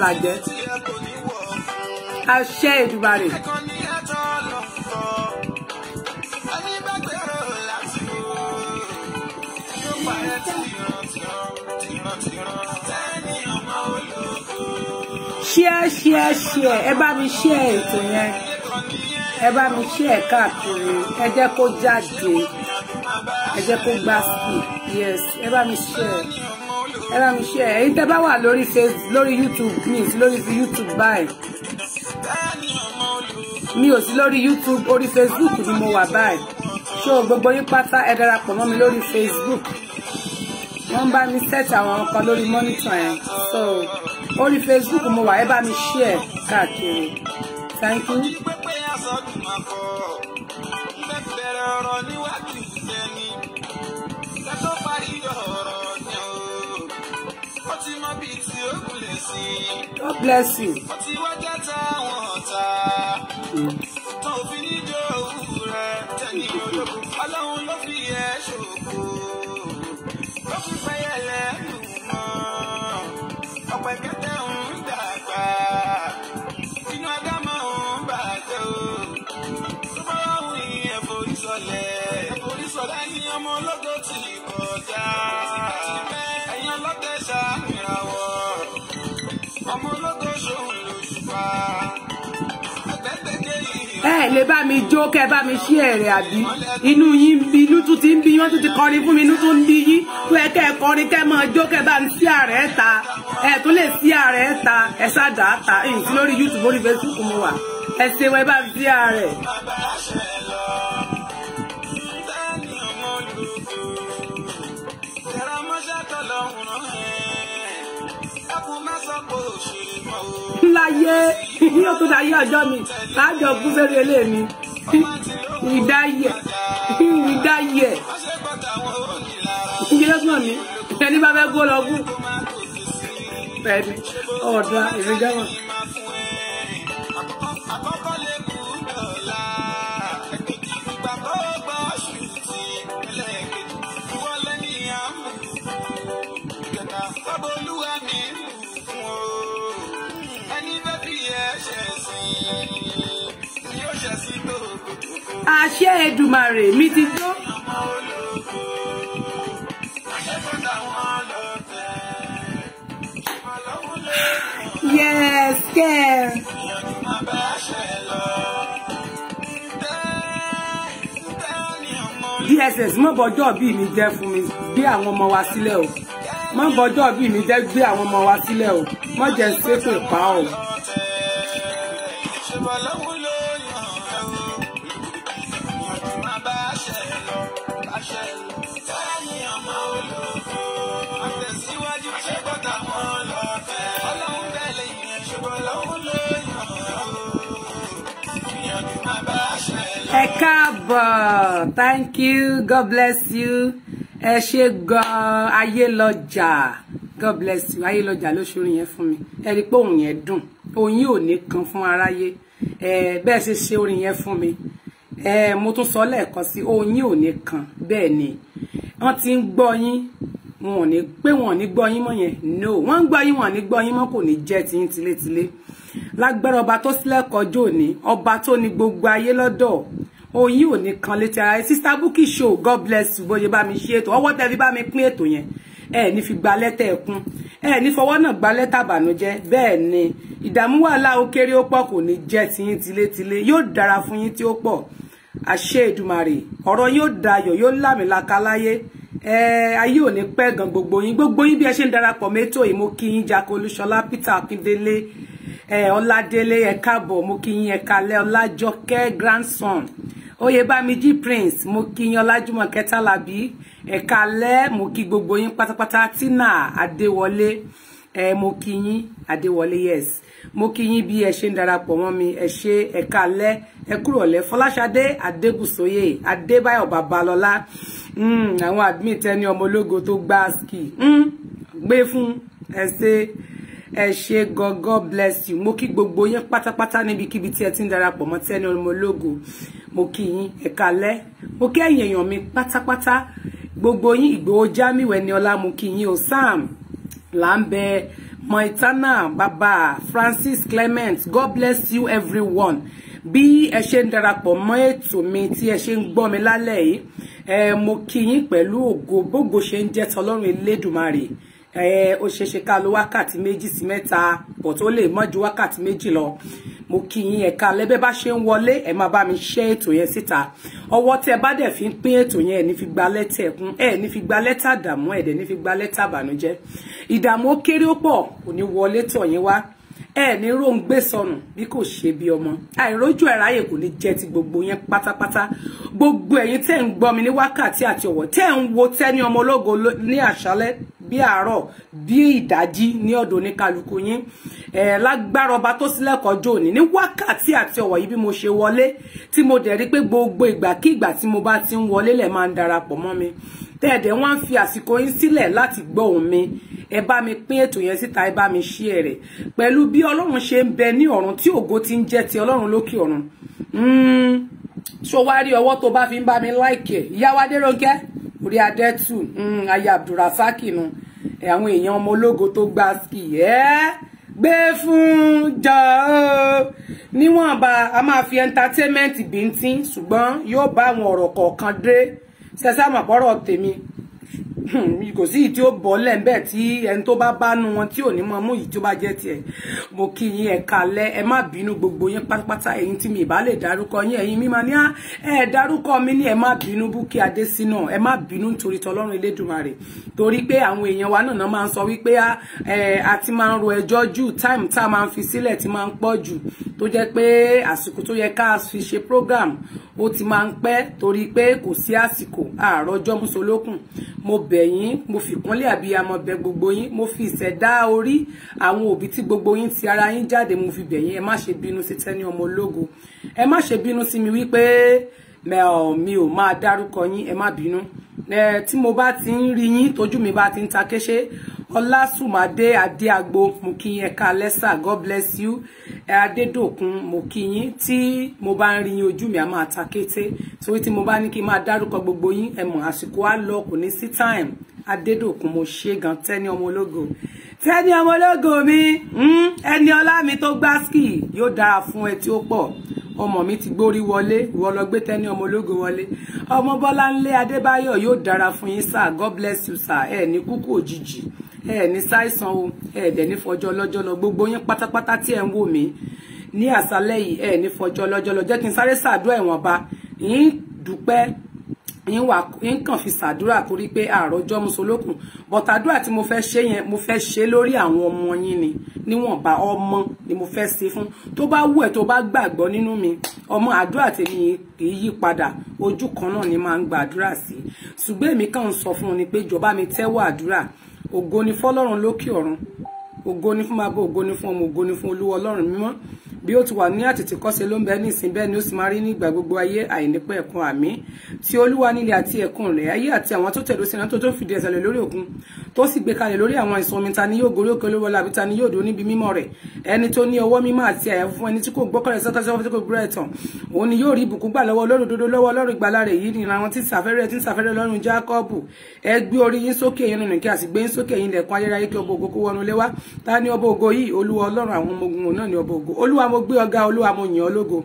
ká jẹ àṣẹ Èdùmàrè. share share share ẹ bá mi share ètò yẹn ẹ bá mi share káàkiri ẹ jẹ́ kó jáde ẹ jẹ́ kó gbá sí yes ẹ bá mi share ẹ bá mi ṣe ẹ̀yin tẹ́ bá wà lórí face lórí youtube mi sí lórí youtube báyìí mi ò sí lórí youtube orí facebook ni mo wà báyìí ṣó gbogbo yín pátá ẹ darapọ̀ mọ́ mi lórí facebook wọ́n bá mi set àwọn kan lórí monitor yẹn so orí facebook mo wà ẹ bá mi share káàkiri thank you. bless you. lè bá mi jó kẹ́ bá mi ṣí ẹ̀rẹ̀ àbí inú yín inú tún ti ń bí wọ́n tún ti kọrin fún mi inú tún ń bí yín tó yẹ kẹ́ kọrin kẹ́ máa jó kẹ́ bá mi ṣí ààrẹ ta ẹ tó lè ṣí ààrẹ ta ẹ ṣáàdà ta ẹ̀yìn lórí YouTube lórí Facebook mo wà ẹ ṣe wọn ẹ bá mi ṣí ààrẹ. láyé yóò tún dá yé ọjọ́ mi àjọ kú sórí eléèmí ìdáyẹ ìdáyẹ ìdílé fún mi ẹni bá fẹ́ gbó lọ kú ọ̀dà ìrìnjáwọ̀n. àṣẹ Èdùmàrè mi ti jó. Yes, girl. DSS mọ bọjọ bí mi jẹ́ fún mi gbé àwọn ọmọ wa sílẹ̀ o mọ bọjọ bí mi jẹ́ gbé àwọn ọmọ wa sílẹ̀ o mọ jẹ́ ṣépè pa o. ẹ thank you god bless you ẹ ṣe gan ayé lọjà god bless you ayé lọjà lóṣoorin yẹn fún mi ẹ rí i pé òun yẹn dùn oyin ò ní kan fún aráyé ẹ bẹ́ẹ̀ ṣe ṣe orin yẹn fún mi ẹ mo tún sọ lẹ́ẹ̀kan sí oyin ò ní kan bẹ́ẹ̀ ni wọ́n ti ń gbọ́ yín wọn ò ní pé wọn ò ní gbọ́ yín mọ́ yẹn no wọ́n ń gbọ́ yín wọn ò ní gbọ́ yín mọ́ kò ní jẹ́ tiyín tilétilé lágbára ọba tó sílẹ̀kọjọ́ òní ọba gbogbo ayé lọ́dọ̀ oyin ò ní kan létí ara sister Buki show god bless you bóyá ba mi ṣe ètò ọwọ́ tẹ́ fi bá mi pín ètò yẹn ẹ ní fi gba lẹ́tà ẹkún ẹ ni fọwọ́ na gba lẹ́tà àbànújẹ́ bẹ́ẹ̀ ni ìdààmú wàhálà ó kéré ó pọ̀ kò ní jẹ́ tiyín tilétilé yóò dára fún yín tí ó pọ̀ àṣẹ Èdùmàrè ọ̀rọ̀ yóò dayọ̀ yóò lámìlaka láyé ayé ò ní pẹ́ gan gbogbo yín gbogbo yín bí ẹ ṣe ń darapọ̀ mẹ́tò yìn mo kí yín Jack Peter Akíndélé ẹ ọládélé ẹ káàbọ̀ mo kí e kale kalẹ̀ ọlájọkẹ́ grandson oyèbámijí prince mo kí yín ọlájúmọ̀ kẹtàlábí ẹ kalẹ̀ mo kí gbogbo yín pátápátá tina adewole ẹ mo kí yín yes mo kí yín bí ẹ ṣe ń darapọ̀ mọ́ mi ẹ ṣe ẹ kalẹ̀ ẹ kúrọ̀lẹ́ fọláṣadé adébùsóyè adébáyọ̀ babalọ́lá hmm, àwọn admin tẹni ọmọ ológo tó gbá ski hmm, gbé fún ẹ ṣe ẹ ṣe god god bless you mo kí gbogbo yín pátápátá níbikíbi tí ẹ ti ń darapọ̀ mọ́ Tenny ọmọ ológo mo kí yín ẹ kálẹ́ mo kí ẹ̀yin èèyàn mi pátápátá gbogbo yín Ìgbòho Jamiu Ẹniọlá mo kí yín o Sam lambe Moitana baba Francis Clement god bless you everyone bí ẹ ṣe ń darapọ̀ mọ́ ètò mi tí ẹ ṣe ń gbọ́ mi lálẹ́ yìí mo kí yín pẹ̀lú ògo bógo ṣe ń jẹ́ tọlọ́run Elédùmarè ó ṣeéṣe ká lo wákàtí méjì sí mẹ́ta bọ̀ tó lè mọ́ ju wákàtí méjì lọ mo kí yín ẹ̀ka lẹ́bẹ́ bá ṣe ń wọlé ẹ̀ máa bá mi ṣe ètò yẹn síta ọwọ́ tẹ bá dẹ̀ fi ń pín ètò yẹn ẹ̀ ní fi gba lẹ́tà ẹ̀kún ẹ̀ ní fi gba lẹ́tà dààmú ẹ̀ dẹ̀ ní fi gba lẹ́tà bànújẹ́ ìdààmú kéré ó pọ̀ kò ní wọlé tọ̀ yín wá ẹ ní róńgbé sọnù bí kò ṣe bí ọmọ àìrójú ẹ̀ráyè kò ní jẹ́ ti gbogbo yẹn pátápátá gbogbo ẹ̀yin tẹ́ ń gbọ́ mi ní wákàtí àti ọ̀wọ̀ tẹ́ ń wo Tenny ọmọ ológo ní àṣálẹ́ bí àárọ̀ bí ìdájí ní ọ̀dọ̀ oníkálukú yín ẹ lágbára ọba tó sílẹ̀kọ́ jò ní ní wákàtí àti ọ̀wọ̀ yìí bí mo ṣe wọlé tí mo dẹ̀ rí pé gbogbo ìgbàkígbà tí mo bá ti ń wọlé lẹ̀ máa ń darapọ̀ mọ́ mi tẹ́ẹ̀dẹ̀ wọ́n á fi àsìkò yín sílẹ̀ láti gbọ́ òun mi ẹ bá mi pín ètò yẹn síta ẹ bá mi share rẹ̀ pẹ̀lú bí ọlọ́run ṣe ń bẹ ní ọ̀run tí ògo ti ń jẹ́ ti ọlọ́run lókè ọ̀run hmm, ṣó wá rí ọwọ́ tó bá fi ń bá mi láìkẹ̀ ìyáwá dérògẹ́ orí adẹ́tù hmm, aya abdulrasaki nu àwọn èèyàn ọmọ ológo tó gba ski ẹ́ gbé fún jọ níwọ̀nba a máa fi entertainment bíntín ṣùgbọ́n yóò bá àwọn ọ̀rọ̀ kọ̀ọ̀kan dé ṣẹṣẹ́ àmọ̀pọ̀rọ̀ tèmi Hmm, kò sí ìtí ó bọ́ lẹ́ńbẹ́ tí ẹni tó bá bá nu wọn tí ò ní mọ mú yìí tó bá jẹ́ tiẹ̀ mo kí yín ẹ kalẹ̀ ẹ má bínú gbogbo yín pátápátá ẹ̀yin tí mi ìbá lè dárúkọ yín ẹ̀yin mi máa ní ẹ dárúkọ mi ní ẹ má bínú Bukky Adésínà ẹ má bínú nítorí tọlọ́run Elédùmarè torí pé àwọn èèyàn wa náà máa ń sọ wípé a ti máa ń ro ẹjọ́ jù táìmù tá a máa ń fi sílẹ̀ ti máa ń pọ̀ jù tó jẹ́ pé àsìkò tó yẹ ká fi ṣe program ó ti máa ń pẹ́ torí pé kò sí àsìkò àròjọ́ mùsọ̀lókùn mo bẹ̀ yín mo fi kúnlẹ̀ àbíyamọ bẹ̀ gbogbo yín mo fi ìṣẹ̀dá orí àwọn òbí tí gbogbo yín ti ara yín jáde mo fi bẹ̀ yín ẹ má ṣe bínú sí Tenny ọmọ ológo ẹ má ṣe bínú sí mi wípé mi ò máa dárúkọ yín ẹ má bínú tí mo bá ti ń rí yín tójú mi bá ti ń ta kéṣe ọlásùmàdé adéagbo mo kí yín ẹka lẹsà god bless you adédòkun mo kí yín tí mo bá ń rí yín ojú mi á máa ta kété torí tí mo bá ní kí n máa gbogbo yín ẹ mọ̀ àsìkò á lọ kò ní sí time adédòkun mo ṣe gan tẹni ọmọ ológo tẹni ọmọlógo mi hmm? ẹni ọlá mi tó gbá ski yóò dára fún ẹ tí ó pọ̀ ọmọ mi ti gbórí wọlé ìwọ lọ gbé tẹni ọmọlógo wọlé ọmọ Bọ́láńlé Adébáyọ̀ yóò dára fún yín sir god bless you sir ẹ ní kúkú òjijì ẹ ní ṣàìsàn o ẹ dẹ̀ ní fọjọ́ lọ́jọ́ lọ gbogbo yín pátápátá tí ẹ ń wò mí ní àṣálẹ́ yìí ẹ ní fọjọ́ lọ́jọ́ lọ jẹ́ kí n sáré ṣàdúrà ìwọ̀nba yín dúpẹ́ ń wà ń kàn fi ṣàdúrà torí pé àròjọ́ musolókun bọ̀tàdúrà tí mo fẹ́ ṣe yẹn mo fẹ́ ṣe lórí àwọn ọmọ yín ni níwọ̀nba ọmọ ni mo fẹ́ ṣe fún tó bá wù ẹ́ tó bá gbàgbọ́ nínú mi ọmọ àdúrà tèmi kì í yí padà kan náà ni máa ń gbàdúrà sí ṣùgbọ́n èmi kàn ń sọ fún un ni pé ìjọba mi tẹ́wọ́ àdúrà ògo ni fọlọ́run lókè ọ̀run ògo ni fún bàbá ògo ni fún ọmọ ògo ni fún olúwa ọlọ́run mímọ́ bí ó ti wà ní àtètèkọ́ṣe ló ń bẹ ní ìsìn bẹ́ẹ̀ ni ó sì máa rí ní ìgbà gbogbo ayé àìnípẹ́ ẹ̀kún àmì tí olúwa nílẹ̀ àti ẹ̀kún rẹ̀ ayé àti àwọn tó tẹ̀dó sínú tó tó fìdí ẹsẹ̀ lé lórí òkun tó sì gbé kalẹ̀ lórí àwọn ìṣàn omi ta ni yóò gorí òkè olúwa lábí ta ni yóò dó níbi mímọ́ rẹ̀ ẹni tó ní ọwọ́ mímọ́ àti àyà fún ẹni tí kò gbọ́kànlẹ̀ sọ́kàṣọ́ tí kò gbúra ẹ̀tàn òun ni yóò rí ìbùkún gbà lọ́wọ́ Ọlọ́run òdodo lọ́wọ́ Ọlọ́run ìgbàlà rẹ̀ yìí ni àwọn tí ń sàfẹ́rẹ́ tí ń sàfẹ́rẹ́ Ọlọ́run Jákọ́bù ẹ gbé orí yín sókè yín nìkẹ́ àti gbé yín sókè yín lẹ̀kún ayérayé kí ọgbọ̀gbọ̀ kó wọnú lé wá ta ni ọba ògo yìí olúwa ọlọ́run àwọn ọmọ ogun náà ni ọba ògo olúwa mo gbé ọgá olúwa mo yìn ọ́ lógo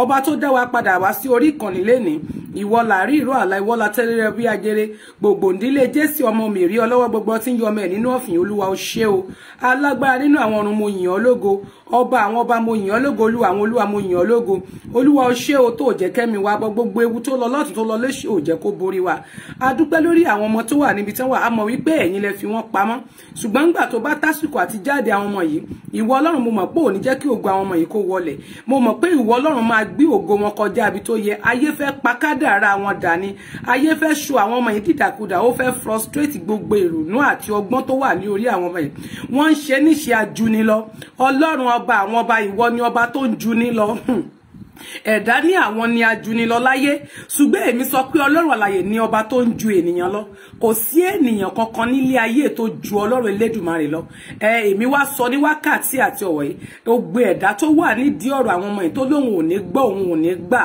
ọba tó dá wa padà wá sí orí ìkànnì lénìí ìwọ rí ìró àlá ìwọ la bí ajere gbogbo ìdílé jésì ọmọ mi rí ọlọ́wọ́ gbogbo tí ń yọ ọmọ ẹ̀ nínú ọ̀fìn olúwa ó ṣe o alágbára nínú àwọn ọ̀run mo yìn ọ́ lógo ọba àwọn ọba mo yìn ọ́ lógo olúwa àwọn olúwa mo yìn ọ́ lógo olúwa o ṣé o tó jẹ́ kẹ́mi wa bọ́ gbogbo ewu tó lọ lọ́tún tó lọ lóṣì ò jẹ́ kó borí wa a dúpẹ́ lórí àwọn ọmọ tó wà níbi tán wà á mọ̀ wípé ẹ̀yin lẹ fi wọ́n pamọ́ ṣùgbọ́n nígbà tó bá tásìkò àti jáde àwọn ọmọ yìí ìwọ ọlọ́run mo mọ̀ pé ò ní jẹ́ kí ògo àwọn ọmọ yìí kó wọlé mo mọ̀ pé ìwọ ọlọ́run máa gbé ògo wọn kọjá ibi tó yẹ ayé fẹ́ pa kádàrá wọn dání ayé fẹ́ ṣu àwọn ọmọ yìí dìdàkudà ó fẹ́ frustrate gbogbo ìrònú àti ọgbọ́n tó wà ní orí àwọn ọmọ yìí wọ́n ń ṣe níṣe ajuni lọ ọlọ́run ọba àwọn ọba ìwọ ni ọba tó ń ju ní lọ hmm ẹ̀dá ní àwọn ni ajunilọ láyé ṣùgbọ́n èmi sọ pé ọlọ́run àlàyé ní ọba tó ń ju ènìyàn lọ kò sí ènìyàn kankan nílé ayé tó ju ọlọ́run elédùnmarè lọ ẹ èmi wá sọ ní wákàtí àti ọ̀wọ̀ yìí gbogbo ẹ̀dá tó wà nídìí ọ̀rọ̀ àwọn ọmọ yìí tó lóun ò ní gbọ́ òun ò ní gbà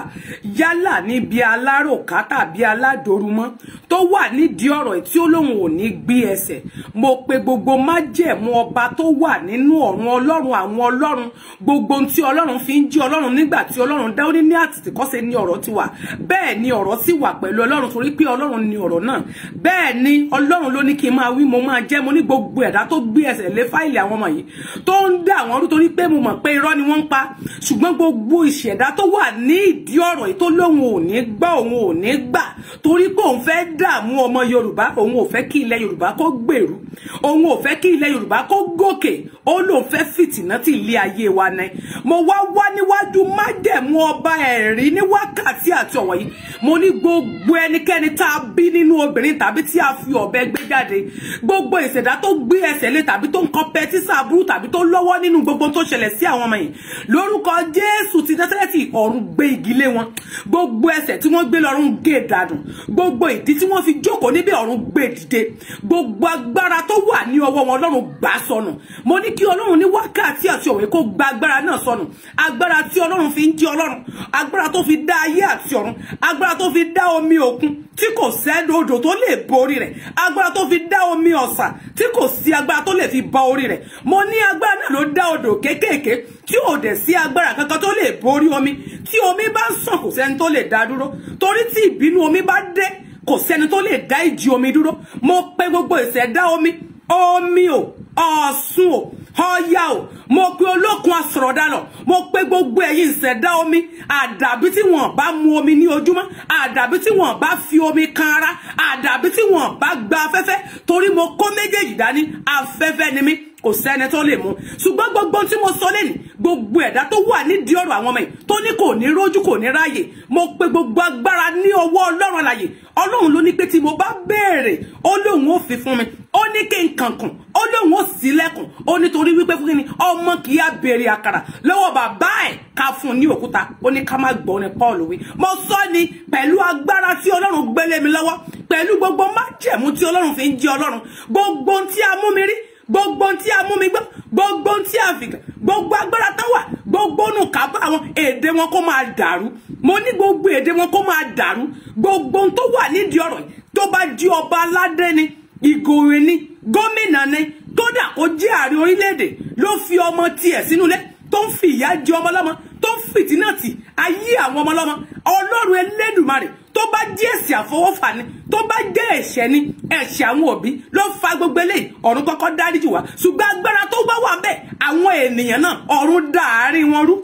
yálà níbi aláròká tàbí aládorúmọ́ tó wà nídìí ọ̀rọ̀ tí ó ò ní gbé ẹsẹ̀ mo pe gbogbo májẹ̀mú ọba tó wà nínú ọ̀run ọlọ́run àwọn ọlọ́run gbogbo ohun tí ọlọ́run fi ń jí ọlọ́run nígbà tí ọlọ́run ọlọ́run dá ó ní ní àtìtìkọ́ṣe ni ọ̀rọ̀ ti wà bẹ́ẹ̀ ni ọ̀rọ̀ sì wà pẹ̀lú ọlọ́run torí pé ọlọ́run ni ọ̀rọ̀ náà bẹ́ẹ̀ ni ọlọ́run ló ní kí n máa wí mo máa jẹ́ mo ní gbogbo ẹ̀dá tó gbé ẹsẹ̀ lé fáìlì àwọn ọmọ yìí tó ń dá àwọn ọdún torí pé mo mọ̀ pé irọ́ ni wọ́n ń pa ṣùgbọ́n gbogbo ìṣẹ̀dá tó wà ní ìdí ọ̀rọ̀ yìí tó lóun ò ní gbà òun ò ní gbà torí pé òun fẹ́ dààmú ọmọ yorùbá òun ò fẹ́ kí ilẹ̀ yorùbá kó gbèrú òun ò fẹ́ kí ilẹ̀ yorùbá kó gòkè ó lóun fẹ́ fìtìnà ti ilé ayé wa ni mo wá wá níwájú májẹ̀mú àwọn ọba ẹ̀rí ní wákàtí àti ọ̀wọ̀ yìí mo ní gbogbo ẹnikẹ́ni tá a bí nínú obìnrin tàbí tí a fi ọ̀bẹ gbé jáde gbogbo ìṣẹ̀dá tó gbé ẹsẹ̀ lé tàbí tó ń kọpẹ́ tí sàbúrú tàbí tó lọ́wọ́ nínú gbogbo tó ṣẹlẹ̀ sí àwọn ọmọ yìí lórúkọ Jésù ti Násárẹ́tì ọ̀run gbé igi lé wọn gbogbo ẹsẹ̀ tí wọ́n gbé lọ́run gé dànù gbogbo ìdí tí wọ́n fi jókòó níbẹ̀ ọ̀run gbé dìde gbogbo agbára tó wà ní ọwọ́ wọn Ọlọ́run gbà sọnù mo ní kí Ọlọ́run ní wákàtí àti òwe kó gba agbára náà sọnù agbára tí Ọlọ́run fi ń jẹ́ ọlọ́run agbára tó fi dá ayé àti ọ̀run agbára tó fi dá omi òkun tí kò sẹ́ni odò tó lè borí rẹ̀ agbára tó fi dá omi ọ̀sà tí kò sí agbára tó lè fi ba orí rẹ̀ mo ní agbára náà ló dá odò kéékèèké tí ò dẹ̀ sí agbára kankan tó lè borí omi tí omi bá ń sàn kò sẹ́ni tó lè dá dúró torí tí ìbínú omi bá dé kò sẹ́ni tó lè dá ìjì omi dúró mo pè gbogbo ìṣẹ̀dá omi omi o ọ̀sùn o ọ̀yá o mo pe olókun asọ̀rọ̀dànà mo pe gbogbo ẹ̀yin ìṣẹ̀dá omi àdàbí tí wọ́n bá mu omi ní ojúmọ́ àdàbí tí wọ́n bá fi omi kan ara àdàbí tí wọ́n bá gba afẹ́fẹ́ torí mo kó méjèèjì dání afẹ́fẹ́ ni mí kò sẹ́ni tó lè mú ṣùgbọ́n gbogbo tí mo sọ lẹ́nu gbogbo ẹ̀dá tó wà nídìí ọ̀rọ̀ àwọn ọmọ yìí tó ní kò ní rójú kò ní ráàyè mo pe gbogbo agbára ní ọwọ́ ọlọ́run àlàyé ọlọ́run ló ní pé tí mo bá béèrè ó lóun ó fi fún mi ó ní kí n kànkùn ó lóun ó ṣílẹ̀kùn ó nítorí torí wípé fún kíni ọmọ kì í abèrè àkàrà lọ́wọ́ bàbá ẹ̀ ká fún un ní òkúta ó ní ká má gbọ́ ni Paul wí mo sọ ni pẹ̀lú agbára tí Ọlọ́run gbélé mi lọ́wọ́ pẹ̀lú gbogbo májẹ̀mú tí Ọlọ́run fi ń jẹ Ọlọ́run gbogbo tí a mú mi gbogbo tí a mú mi gbọ́ gbogbo tí a fi gbogbo agbára tó wà gbogbo nù kábà àwọn èdè wọn kó máa dàrú mo ní gbogbo èdè wọn kó máa dàrú gbogbo tó wà nídìí ọ̀rọ̀ yìí tó bá di ọba aládé ni ìgòrè ni gómìnà ni kódà kó jẹ́ ààrẹ orílẹ̀-èdè ló fi ọmọ tiẹ̀ sínú ilé tó ń fi ìyà jẹ ọmọ lọ́mọ tó ń fìtínàtì ayé àwọn ọmọ lọ́mọ ọlọ́run ẹlẹ́dùnmarè tó bá jẹ́ èsì àfọwọ́fà ni tó bá jẹ́ ẹ̀ṣẹ̀ ni ẹ̀ṣẹ̀ àwọn òbí ló fa gbogbo eléyìí ọ̀run kọ́kọ́ dáríjì wá ṣùgbọ́n agbára tó bá wà bẹ́ẹ̀ àwọn ènìyàn náà ọ̀run dà àárín wọn rú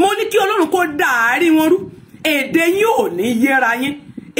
mo ní kí ọlọ́run kó dà àárín wọn rú èdè yín ò ní yéra yín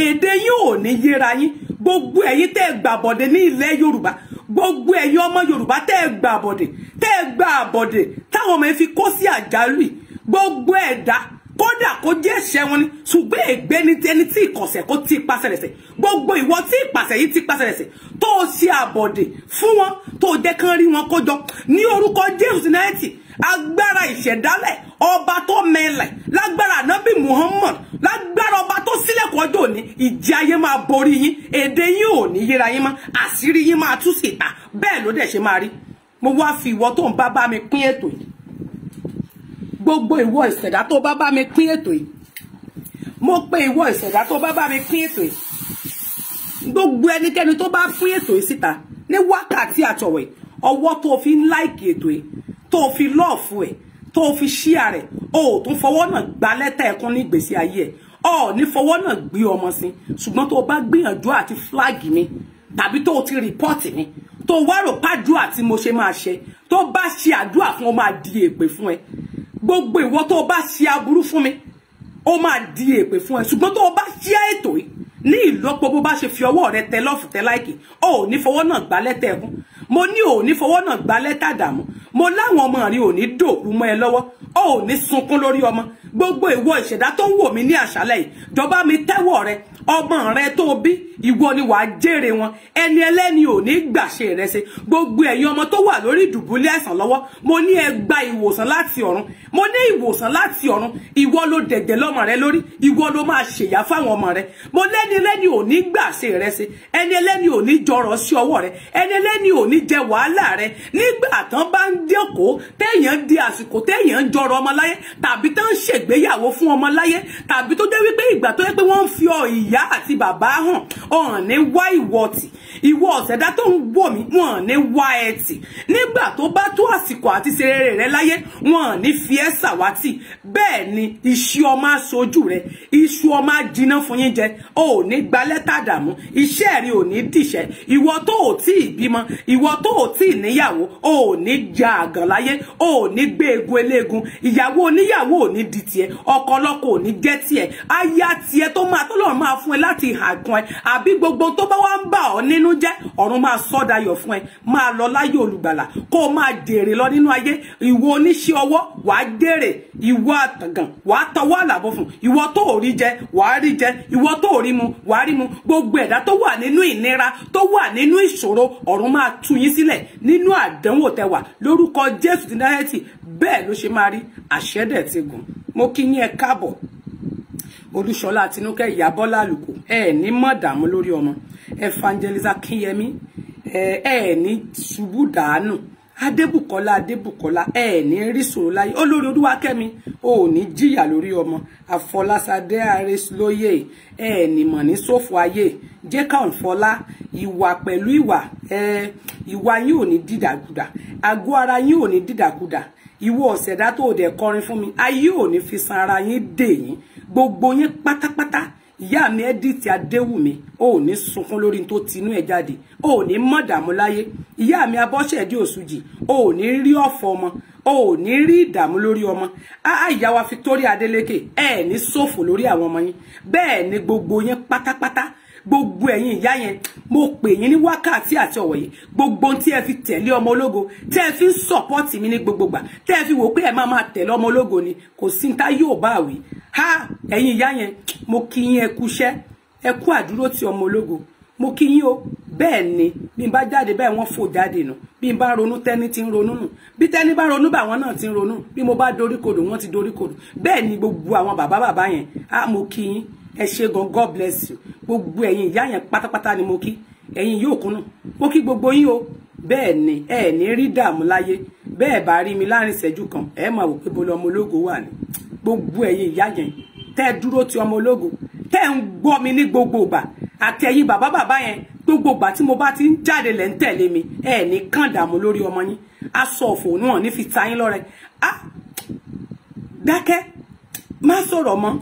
èdè yín ò ní yéra yín gbogbo ẹ̀yin tẹ́ gbàbọ̀dé ní ilẹ̀ yorùbá gbogbo ẹ̀yin ọmọ yorùbá tẹ́ ẹ gba àbọ̀dè tẹ́ ẹ gba àbọ̀dè táwọn ọmọ yẹn fi kó sí àjálù yìí gbogbo ẹ̀dá kódà kó jẹ́ ẹ̀ṣẹ̀ wọn ni ṣùgbọ́n ègbé ni ẹni tí ìkọ̀sẹ̀ kó ti ipasẹ̀ rẹ̀ sẹ̀ gbogbo ìwọ tí ìpasẹ̀ yìí ti ipasẹ̀ rẹ̀ tó o ṣe àbọ̀dè fún wọn tó o jẹ́ kán rí wọn kójọ ní orúkọ jésù náírà agbára ìṣẹ̀dálẹ̀ ọba tó mẹ́lẹ̀ lágbára ànábì Muhammad lágbára ọba tó sílẹ̀kùn ọjọ́ òní ìjì ayé máa borí yín èdè yín ò ní yíra yín mọ́ àṣírí yín máa tú síta bẹ́ẹ̀ ló dẹ̀ ṣe máa rí mo wá fi ìwọ tó ń bá bá mi pín ètò yìí gbogbo ìwọ ìṣẹ̀dá tó bá bá mi pín ètò yìí mo pe ìwọ ìṣẹ̀dá tó bá bá mi pín ètò yìí gbogbo ẹnikẹ́ni tó bá pín ètò yìí síta ní wákàtí àtọ̀wẹ̀ ọwọ́ tó fi ń láìkì ètò yìí tó fi lọ́ọ̀fù ẹ̀ tó fi ṣíà rẹ̀ o ò tún fọwọ́ náà gba lẹ́tà ẹ̀kún ní ìgbésí ayé ẹ̀ ọ ní fọwọ́ náà gbé ọmọ sí ṣùgbọ́n tó o bá gbìyànjú àti flag mi tàbí tó o ti rìpọ́ọ̀tì mi tó o wá rò pàdúà tí mo ṣe máa ṣe tó bá ṣe àdúà fún ọ máa di èpè fún ẹ gbogbo ìwọ tó o bá ṣe aburú fún mi ó máa di èpè fún ẹ ṣùgbọ́n tó o bá ṣí ètò yìí ní ìlọ́pọ̀ bó bá ṣe fi ọwọ́ rẹ tẹ lọ́ọ̀fù tẹ láìkì ò ní fọwọ́ náà gbá lẹ́tà ẹkún mo ní ò ní fọwọ́ náà gbá lẹ́tà dààmú mo láwọn ọmọ rí ò ní dòkú mọ́ ẹ lọ́wọ́ ó ò ní sunkún lórí ọmọ gbogbo ìwọ ìṣẹ̀dá tó ń wò mí ní àṣálẹ́ yìí jọba mi tẹ́wọ́ rẹ ọmọ rẹ tó bí ìwọ ni wàá jèrè wọn ẹni ẹlẹ́ni ò ní gbàṣe rẹ ṣe gbogbo ẹ̀yin ọmọ tó wà lórí ìdùbúlẹ̀ àìsàn lọ́wọ́ mo ní ẹ gba ìwòsàn láti ọ̀run mo ní ìwòsàn láti ọ̀run ìwọ ló dẹ̀gẹ̀ lọ́mọ rẹ lórí ìwọ ló máa ṣèyá fáwọn ọmọ rẹ mo lẹ́ni ẹlẹ́ni ò ní gbàṣe rẹ ṣe ẹni ẹlẹ́ni ò ní jọrọ̀ sí ọwọ́ rẹ ẹni ẹlẹ́ni ò ní jẹ wàhálà rẹ nígbà tán bá ń dẹ́kọ̀ọ́ téèyàn di àsìkò téèyàn ń jọrọ̀ ọmọ láyé tàbí tán ń ṣègbéyàwó fún ọmọ láyé tàbí tó jẹ́ wípé ìgbà tó yẹ pé wọ́n ń fi ọ ìyá ìyá àti bàbá hàn ọ̀hàn ní wá ìwọ̀tì ìwọ ọ̀sẹ̀dá tó ń wò mí wọn ní wá ẹ tì nígbà tó bá tó àsìkò àti ṣe rere rẹ láyé wọn ní fi ẹ́ ṣàwátì bẹ́ẹ̀ ni iṣu ọmọ aṣojú rẹ iṣu ọmọ jiná fún yín jẹ ò ní gba lẹ́tà dààmú iṣẹ́ rí ò ní dìṣẹ́ ìwọ tó ò tí ì bímọ ìwọ tó ò tí ì níyàwó ò ní ja àgàn láyé ò ní gbé egun eléegun ìyàwó oníyàwó ò ní di tiẹ̀ ọkọ ọlọ́kọ ò ní jẹ́ tiẹ̀ aya tiẹ̀ tó máa tọ́lọ́run máa fún ẹ láti ìhàgùn ẹ àbí gbogbo tó bá wá ń bà ọ́ nínú bínú jẹ́ ọ̀run máa sọ dayọ̀ fún ẹ máa lọ láyé olùgbàlà kó o máa dèrè lọ nínú ayé ìwọ oníṣẹ́ ọwọ́ wàá dèrè ìwọ àtàngàn wàá tọwọ́ àlàbọ̀ fún ìwọ tó ò rí jẹ wàá rí jẹ ìwọ tó ò rí mu wàá rí mu gbogbo ẹ̀dá tó wà nínú ìnira tó wà nínú ìṣòro ọ̀run máa tú yín sílẹ̀ nínú àdánwò tẹwà lórúkọ Jésù ti náírà bẹ́ẹ̀ ló ṣe máa rí àṣẹ́dẹ̀ gùn mo kí yín ẹ káàbọ̀ olúṣọlá àtinúkẹ́ ìyábọ́lá àlùkò ẹ ní mọ̀dàmú lórí ọmọ evangelist akínyẹmí ẹ ní ṣubú dàánù adébùkọ́lá adébùkọ́lá ẹ ní rí sòrò láyé olórí olúwakẹ́mi ò ní jìyà lórí ọmọ àfọlásadé àrẹsílóyè ẹ ní mọ̀ ní ṣòfò ayé jacob fọlá ìwà pẹ̀lú ìwà ẹ ìwà yín ò ní dìdàkudà àgọ́ ara yín ò ní dìdàkudà ìwọ ọ̀sẹ̀dá tó dẹ̀ kọrin fún mi ayé ò ní fi san ara yín dè yín gbogbo yín pátápátá ìyá mi edith adéwùmí ò ní sunkún lórí tó tinú ẹ jáde ò ní mọ̀dàmú láyé ìyá mi abọ́sẹ̀dí òsùjì ò ní rí ọ̀fọ̀ ọmọ ò ní rí ìdààmú lórí ọmọ àyà wa Victoria Adeleke ẹ ni ṣòfò lori àwọn ọmọ yín bẹ́ẹ̀ ni gbogbo yín pátápátá gbogbo ẹ̀yin ìyá yẹn mo pè yín ní wákàtí àti ọ̀wọ̀ yìí gbogbo tí ẹ fi tẹ̀lé ọmọ ológo tẹ́ ẹ fi ń support mi ní gbogbo gbà tẹ́ ẹ fi wò pé ẹ máa máa tẹ̀lé ọmọ ológo ni kò sí ta yóò bá wí ha ẹ̀yin ìyá yẹn mo kí yín ẹ kú iṣẹ́ àdúró ti ọmọ ológo mo kí yín o bẹ́ẹ̀ ni bí n bá jáde bẹ́ẹ̀ wọ́n fò jáde nù bí n bá ronú tẹ́ni ti ń ronú nù bí tẹ́ni bá ronú báwọn náà ti ń ronú bí mo bá doríkodò wọ́n ti doríkodò bẹ́ẹ̀ ni gbogbo àwọn bàbá bàbá yẹn a mo kí yín ẹ ṣe gan god bless you gbogbo ẹ̀yin ìyá yẹn pátápátá ni mo kí ẹ̀yin yóò kúnnú mo kí gbogbo yín o bẹ́ẹ̀ ni ẹ ní rí dààmú láyé bẹ́ẹ̀ bá rí mi láàrin ìṣẹ́jú kan ẹ máa wò pé bolo ọmọ ológo wà ní gbogbo ẹ̀yin ìyá yẹn tẹ́ dúró ti ọmọ ológo tẹ́ ń gbọ́ mi ní gbogbo ìgbà àtẹ̀yìn bàbá bàbá yẹn gbogbo ìgbà tí mo bá ti ń jáde lẹ́ ń tẹ̀lé mi ẹ ní kàn dààmú lórí ọmọ yín aṣọ òfò náà ní fi ta ah dákẹ́ má sọ̀rọ̀ mọ́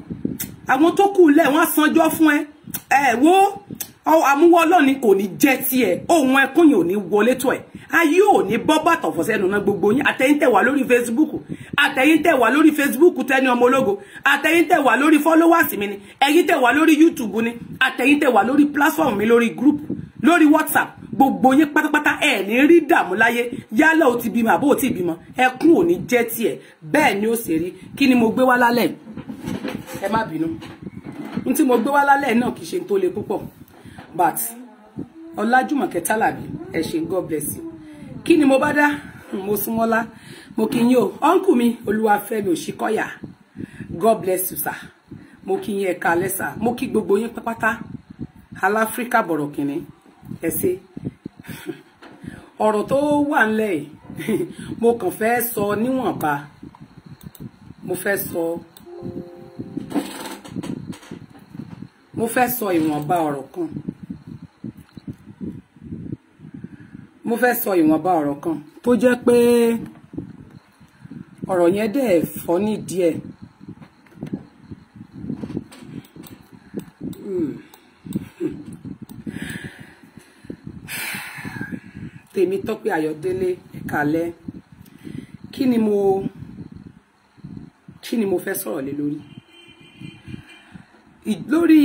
àwọn tó kù lẹ̀ wọ́n á fún ẹ ẹ wo àmúwọ́ ọlọ́ni kò ní jẹ́ tiẹ̀ ohun ẹkún yìí ò ní wọlé tó ẹ̀ ayé ò ní bọ́ bàtọ̀ fọ́ sẹ́nu gbogbo yín àtẹ̀yìntẹ̀ wà lórí facebook àtẹ̀yìntẹ̀ wà lórí facebook tẹ́ni ọmọ ológo àtẹ̀yìntẹ̀ wà lórí followers mi ni ẹ̀yìntẹ̀ wà lórí youtube ni àtẹ̀yìntẹ̀ wà lórí platform mi lórí group lórí whatsapp gbogbo yín pátápátá ẹ ní rí dààmú láyé yálà ó ti bímọ àbó ò ti bímọ ẹkún ò ní jẹ́ tiẹ̀ bẹ́ẹ̀ ni ó sì rí kí ni mo gbé wá lálẹ́ ẹ má bínú n tí mo gbé wá lálẹ́ náà kì í ṣe tó le púpọ̀ but ọlájúmọ̀kẹ́ tálàbí ẹ ṣe god bless you kí ni mo bá dá mo súnmọ́lá mo kí yín o ọ́nkù mi olúwafẹ́mi òṣìkọ́yà god bless you sir mo kí yín ẹ̀ka lẹ́sà mo kí gbogbo yín pátápátá aláfríkà bọ̀rọ̀ kìnínní ẹ ṣe ọ̀rọ̀ tó wà ńlẹ̀ yìí mo kàn fẹ́ sọ níwọ̀nba mo fẹ́ sọ mo fẹ́ sọ ìwọ̀nba ọ̀rọ̀ kan mo fẹ́ sọ ìwọ̀nba ọ̀rọ̀ kan tó jẹ́ pé ọ̀rọ̀ yẹn dẹ̀ fọ́ ní díẹ̀. tèmi Tọ́pẹ́ Ayọ̀délé ẹ̀kálẹ́ kí mo kini ni mo fẹ́ sọ̀rọ̀ lé lórí lórí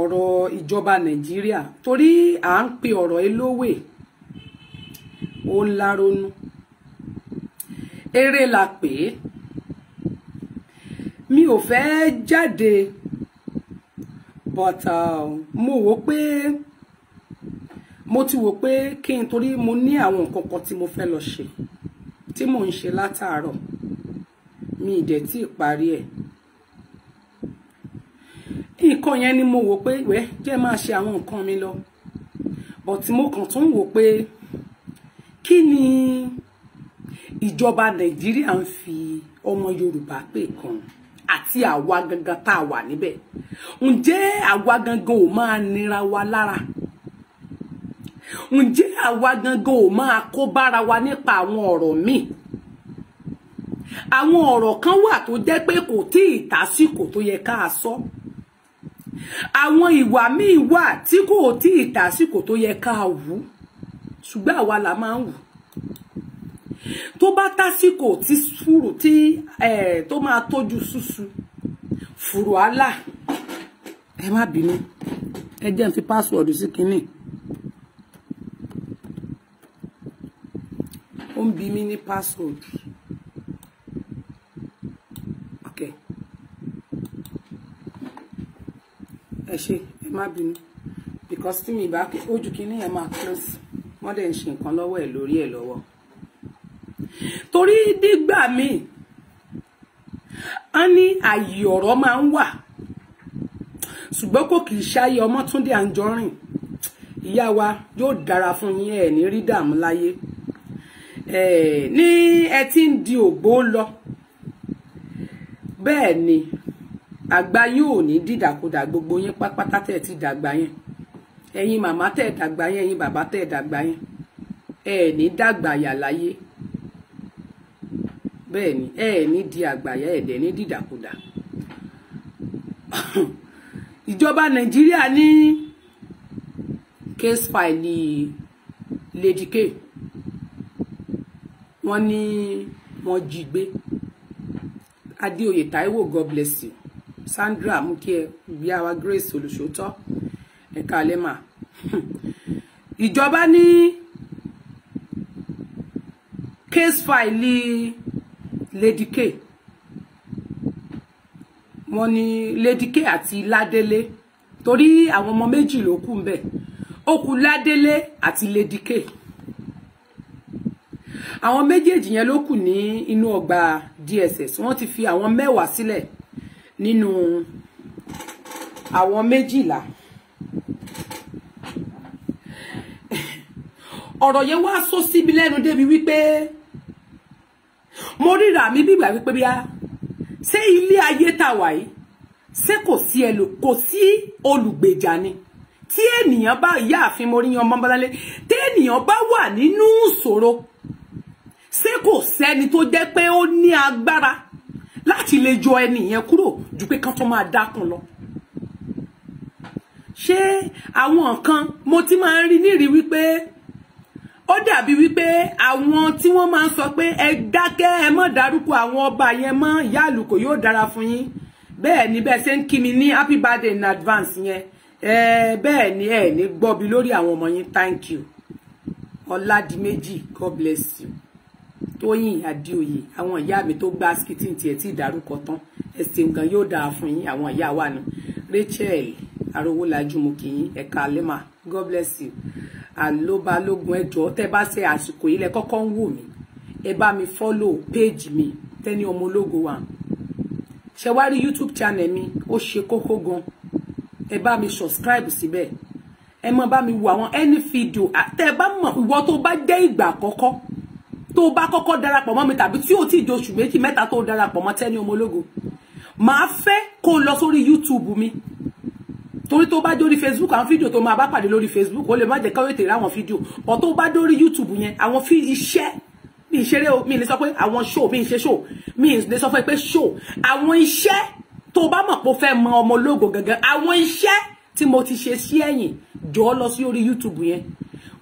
ọ̀rọ̀ ìjọba Nigeria. Tori à ń pe ọ̀rọ̀ elówè ó ń láronú la pè mi ò fẹ́ jáde but uh, mo wò Pe mo ti wò pé kí n torí mo ní àwọn nǹkan kan tí mo fẹ́ lọ ṣe tí mò ń ṣe látàárọ̀ mi ì dẹ̀ tí ì parí ẹ̀ ni mo wò pé ìwẹ́ jẹ́ máa ṣe àwọn nǹkan mi lọ but mo kàn tún wò pé kí ni ìjọba nàìjíríà ń fi ọmọ yorùbá pè kan àti àwa gangan tá a wà níbẹ̀ ǹjẹ́ àwa gangan ò máa nira wa lára ǹjẹ́ àwa gangan ò máa kó bára wa nípa àwọn ọ̀rọ̀ míì àwọn ọ̀rọ̀ kan wà tó jẹ́ pé kò tí ì tásìkò tó yẹ ká sọ àwọn ìwà míì wà tí kò tí ì tásìkò tó yẹ ká wù ṣùgbọ́n àwa la máa ń wù tó bá tásìkò tí fúrù tí tó máa tójú ṣùṣù fúrù àlà ẹ má bínú ẹ jẹ́ n fi páṣíwọ̀dù sí kínní. ó ń bi password ok Eche, ṣe ẹ because tí mi bá ojú kini yẹn máa close wọ́n dẹ̀ ń ṣe nǹkan lọ́wọ́ ẹ̀ lórí ẹ̀ lọ́wọ́ torí dígbà míì a ní àyè ọ̀rọ̀ máa ń wà ṣùgbọ́n kò kì í ṣáyé Ọmọ́túndé wa yóò dára fún yín ẹ̀ ní rí dààmú Eh, ní ẹ ti ń di ògbó lọ bẹ́ẹ̀ ni àgbà yín ò ní dìdàkudà gbogbo yín pátápátá tẹ̀ ti dàgbà yẹn ẹ̀yin màmá tẹ̀ dàgbà yẹn ẹ̀yin bàbá tẹ̀ dàgbà yẹn ẹ̀ ní dàgbà yà láyé bẹ́ẹ̀ ni ẹ̀ ní di àgbàyà ẹ̀dẹ̀ ní dìdàkudà ìjọba nàìjíríà ní case file Lady K wọ́n ní wọ́n jí adéoyè taiwo god bless you sandra mukie ìyáwa grace olùṣòótọ́ ẹ̀ka alẹ́mà ìjọba ní case file lady k wọ́n ní lady k àti ládélé torí àwọn ọmọ méjì ló kù ń bẹ̀ ó kù ládélé àti lady k àwọn méjèèjì yẹn ló kù ní inú ọgbà DSS wọ́n ti fi àwọn mẹ́wàá sílẹ̀ nínú àwọn méjìlá ọ̀rọ̀ yẹn wá sọ síbi lẹ́nu débi wípé mo ríra mi bí ìgbà wípé bíá ṣé ilé ayé tá wà yìí ṣé kò sí ẹlò kò sí olùgbèjà ni tí ènìyàn bá ìyáàfin mo ríyan ọmọ tí ènìyàn bá wà nínú ìṣòro ṣé kò sẹ́ni tó jẹ́ pé ó ní agbára láti lè jọ ẹni yẹn kúrò ju pé kán tó máa dákun lọ ṣé àwọn kan mo ti máa ń rí nírí wípé ó dàbí wípé àwọn tí wọ́n máa ń sọ pé ẹ dákẹ́ ẹ mọ́ dárúkọ àwọn ọba yẹn mọ́ ìyá àlùkò yóò dára fún yín bẹ́ẹ̀ ni bẹ́ẹ̀ ṣe ń kí mi ní happy birthday in advance yẹn eh, bẹ́ẹ̀ ni ẹ̀ eh, ní gbọ́bi lórí àwọn ọmọ yín thank you ọ̀làdìmẹ́jì god bless you. Tóyìn Adéoyè àwọn ìyá mi tó gbá skitin tiẹ̀ tí ìdárúkọ tán ẹ ṣeun gan yóò dáa fún yín àwọn ìyá wa ni Rachel Arówólájú mo kì ẹ̀ka lema God bless you àlóbalógun ẹjọ tẹ bá ṣe àsìkò yìí lẹ kọ́kọ́ ń wò mí ẹ bá mi follow page mi Tenny ọmọ ológo wa ṣe wá rí YouTube channel mi ó ṣe kókó gan ẹ bá mi subscribe síbẹ̀ ẹ máa bá mi wo àwọn any video tẹ bá mọ ìwọ tó bá jẹ́ ìgbà àkọ́kọ́ tó bá kọ́kọ́ darapọ̀ mọ́ mi tàbí tí ò tí ì doṣù méjì mẹ́ta tó darapọ̀ mọ́ Tenny Ọmọlógo màá fẹ́ kó o lọ sórí YouTube mi torí tó bá dórí Facebook àwọn fídíò tó máa bá pàdé lórí Facebook ó lè má jẹ́ káwé tèrè àwọn fídíò ọ̀ tó bá dórí YouTube yẹn àwọn fi iṣẹ́ mi ìṣeré o mi lè sọ pé àwọn show mi ìṣe show mi lè sọ pé show àwọn iṣẹ́ tó bá mọ̀ pé o fẹ́ mọ Ọmọlógo gangan àwọn iṣẹ́ tí mo ti ṣe sí ẹ̀yìn jọ̀ọ́ lọ sí orí YouTube yẹn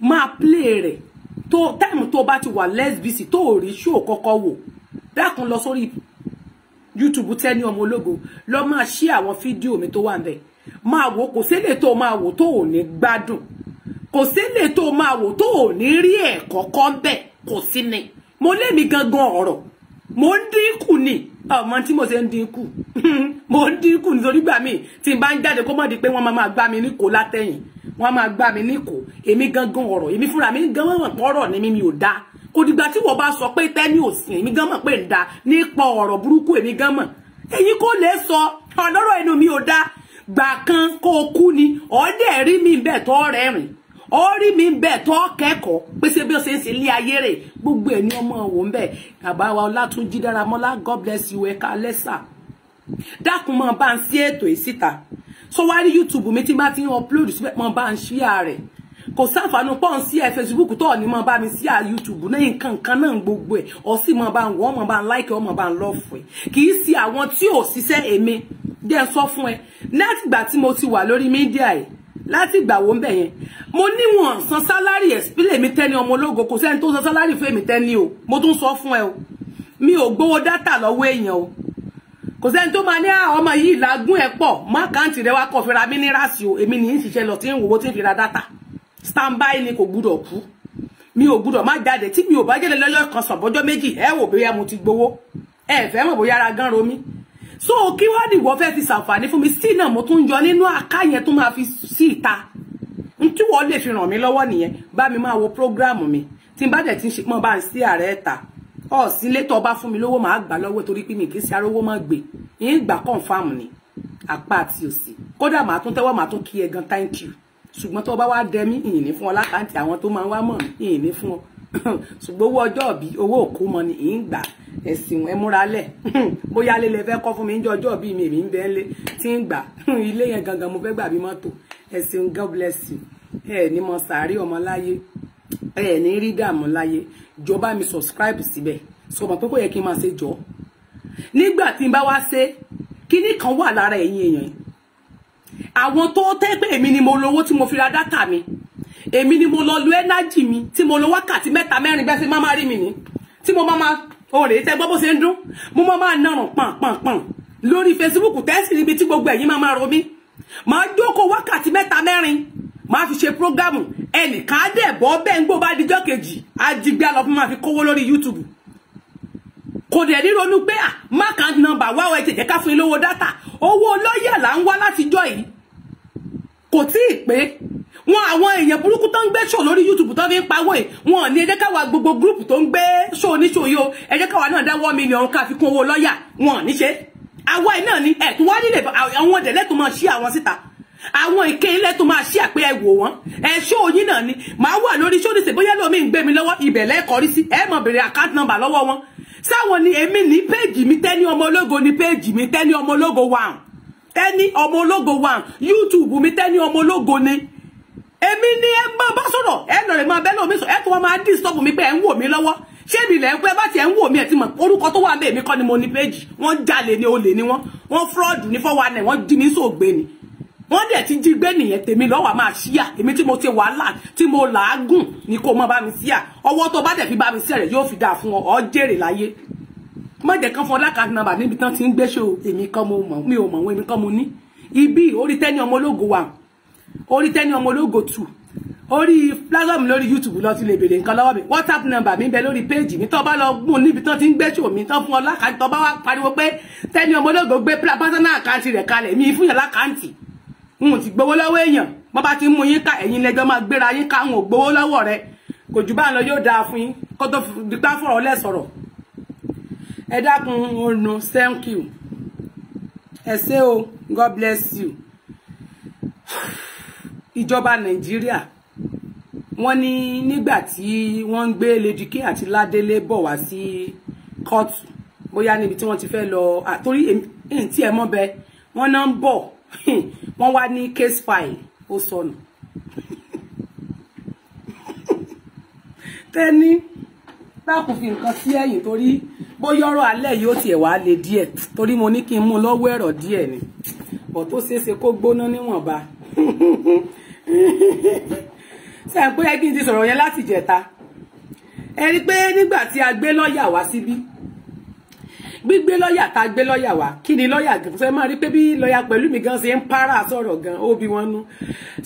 máa play rẹ̀ to táìmù tó bá ti wà lẹ́sbíìsì tó to rí ṣó kọ́kọ́ wò dákun lọ sórí YouTube Tenny ọmọ ológo lọ máa ṣí àwọn fídíò mi tó wà ń bẹ̀ máa wò kò sílè tó máa wò tó ò ní gbádùn kò sílè tó máa wò tó ò ní rí ẹ̀kọ́ kọ́ ń bẹ̀ ni mo lémi gangan ọ̀rọ̀ mo ń dínkù ni ọmọ tí mo ṣe ń dínkù mo ń dínkù nítorí gbà mí tí n bá ń jáde kó mọ̀ di pé wọ́n máa gbá mi níkò látẹ̀yìn wọ́n máa gbá mi níkò èmi gangan ọ̀rọ̀ èmi fúnra mi gan mọ̀ pọ̀ ọ̀rọ̀ ni mi mi ò da kò dìgbà tí wọ́n bá sọ pé tẹ́ni ò sìn èmi gan mọ̀ pé ń da nípa ọ̀rọ̀ burúkú èmi gan mọ̀ èyí kò lè sọ ọ̀nọ́rọ̀ inú mi ò da gbà kan kó o kú ni ọ̀ọ́dẹ̀ rí mi bẹ̀ tọ́ rẹ̀ rìn ó rí mi bẹ́ẹ̀ tó kẹ́kọ̀ọ́ pé ṣe bí ó ṣe ń ṣe ilé ayé rẹ̀ gbogbo ẹ̀ ní ọmọ òun bẹ́ẹ̀ bàbá wa ọlátúnjí dáramọ́lá god bless you ẹ̀ka lẹ́sà dákun mọ́ bá ń sí ètò ìsíta so wá rí youtube mi tí máa ti ń upload síbẹ̀ mọ́ bá ń ṣíà rẹ̀ kò sáfàánú pọ́n sí ẹ facebook tó ní mọ́ bá mi sí à youtube náà nǹkan kan náà gbogbo ẹ̀ ọ sì mọ́ bá ń wọ́n mọ́ bá ń like ọ mọ́ bá ń lọ́ọ̀fù ẹ̀ kì í sí àwọn tí ò ṣiṣẹ́ èmi dẹ́ sọ fún ẹ látìgbà tí mo ti wà lórí mídíà yìí láti ìgbàwó ń bẹ̀ yẹn mo níwọ̀n san sálárì ẹ̀sìpílẹ̀ mi tẹ́ ní ọmọ ológo kò sẹ́ni tó san sálárì fún èmi tẹ́ o mo tún sọ fún ẹ o mi ò gbowó dátà lọ́wọ́ èèyàn o kò sẹ́ni tó máa ní ah, ọmọ yìí làágùn ẹ̀ pọ̀ má káǹtì rẹ wá kọ̀ fira mi ní ráàsì o èmi nìyí ṣiṣẹ́ lọ tí ń wòwó tí ń fira dátà standby ni kò gbúdọ̀ kú mi ò gbúdọ̀ má jáde tí mi ò bá jáde lọ́jọ́ kan sọ̀bọ́jọ́ méjì ẹ wò bóyá mo ti gbowó ẹ fẹ́ mọ̀ bóyá ara gan ro so kí wá nìwọ fẹ́ fi ṣàǹfààní fún mi sí náà mo tún yọ nínú àká yẹn tó máa fi sí ìta n tí wọ́n lè fi ràn mí lọ́wọ́ nìyẹn bá mi máa wo prógráàmù mi tí n bá dẹ̀ ti ń ṣe mọ́ bá ń sí ààrẹ ẹ̀ta ọ̀ sí létọ́ ọba fún mi lówó màá gbà lọ́wọ́ torí pé mi kì í ṣe arówó mọ́ gbé yín gbà kọ́ǹfàmù ni apá àti òsì kódà màá tún tẹ́wọ́ màá tún kí ẹ gan thank you ṣùgbọ́n tó bá wá dẹ mí ìyìn ní fún ọ lákàntì àwọn tó máa wá mọ̀ ìyìn ní fún ọ ṣùgbọ́n owó ọjọ́ òbí owó òkú mọ ni ì ń gbà ẹ̀sìn ẹ múra lẹ̀ bóyá lé lẹ fẹ́ kọ́ fún mi ní ọjọ́ òbí mi èmi ń bẹ́ẹ̀ lé tí ń gbà ilé yẹn gangan mo fẹ́ gbà mọ́tò ẹ̀sìn God bless you ẹ̀ ní mo sàárì ọmọ láyé ẹ̀ ní rí dààmú láyé jọba mi subscribe síbẹ̀ sọ ma pé kò yẹ kí n máa ṣe jọ nígbà tí n bá wá ṣe kíní kan wà lára ẹ̀yìn èèyàn àwọn tó tẹ́ pé èmi ni mo lówó tí mo fi ra dátà mi èmi ni mo lọ lu ẹnájì mi tí mo lo wákàtí mẹ́ta mẹ́rin bẹ́ẹ̀ sí má má rí mi ní tí mo má má òrè tẹ gbọ́ bó ṣe ń dún mo má má nàràn pàǹpàǹpàǹ lórí Facebook tẹ́sí níbi tí gbogbo ẹ̀yin má má ro mí màá jókòó wákàtí mẹ́ta mẹ́rin màá fi ṣe prógámù ẹnìkan á dẹ̀ bọ́ bẹ́ẹ̀ ń gbó bá dijọ́ kejì ajigbé àlọ́ fún máa fi kówó lórí YouTube kò dẹ̀ ní ronú pé má kà nọmbà wá ọ ẹ̀jẹ̀ ká fún yín lówó dátà owó olóyè là ń wá látijọ́ yìí kò tí ì pé wọn àwọn èèyàn burúkú tó ń gbé ṣò lórí youtube tó fi ń pawó ẹ wọn ní ẹ jẹ́ káwa gbogbo gúrùpù tó ń gbé ṣò oníṣòyò ẹ jẹ́ káwa náà dáwọ́ mílíọ̀nù ká fi kún owó lọ́ọ̀yà wọn níṣe àwa náà ni ẹ tó wá nílé àwọn ọ̀dẹ̀lẹ́ tó máa ṣí àwọn síta àwọn ìké ilé tó máa ṣí àpé ẹ wò wọn ẹ ṣó oyin náà ni màá wà lórí ṣódìsẹ bóyá lómi ń gbé mi lọ́wọ́ ibẹ̀ lẹkọrí sí ẹ mọ bèrè àkáǹtì nọ́mbà lọ́wọ́ wọn sáwọn ni èmi ní péèjì mi tẹ́ni ọmọ ológo ni péèjì mi tẹ́ni ọmọ ológo wà tẹ́ni ọmọ ológo wà youtube mi tẹ́ni ọmọ ológo ni èmi ni ẹ máa bá sọ̀rọ̀ ẹ lọ rẹ̀ máa bẹ́ lómi sọ ẹ tó wọn máa disturb mi pé ẹ ń wò mí lọ́wọ́ ṣé èmi lẹ̀ ń pẹ́ bá ti ẹ ń wò mí ẹ ti mọ̀ orúkọ tó wà ń bẹ̀ èmi ni mo ní péjì wọ́n jalè ni olè ni wọ́n wọ́n fraud ní fọ́ wa nẹ̀ wọ́n jí ní sóògbé ni wọ́n dẹ̀ ti jí gbé nìyẹn tèmi lọ́wọ́ máa ṣíyà èmi tí mo ti wàhálà tí mo làágùn ni kò mọ bá mi síyà ọwọ́ tó bá dẹ̀ fi bá mi síyà rẹ̀ yóò fi dáa fún ọ ọ jèrè láyé má jẹ́ kán fún ọ lákàtúntì nàbà níbi tán ti ń gbéṣẹ́ o èmi kan mo mọ̀ mi ò mọ̀ wọn èmi kan mo ní ibi orí tẹ́ni ọmọ ológo wa orí tẹ́ni ọmọ ológo tù orí platform lórí youtube lọ ti lè béèrè nǹkan lọ́wọ́ mi whatsapp number mi bẹ lórí page mi tó bá lọ gùn níbi tó ti ń gbé ṣò mi tó fún ọ lákàntì tó bá wá pariwo pé tẹ́ni ọmọ ológo gbé personal account rẹ̀ kalẹ̀ mi fún yàn lákàntì n ò ti gbowó lọ́wọ́ èèyàn bọ́ bá ti mú yín ká ẹ̀yin lẹ́jọ́ máa gbéra yín ká n ò gbowó lọ́wọ́ rẹ̀ kò jù bá ń lọ yóò dáa fún yín kó tó dípá fọ̀rọ̀ lẹ̀ sọ̀rọ̀ ẹ dákun ọ̀nà thank you ẹ ṣé o god bless you. ìjọba nàìjíríà wọ́n ní nígbà tí wọ́n ń gbé Lady K àti Ládélé bọ̀ wá sí kóòtù bóyá níbi tí wọ́n ti fẹ́ lọ àtórí tí ẹ mọ̀ bẹ wọ́n náà ń bọ̀ wọ́n wá ní case file ó sọnù tẹ́ni dákun fi nǹkan sí ẹ̀yìn torí bóyá ọ̀rọ̀ alẹ́ yìí ó tiẹ̀ wá le díẹ̀ torí mo ní kí n mú lọ́wọ́ ẹ̀rọ díẹ̀ ni bọ̀ tó ṣeé ṣe kó gbóná níwọ̀nba ṣe ń pé kí n ti sọ̀rọ̀ yẹn láti ìjẹta ẹ rí pé nígbà tí a gbé lọ́ọ̀yà wá síbí gbígbé lọ́ọ̀yà tá a gbé lọ́ọ̀yà wá kí ni lọ́ọ̀yà gan ṣe máa rí pé bí lọ́ọ̀yà pẹ̀lú mi gan ṣe ń para sọ̀rọ̀ gan ó bí wọn nú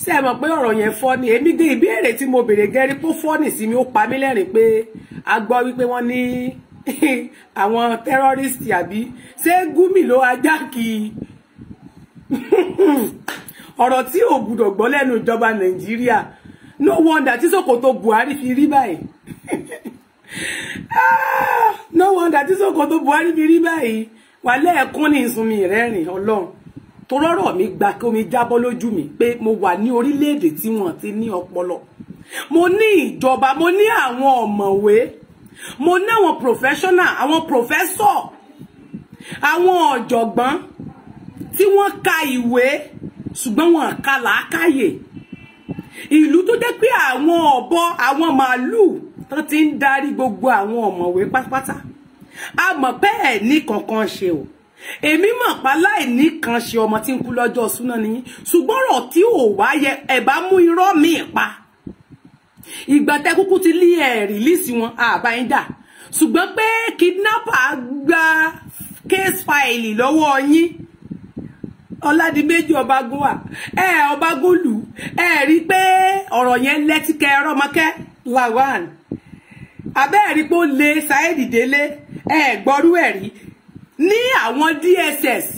ṣe mọ̀ pé ọ̀rọ̀ yẹn fọ́ ni èmi gbé ìbéèrè tí mo béèrè gẹ́rí pé fọ́ nì sí mi ó pa mí lẹ́rìn pé a gbọ́ wípé wọ́n ní àwọn tẹ́rọ́rìstì àbí ṣé gúmi ló ajá kì í ọ̀rọ̀ tí ò gbúdọ̀ gbọ́ lẹ́nu ìjọba nàìjíríà no wonder tí ṣòkòtò buhari fi rí báyìí ah, no wonder tí ṣòkòtò buhari fi rí báyìí wà lẹ́ẹ̀kún ní ìsunmi ìrẹ́rìn ọlọ́run tó rọ́rọ̀ mi gba kí omi jábọ́ lójú mi pé mo wà ní orílẹ̀-èdè tí wọ́n ti ní ọpọlọ mo ní ìjọba mo ní àwọn ọ̀mọ̀wé mo ní àwọn professional àwọn professor àwọn ọ̀jọ̀gbọ́n tí wọ́n ka ìwé ṣùgbọ́n wọn kà láákàyè ìlú tó jẹ́ pé àwọn ọ̀bọ àwọn màálùú tó ti ń darí gbogbo àwọn ọ̀mọ̀wé pátápátá a mọ̀ bẹ́ẹ̀ ní kankan ṣe o èmi mọ̀ pa láìní kan ṣe ọmọ tí ń kú lọ́jọ́ súná nìyí ṣùgbọ́n ọ̀rọ̀ tí ò wá yẹ ẹ̀ bá mú irọ́ míì pa ìgbà tẹ kúkú ti lé ẹ̀ rìlíìsì wọn àbá yín dà ṣùgbọ́n pé kidnapper gba case file lọ́wọ́ yín ọládìméjì ọbagun wà ẹ ọbagun lù ẹ rí i pé ọ̀rọ̀ yẹn lẹ́tíkẹ rọ́mọkẹ́ lawan abẹ́ẹ̀rí pé ó lé Saheed Délé ẹ gbọ́rú ẹ̀ rí ní àwọn DSS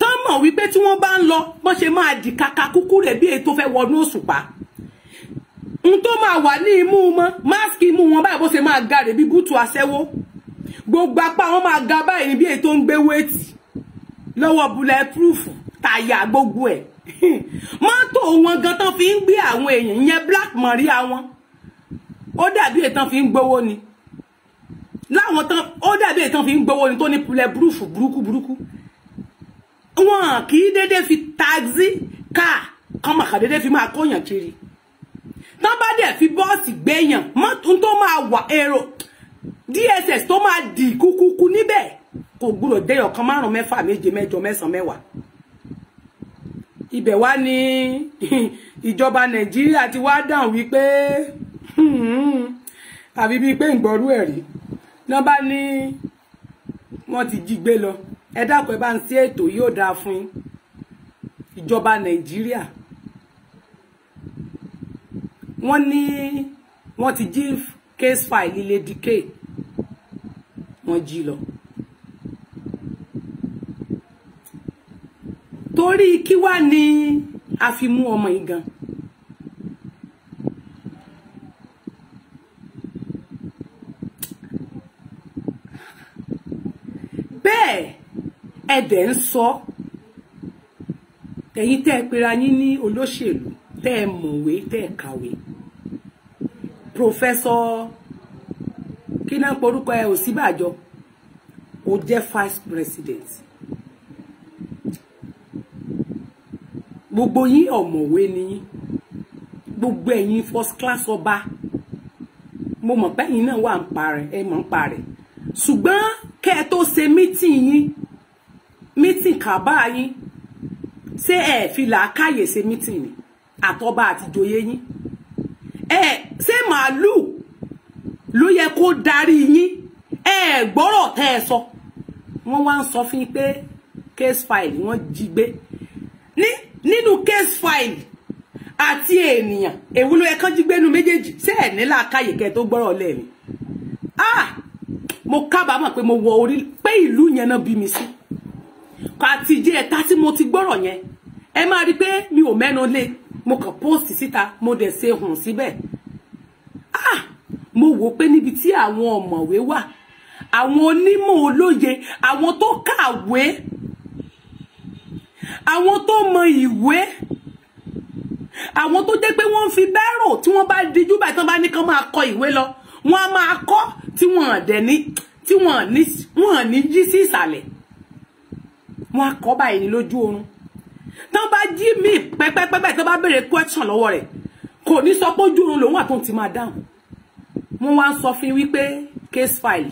tó mọ̀ wípé tí wọ́n bá ń lọ wọ́n ṣe máa dì kàkà kúkú rẹ̀ bí èyí tó fẹ́ wọnú òṣùpá n tó máa wà ní imú mọ́ máàsì imú wọn báyìí bó ṣe máa ga rè bí bútu aṣẹ́wó gbogbo apá wọn máa ga báyìí ní bí èyí tó ń gbé wéètì lọ́wọ́ bulletproof tàyà gbogbo ẹ̀ mọ́tò wọn gan tán fi ń gbé àwọn èèyàn yẹn black maria wọn ó dàbí ètàn fi ń gbowó ni láwọn tán ó dàbí ètàn fi ń gbowó ni tó ní bulletproof burúkú burúkú wọn kì í dédé fi taxi car kan màkà dédé fi máa kóyàn kiri tán bá dẹ̀ fi bọ́ọ̀sì gbéyàn mọ́tò tó máa wà èrò DSS tó máa dì kúkúkú níbẹ̀ kò gbúrò dé ọ̀kan márùn mẹ́fà méje mẹ́jọ mẹ́sàn mẹ́wàá Ibe wá ní ìjọba Nigeria. ti wá dáhùn wípé hmm, àbí bíi pé ìgbọ́rú ẹ̀ rí náà bá ní wọ́n ti jí gbé lọ ẹ dákun ẹ bá ń sí ètò yóò dáa fún ìjọba nàìjíríà wọ́n ní ti jí case file ilé dk wọ́n jí lọ. torí kí wá ni a fi mú ọmọ yìí gan. bẹ́ẹ̀ ẹ̀dẹ̀ ń sọ tẹ̀yin tẹ́ ẹ pera yín ní olóṣèlú tẹ́ ẹ mọ̀wé tẹ́ ẹ kàwé pòfẹ́sọ kí náà porúkọ ẹ Ọ̀ṣínbàjò ó jẹ́ vice president. gbogbo yín ọ̀mọ̀wé ni yín gbogbo ẹ̀yin first class ọba mo mọ̀ pé ẹ̀yin náà wà ń parẹ́ ẹ mọ̀ ń parẹ́ ṣùgbọ́n kẹ́ ẹ tó ṣe mítìn yín mítìn kàbá yín ṣé ẹ fi làákàyè ṣe mítìn ni àtọ́ba àtìjòyè yín ẹ ṣé màálù ló yẹ kó darí yín ẹ gbọ́rọ̀ tẹ́ ẹ sọ wọ́n wá ń sọ fún yín pé case file wọ́n jí gbé ní nínú case file ati ènìyàn èwo e yẹ kán jí gbénu méjèèjì ṣé ẹ ní làákàyè kẹ tó gbọ́rọ̀ lẹ́ẹ̀ni ah mo kábàámọ̀ pé mo wọ orí pé ìlú yẹn náà bí mi sí kò àti ìjẹ ẹ̀ta tí mo ti gbọ́rọ̀ yẹn ẹ máa rí i mi ò mẹ́nu lé mo kàn póòsì síta mo dẹ̀ ṣe hùn síbẹ̀ ah mo wò pé níbi tí àwọn ọ̀mọ̀wé wà àwọn onímọ̀ olóye àwọn tó kàwé àwọn tó mọ ìwé àwọn tó jẹ́ pé wọ́n ń fi bẹ́rò tí wọ́n bá dijú báyìí tán bá ní kán máa kọ ìwé lọ wọ́n á máa kọ́ tí wọ́n dẹ̀ ní tí wọ́n ní wọ́n ní jí sí ìsàlẹ̀ wọ́n á kọ́ báyìí ní lójú oorun tán bá jí mí pẹ́pẹ́pẹ́ tán bá béèrè question lọ́wọ́ rẹ̀ kò ní sọ pé ojú oorun lòun àtúntì máa dáhùn wọ́n wá ń sọ fún wípé case file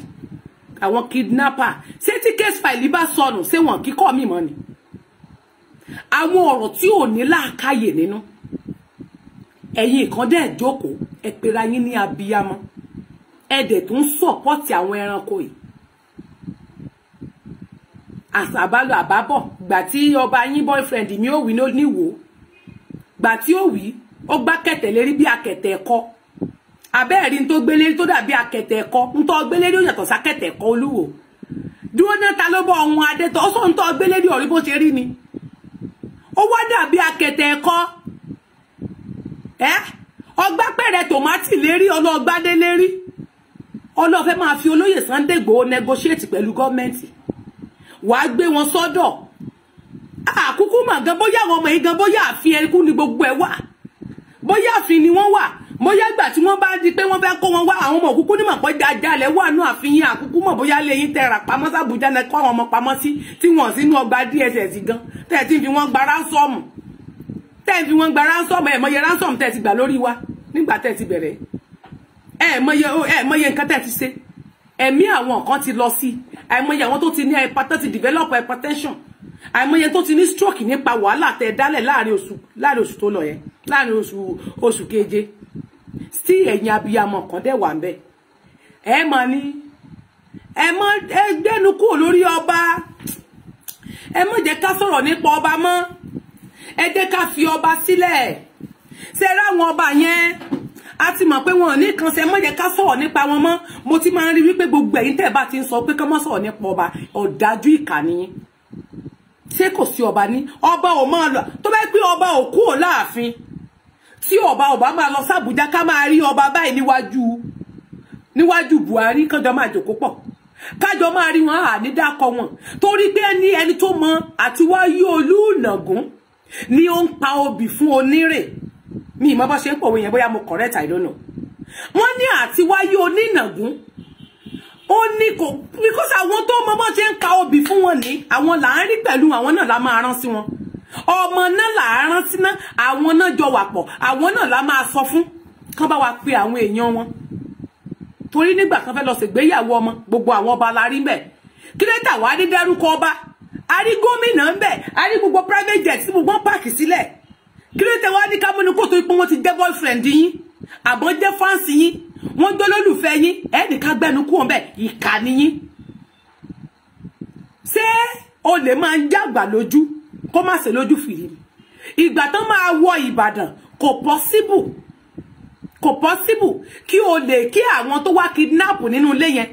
àwọn kidnapper ṣé tí case file bá sọnù ṣé wọn kíkọ́ mi mọ́ ni àwọn ọ̀rọ̀ tí ò ní làákàyè nínú ẹ̀yin kan dẹ̀ jókòó ẹ pera yín ní abiyamọ ẹ dẹ̀ tó ń sọ̀pọ̀tì àwọn ẹranko yìí àsàbálò àbábọ̀ gbà tí ọba yín boyfriend mi ò wí níwò gbà tí ó wí ó gbá kẹ̀tẹ̀ lérí bí akẹ̀tẹ̀ ẹ̀kọ abẹ́ẹ̀rí tó gbélé tó dàbí akẹ̀tẹ̀ ẹ̀kọ ń tọ́ gbélé ló yàtọ̀ sákẹ̀tẹ̀ ẹ̀kọ olúwo dúró náà ta ló bọ ohun adé tó ó sóhun tó gbélé ní ọ̀rí bó ṣe rí ni ó wá dàbí akẹtẹ ẹ̀kọ ẹ ọgbà pẹrẹ tòmátì lérí ọlọgbàdé lérí ọlọfẹ máa fi olóyè Sunday Igboho negotiate pẹ̀lú gọọmenti wàá gbé wọn sọ́dọ̀ àkúkú mà gan bóyá àwọn ọmọ yìí gan bóyá àfin ẹkú ni gbogbo ẹ wà bóyá àfin ni wọ́n wà bóyá ìgbà tí wọ́n bá di pé wọ́n fẹ́ kó wọn wá àwọn ọmọ òkúkú nímọ̀ pé jajalẹ̀ wà nù àfihàn àkúkú mọ̀ bóyá lẹ́yìn tẹ́ ra pamọ́ sàbújá náà kó àwọn ọmọ pamọ́ sí tí wọ́n sínú ọgbà DSS gan tẹ́ ti fi wọ́n gba ránsọ́ọ̀mù tẹ́ fi wọ́n gba ránsọ́ọ̀mù ẹ̀ mọye ránsọ́ọ̀mù tẹ́ ti gbà lórí wa nígbà tẹ́ ti bẹ̀rẹ̀ ẹ̀ mọye ẹ̀ mọye nǹkan tẹ́ ti ṣe ẹ̀mí àwọn kan ti lọ sí àìmọye àwọn tó ti ní hypertension ti develop hypertension àìmọye tó ti ní stroke nípa wàhálà tẹ́ dálẹ̀ láàrin oṣù láàrin oṣù tó lọ yẹn láàrin oṣù oṣù keje tí ẹ̀yin abiyamọ kan dẹ̀ wà ń bẹ̀ ẹ mọ̀ ni ẹ mọ̀ ẹ gbẹ́nu kúrò lórí ọba ẹ mọ̀ jẹ́ ká sọ̀rọ̀ nípa ọba mọ́ ẹ jẹ́ ká fi ọba sílẹ̀ ṣe ráwọn ọba yẹn a ti mọ̀ pé wọn ò ní kan ṣe mọ̀ jẹ́ ká sọ̀rọ̀ nípa wọn mọ́ mo ti máa ń rí wípé gbogbo ẹ̀yin tẹ̀ bá ti ń sọ pé kọ́ mọ́ sọ̀rọ̀ nípa ọba ọ̀dájú ìkànnì ṣé kò sí ọba ní ọba ò máa lọ tó bá pé ọba ò kúrò láàfin tí ọba ọba máa lọ sábùjá ká máa rí ọba báyìí níwájú níwájú Buhari kánjọ máa jòkó pọ̀ kájọ máa rí wọn à ní dákọ wọn torí pé ní ẹni tó mọ àti wá yí olúùnàgún ni ó ń pa obì fún onírè mi ìmọ̀ bá ṣe ń pòwe yẹn bóyá mo correct I don't know wọ́n ní àti wáyé onínàgún ó ní kò because àwọn tó mọ bó ṣe ń pa obì fún wọn ní àwọn là ń rí pẹ̀lú àwọn náà la máa rán sí wọn ọmọ náà là á rántí ná àwọn náà jọ wà pọ̀ àwọn náà la máa sọ fún kán bá wa pe àwọn èèyàn wọn torí nígbà kan fẹ́ lọ ṣègbéyàwó ọmọ gbogbo àwọn ọba la rí mbẹ̀ kílẹ̀tà wàá ní dárúkọ ọba a rí gómìnà mbẹ̀ a rí gbogbo private jet tí gbogbo páàkì sílẹ̀ kílẹ̀tà wàá ní kámúnikó torí pé wọ́n ti jẹ́ boyfriend yín àbọ̀n jẹ́ fáǹsì yín wọ́n jọ lólùfẹ́ yín ẹnìkan gbẹnu kú ọ̀nbẹ ìkà ni yín ṣé o lè máa ń jàgbà lójú kó má ṣe lójú fìrí ni ìgbà tán máa wọ Ìbàdàn kò pọ́síbù kò pọ́síbù kí o lè kí àwọn tó wá kidnap nínú ilé yẹn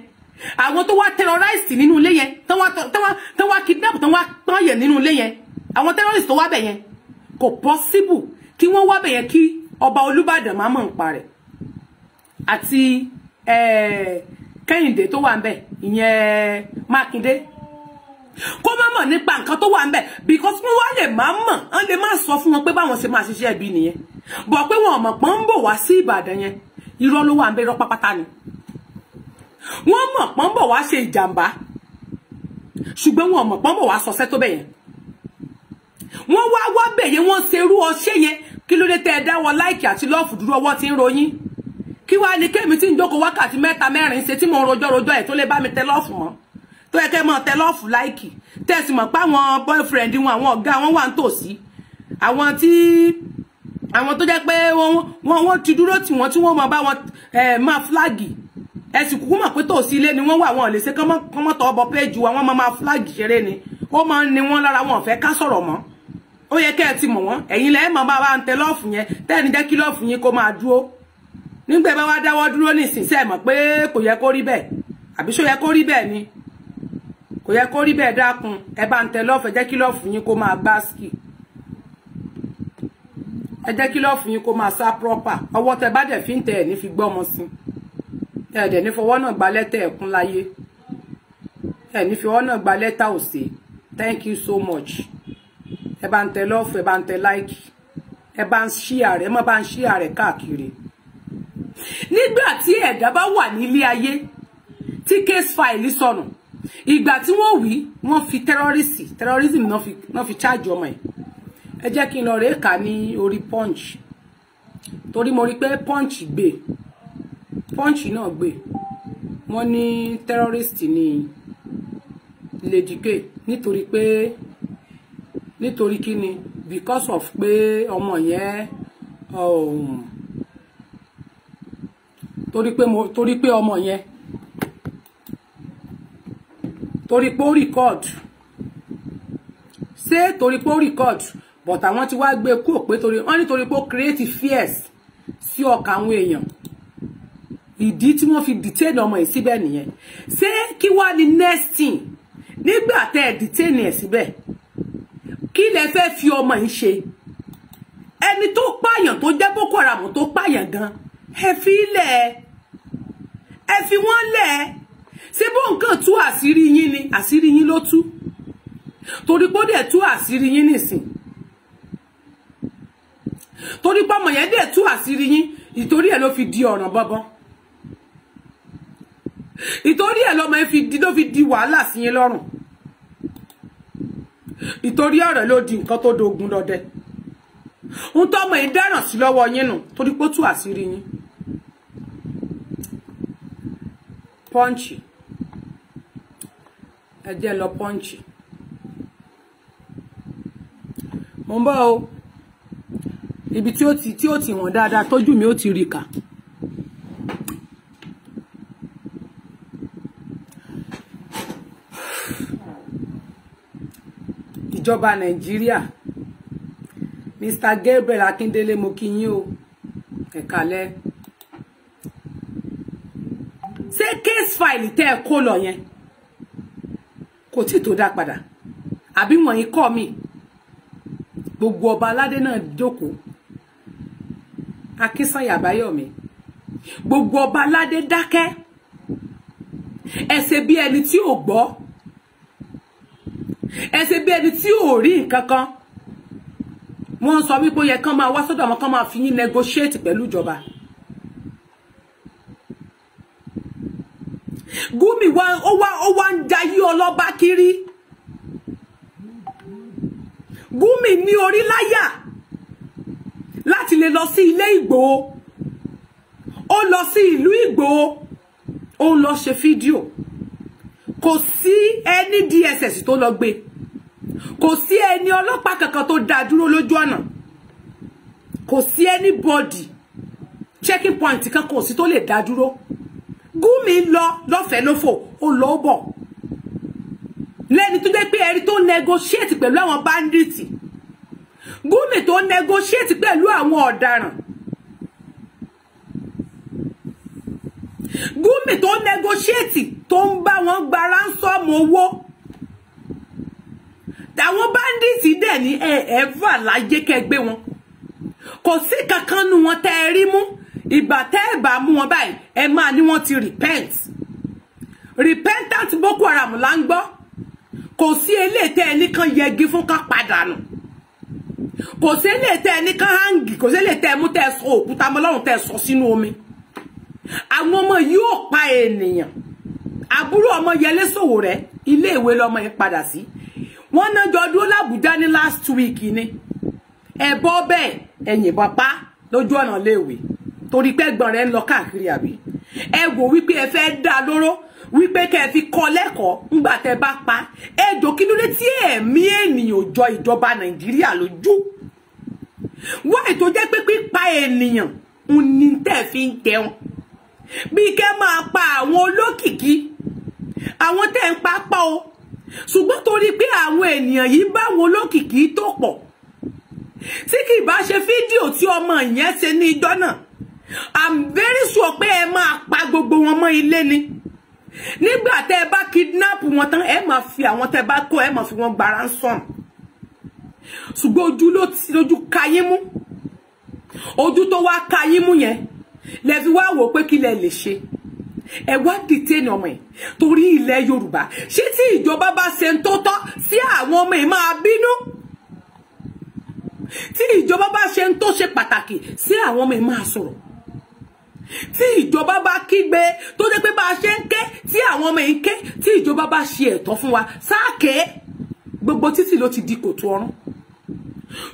àwọn tó wá terrorist nínú ilé yẹn tán wá tán wá kidnap tán wá tán yẹn nínú ilé yẹn àwọn terrorist tó wá bẹ̀ yẹn kò pọ́síbù kí wọ́n wá bẹ̀ yẹn kí ọba Olúbàdàn máa mọ̀ nípa rẹ̀ àti eh, Kẹ́hìndé tó wà ń bẹ̀ ìyẹn Mákindé kó má mọ̀ nípa nǹkan tó wà ń bẹ̀ because wọ́n wá lè má mọ̀ wọ́n lè má sọ fún wọn pé báwọn ṣe máa ṣiṣẹ́ ibi nìyẹn bọ̀ pé wọn ọ̀mọ̀ pọ́n ń bọ̀ wá sí Ìbàdàn yẹn irọ́ ló wà ń bẹ̀ irọ́ pápátá ni wọ́n mọ̀ pọ́n ń bọ̀ wá ṣe ìjàmbá ṣùgbọ́n wọn ọ̀mọ̀ pọ́n ń bọ̀ wá sọsẹ́ tó bẹ̀yẹn wọ́n wá wá bẹ̀yẹn wọ́n ṣerú ọṣẹ́ yẹn kí ló dé tẹ́ ẹ dá wọn láìkì àti lọ́ọ̀fù dúró ọwọ́ ti ń ròyìn kí wàá ní kémi tí ń jókòó wákàtí mẹ́ta mẹ́rin ṣe tí mo rojọ́ rojọ́ ẹ̀ tó lè bá mi tẹ lọ́ọ̀fù mọ́ tó yẹ kẹ́ mọ̀ tẹ lọ́ọ̀fù láìkì tẹ́sí mọ̀ pé àwọn boyfriend wọn àwọn ọ̀gá wọn wà ń tòsí àwọn tí àwọn tó jẹ́ pé wọ́n wọ́n ti dúró tì wọ́n tí wọ́n máa bá wọn máa fúláàgì ẹ̀sìn kúkú mọ̀ pé tòsí ilé ni wọ́n wà wọn lè ṣe kọ́mọ́tọ̀ ọbọ̀ péjú àwọn máa máa fúláàgì ṣeré ni ó máa ń ni wọ́n lára wọn ò fẹ́ ká sọ̀rọ̀ mọ́ ó yẹ kẹ́ ẹ ti mọ̀ wọ́n ẹ̀yin lẹ́yìn mọ̀ bá wa ń tẹ lọ́ọ̀fù yẹn tẹ́ni jẹ́ kí lọ́ọ̀fù yín kó máa dúró nígbà bá wa dáwọ́ dúró nísinsìnyí mọ̀ pé kò yẹ kó rí bẹ́ẹ̀ àbí ṣó yẹ kó rí bẹ́ẹ̀ ni kò yẹ kó rí bẹ́ẹ̀ dákun ẹ bá ń tẹ lọ́ọ̀fù ẹ jẹ́ kí lọ́ọ̀fù yín kó máa gbáàsìkì ẹ jẹ́ kí lọ́ọ̀fù yín kó máa sá prọ́pà ọwọ́ tẹ bá dẹ̀ fi ń tẹ ẹ̀ ní fi gbọ́mọ sí ẹ dẹ̀ ní fọwọ́ náà gba lẹ́tà ẹ̀kún láyé ẹ ní fọwọ́ náà gba lẹ́tà òsè thank you so much ẹ bá ń tẹ lọ́ọ̀fù ẹ bá ń tẹ láìkì ẹ bá ń ṣíà rẹ ẹ má bá ń ṣíà rẹ káàkiri nígbà tí ẹ̀dá bá wà nílé ayé tí case file sọnù ìgbà tí wọ́n wí wọ́n fi tẹ́rọ́rìsì tẹ́rọ́rìsì náà fi ṣáàjì ọmọ ẹ̀ ẹ jẹ́ kí n lọ rèé kà ní orí punch torí mo rí pé punch gbé punch náà gbé wọ́n ní tẹ́rọ́rìsì ní Lady K nítorí pé nítorí kí ni because of pé ọmọ yẹn um, torí pé ọmọ yẹn torí pé ó record ṣé torí pé ó record but àwọn tí wàá gbé kúrò pé torí wọn nítorí pé ó create fears sí ọkàn àwọn èèyàn ìdí tí wọ́n fi detain ọmọ yìí síbẹ̀ nìyẹn ṣé kí wàá ní next thing nígbà tẹ́ ẹ detain ẹ síbẹ̀ kí lẹ fẹ́ fi ọmọ yìí ṣe ẹni tó pààyàn tó jẹ́ boko haram tó pààyàn gan ẹ fi lẹ̀ ẹ fi wọ́n lẹ̀ ṣé bó nǹkan tú asiri yín ni àṣírí yín ló tú torí pé ó dẹ̀ tú àṣírí yín nìsín torí pé ọmọ yẹn dẹ̀ tú àṣírí yín ìtorí ẹ̀ ló fi di ọ̀ràn bọ́bọ́n ìtorí ẹ̀ lọ́mọ yẹn ló fi di wàhálà sí yín lọ́rùn ìtorí ọ̀rọ̀ ló di nǹkan tó dogun lọ́dẹ ohun tọ́mọ yìí dáràn sí lọ́wọ́ yín nù torí pé ó tú asiri yín pọ́ǹchì ẹ jẹ́ lọ pọ́ǹchì mo ń bọ̀ o ibi tí ó ti tí ó ti wọ̀n dáadáa tójú mi ó ti rí kà ìjọba nàìjíríà mr gabriel akíndélé mo kí yín o ẹ kálẹ́ ṣé case file tẹ́ ẹ kó lọ yẹn kò tí tó dá padà àbí wọ̀nyí kọ́ mi gbogbo ọba aládé náà jókòó akínsànyà àbáyọ̀mí gbogbo ọba aládé dákẹ́ ẹ ṣe bí ẹni tí ò gbọ́ ẹ ṣe bí ẹni tí ò rí nǹkan kan wọ́n sọ wípé ó yẹ kán máa wá sọ́dọ̀ àwọn kan máa fi yín negotiate pẹ̀lú ìjọba. Gumi wá ó wá ó wá ń jayé ọlọ́ba kiri Gumi ní orí láyà láti lè lọ sí ilé Ìgbòho ó lọ sí ìlú Ìgbòho ó ń lọ ṣe fídíò kò sí ẹni DSS tó lọ gbé kò sí ẹni ọlọ́pàá kankan tó dá dúró lójú ọ̀nà kò sí anybody checking point kan kò sí tó lè dá dúró Gumi lọ lọ́fẹ̀ẹ́ lófò ó lọ ó bọ̀ lẹ́ni tó jẹ́ pé ẹni tó negotiate pẹ̀lú àwọn bandit Gumi tó negotiate pẹ̀lú àwọn ọ̀daràn Gumi tó negotiate tó ń bá wọn gba ransom owó àwọn bandit dẹ̀ ní ẹ̀ ẹ̀ fà láyé kẹgbẹ́ wọn kò sí kankan nu wọn tẹ́ ẹ rí mú ìgbà tẹ́ ẹ̀ bá mú wọn báyìí ẹ máa ní wọ́n ti repent repentant boko haram là ń gbọ́ kò sí eléyìí ẹni kan yẹgi fún ká padà nù kò sí eléyìí ẹni kan hangi kò sí eléyìí tẹ́ ẹ mú tẹ́ ẹ sọ òkúta ọmọlọ́run tẹ́ ẹ sọ sínú omi àwọn ọmọ yìí ò pa ènìyàn àbúrò ọmọ yẹlé sòwò rẹ iléèwé lọmọ yẹn padà sí wọn náà jọ dúró làbújá ní last week ni ẹbọ bẹ́ẹ̀ ẹ̀yìn bàbá lójú ọ̀nà léèwé torí pé ẹ̀gbọ́n rẹ̀ ń lọ káàkiri àbí ẹ wò wípé ẹ fẹ́ dá a lóró wípé kẹ́ ẹ fi kọ́ lẹ́kọ̀ọ́ ńgbà tẹ́ bá pa ẹ jọ kí ló dé tí ẹ̀mí ènìyàn jọ ìjọba nàìjíríà lójú wáì tó jẹ́ pé pípa ènìyàn ń ní tẹ́ fi ń jẹun bí kẹ́ máa pa àwọn olókìkí àwọn tẹ́ ń pa pa o ṣùgbọ́n torí pé àwọn ènìyàn yìí bá àwọn olókìkí tó pọ̀ tí kì bá ṣe fídíò tí ọmọ yẹn ṣe ní ìjọ náà i'm very sure pé ẹ máa pa gbogbo wọn mọ́ ilé ni nígbà tẹ́ ẹ bá kidnap wọn tán ẹ máa fi àwọn tẹ́ ẹ bá kó ẹ máa fi wọn gba ransom ṣùgbọ́n ojú ló ti lójú kayín mú ojú tó wá kayín mú yẹn lẹ fi wá wò pé kí lẹ lè ṣe ẹ wá dìtẹ́nì ọmọ ẹ̀ torí ilẹ̀ yorùbá ṣé tí ìjọba bá ṣe ń tó tọ́ sí àwọn ọmọ ẹ̀ máa bínú tí ìjọba bá ṣe ń tó ṣe pàtàkì sí àwọn ọmọ ẹ̀ máa sọ̀rọ̀ tí ìjọba bá kígbe tó dé pé bá a ṣe ń ké tí àwọn ọmọ yìí ń ké tí ìjọba bá ṣe ẹ̀tọ́ fún wa sáàkè gbogbo títì ló ti di kòtò ọrùn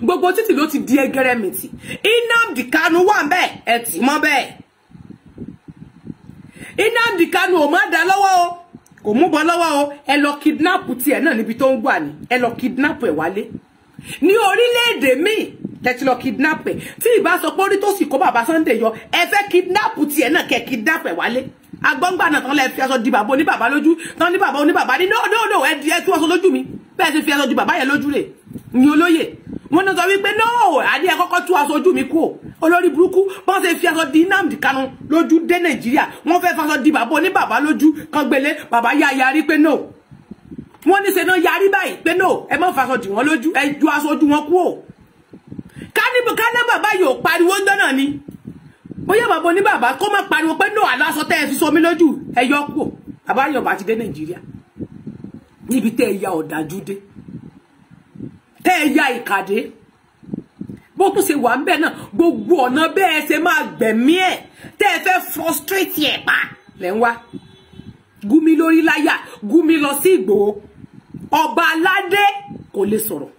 gbogbo títì ló ti di ẹgẹrẹmìtì Nnamdi Kanu wà ń bẹ́ẹ̀ ẹ tì mọ́ bẹ́ẹ̀ Nnamdi Kanu ò má dá lọ́wọ́ o kò mú bọ́ lọ́wọ́ o ẹ lọ kidnap tiẹ̀ náà níbi tó ń gbà ní ẹ lọ kidnap ẹ̀ wálé ní orílẹ̀-èdè míì tẹ́tí lọ kidnap ẹ̀ tí ìbá sọ pé orí tó sì kó bàbá Sunday yọ ẹ fẹ́ kidnap tiẹ̀ náà kẹ́ kidnap ẹ̀ wálé agbọ́ngbà náà tán lẹ́ fi aṣọ di bàbá oníbàbá lójú tán ní bàbá oníbàbá ní nóòdòdò ẹ di ẹ tú aṣọ lójú mi bẹ́ẹ̀ ti fi aṣọ di bàbá yẹn lójú rẹ̀ ní olóyè wọn náà sọ wípé nóò àdé ẹ kọ́kọ́ tú aṣọ ojú mi kú o olórí burúkú bọ́n ṣe fi aṣọ di Nnamdi Kanu lójú dé Nàìjíríà wọ́n fẹ́ faṣọ di bàbá oníbàbá lójú kan gbélé bàbá yá yarí pé nóò wọ́n ní ṣe náà yarí báyìí pé nóò ẹ má faṣọ dì wọ́n lójú ẹ ju aṣọ ojú wọn kú o kanibu ní bàbá yìí ò pariwo jọ́nà ni bóyá bàbá oní bàbá kó má pariwo pé náà aláṣọ tẹ́ ẹ fi somi lójú ẹ yọ kù bàbá yọba ti dé nàìjíríà níbi tẹ́ ẹ ya ọ̀dájú dé tẹ́ ẹ ya ìkàdé bó tún ṣe wà ń náà gbogbo ọ̀nà bẹ́ẹ̀ ṣe máa gbẹ̀mí ẹ̀ tẹ́ ẹ fẹ́ frustrate ẹ̀ pa lẹ́ ń wá gúmi lórí láyà gúmi lọ sí ìgbòho ọba aládé kò lè sọ̀rọ̀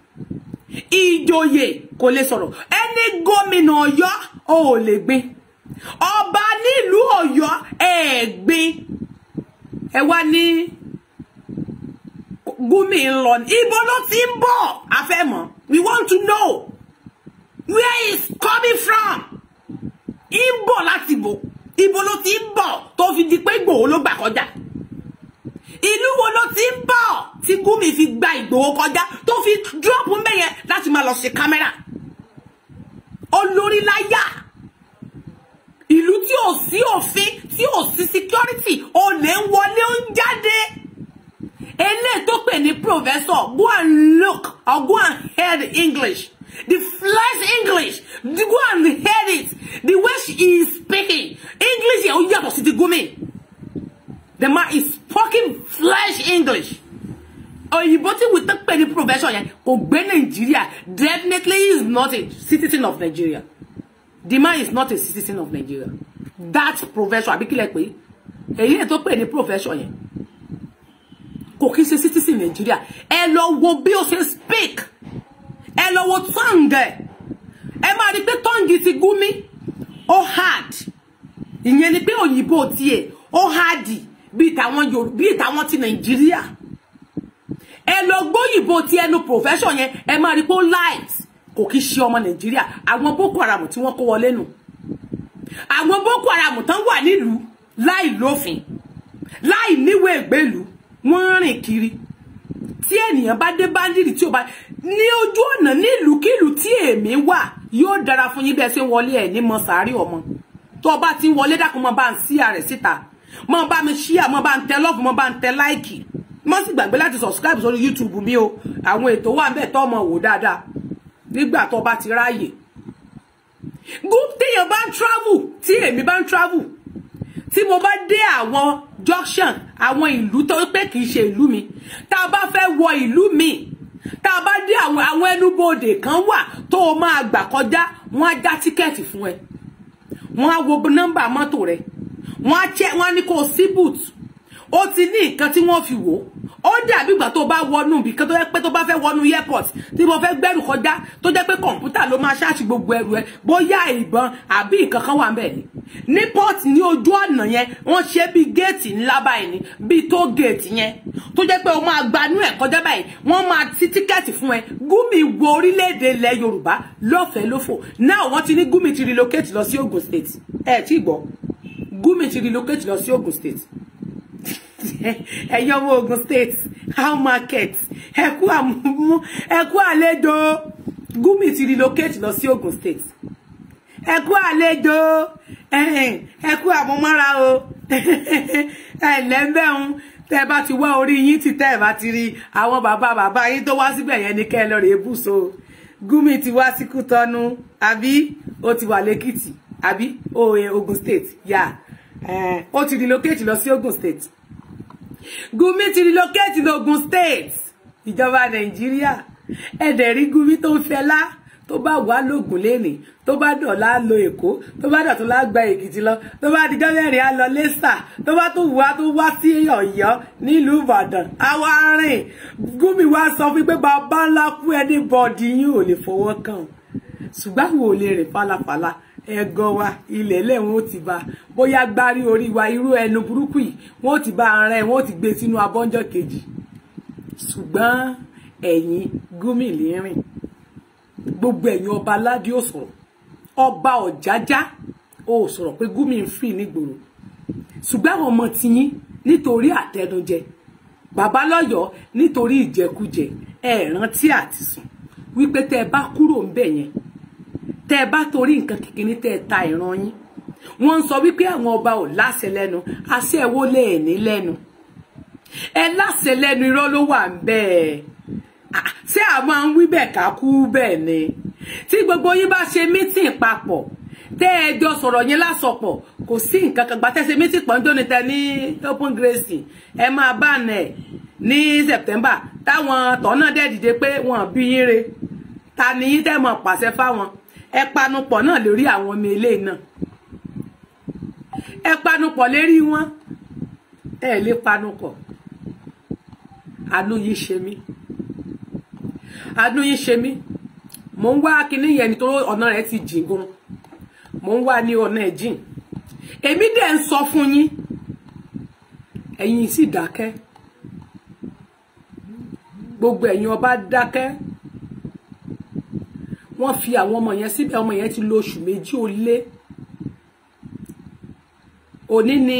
ìjòyè kò lè sọ̀rọ̀ ẹni gómìnà Ọ̀yọ́ ò lè gbin ọba nílùú Ọ̀yọ́ ẹ̀ gbin ẹ wá ní Gumi ń ibo ló ti ń bọ̀ àfẹ́mọ̀ we want to know where is coming from ń bọ̀ láti bò ibo ló ti ń bọ̀ tó fi di pé Ìgbòho ló gbà kọjá ìlú wo ló ti ń bọ̀ tí Gumi fi gba Ìgbòho kọjá tó fi dúrọ́pù mẹ́yẹn láti máa lọ sí kámẹ́rà olórí láyà ìlú tí ò sí òfin tí ò sí security olè ń wọlé ó ń jáde eléyìí tó pè ní professor go and look or go and hear the English the flesh English go and hear it the way she is speaking English yẹn ó yàtọ̀ sí ti Gumi the man is fucking flesh English Oyibo ti wìí tán pè ní profession yẹn kò gbé Nàìjíríà definitely is not a citizen of Nigeria the man is not a citizen of Nigeria that profession àbí kile pé èyí ètò pè ní profession yẹn kò kí ṣe citizen Nigeria ẹ lọ wo bí o ṣe speak ẹ lọ wo tongue ẹ ẹ máa rí pé tongue ti gún mi hard ìyẹn ni pé òyìnbó tiẹ̀ ó hardy bíi tàwọn Yorùbá bíi tàwọn ti Nàìjíríà ẹ lọ gbóyìnbó ti ẹnu profession yẹn ẹ máa rí pé ó light kò kí ṣe ọmọ Nàìjíríà àwọn Boko Haram tí wọ́n kó wọlé nù àwọn Boko Haram tán wà nílùú láì lófin láì níwèé ìgbélùú wọ́n rìn kiri tí ènìyàn bá dé báńdìrì tí ó bá ní ojú ọ̀nà nílùúkílùú tí èmi wà yóò dára fún yín bẹ́ẹ̀ ṣe ń wọlé ẹ̀ ní mọ sàárì ọmọ tó o bá ti ń wọlé dákun bá ń sí ààrẹ síta mọ bá mi ṣíà mọ bá ń tẹ lọ́ọ̀fù mọ ba ń tẹ láìkì mọ sì gbàgbé láti subscribe sórí YouTube mi o àwọn ètò wa bẹ́ẹ̀ tó ọmọ wò dáadáa nígbà tó bá ti ráàyè good téèyàn bá ń travel tí èmi bá travel tí mo bá dé àwọn junction àwọn ilu tó pé kì í ṣe ìlú mi tá a bá fẹ́ wọ mi tá a bá dé àwọn àwọn kan wa tó o máa gbà kọjá wọn á já tíkẹ́ẹ̀tì fún ẹ wọn wo nọ́mbà mọ́tò rẹ wọ́n á chẹ́ wọ́n á ní kó o sí boot ó ti ní nǹkan tí wọ́n fi wò ó dàbí ìgbà tó bá wọnú ibì kan tó yẹ pé tó bá fẹ́ wọnú airport tí mo fẹ́ gbẹ́rù kọjá tó jẹ́ pé kọ̀ǹpútà ló máa ṣáàṣì gbogbo ẹrù ẹ bóyá ìbọn àbí nǹkan kan wà ńbẹ̀ ni ní port ní ojú ọ̀nà yẹn wọ́n ṣe bí géètì ńlá báyìí ni bí tó géètì yẹn tó jẹ́ pé o máa gbanú ẹ̀ kọjá báyìí wọ́n máa ti tíkẹ́ẹ̀tì fún ẹ Gumi wo orílẹ̀-èdè ilẹ̀ Yorùbá lọ́fẹ̀ẹ́ lófò náà wọ́n ti ní Gumi ti relocate lọ sí Ogun State ẹ̀ tí gbọ́ Gumi ti relocate lọ sí Ogun State ẹ̀yin ọmọ Ogun State how market ẹ̀kú àmúmú ẹ̀kú àlejò Gumi ti relocate lọ sí Ogun State ẹ̀kú àlejò ẹ̀kú àmúmọ́ra o ẹ̀lẹ́mbẹ̀hún tẹ́ bá ti wá orí yín ti tẹ́ bá ti rí àwọn bàbá bàbá yín tó wá síbẹ̀ yẹn ní kẹ́ ẹ lọ rèé bù so Gumi ti wá sí Kútọ́nù àbí ó ti wà lẹ́kìtì àbí Ogun State yà. Yeah Eh, ó ti relocate lọ sí Ogun State Gumi ti relocate lọ Ogun State ìjọba Nàìjíríà ẹ̀dẹ̀ rí Gumi tó ń fẹlá tó bá wà lóògùn lénìí tó bá dọ̀la lọ èkó tó bá dọ̀tún la gba èkìtì lọ tó bá di gọ́mẹ̀rin á lọ lẹ́sà tó bá tó wà tó wá sí ọ̀yọ́ nílùú ìbàdàn àwa rìn Gumi wa sọ fún pé bàbá ńlá fún ẹni bọ́ọ̀dì yín ò lè fọwọ́ kàn ṣùgbọ́n àwọn ò lè rìn fàlàfàlà ẹ̀gàn wa ilẹ̀ lẹ̀ wọn ò ti bá bóyá gbárí orí wa irú ẹnu burúkú yìí wọn ò ti bá ara ẹ wọn ò ti gbé sínú abọ́njọ́ kejì ṣùgbọ́n ẹ̀yin Gumi lè rìn gbogbo ẹ̀yin ọba aládé ò sọ̀rọ̀ ọba ọ̀jájá ò sọ̀rọ̀ pé Gumi ń fì nígboro ṣùgbọ́n àwọn ọmọ tiyín nítorí àtẹnujẹ bàbá nítorí ìjẹkújẹ ẹ rántí àtisùn wípé tẹ́ ẹ bá kúrò ń bẹ̀ yẹn tẹ́ ẹ bá torí nǹkan kékeré tẹ́ ẹ ta ìran yín wọ́n ń sọ wípé àwọn ọba ò láṣẹ lẹ́nu àṣẹ ẹ̀wọ́ lè ní lẹ́nu ẹ láṣẹ lẹ́nu irọ́ ló wà ń bẹ́ẹ̀ ṣé a máa ń wí bẹ́ẹ̀ ká kú ni tí gbogbo yín bá ṣe mítìn papọ̀ tẹ́ ẹ jọ sọ̀rọ̀ yín lásọpọ̀ kò sí nǹkan kan gbà tẹ́ ṣe mítìn pọ̀ ń tẹ ní open grazing ẹ máa bá nẹ̀ ní September táwọn tọ́ náà dẹ́ dìde pé wọ́n bí yín re ta ni yín tẹ́ mọ̀ pàṣẹ fáwọn ẹ panupọ̀ náà lórí àwọn ọmọ eléyìí náà ẹ panupọ̀ lérí wọn ẹ lè panupọ̀ àánú yìí ṣe mí àánú yìí ṣe mí mò ń wá kinní yẹn nítorí ọ̀nà rẹ̀ ti jìn gan mò ń wá ní ọ̀nà ẹ̀ jìn èmi dẹ̀ ń sọ fún yín ẹ̀yin sì dákẹ́ gbogbo ẹ̀yin ọba dákẹ́ wọ́n fi àwọn ọmọ yẹn síbẹ̀ ọmọ yẹn ti lo oṣù méjì ó lé òní ni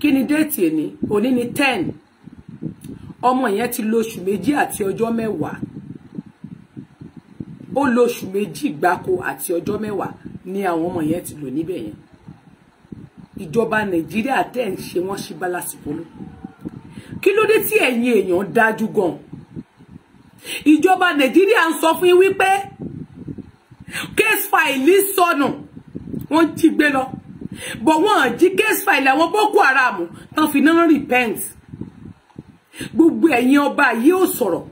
kí ni déètì èní òní ni ten ọmọ yẹn ti lo oṣù méjì àti ọjọ́ mẹ́wàá ó lo oṣù méjì gbáko àti ọjọ́ mẹ́wàá ni àwọn ọmọ yẹn ti lò níbẹ̀ yẹn ìjọba nàìjíríà tẹ́ ń ṣe wọ́n ṣí bálásìpolú kí ló dé tí ẹ̀yin èèyàn dájú gan ìjọba nàìjíríà ń sọ fún yín wípé case file sọnù wọ́n jí gbé lọ bọ̀ wọ́n jí case file àwọn boko haram tán fi náà repent gbogbo ẹ̀yin ọba yìí ò sọ̀rọ̀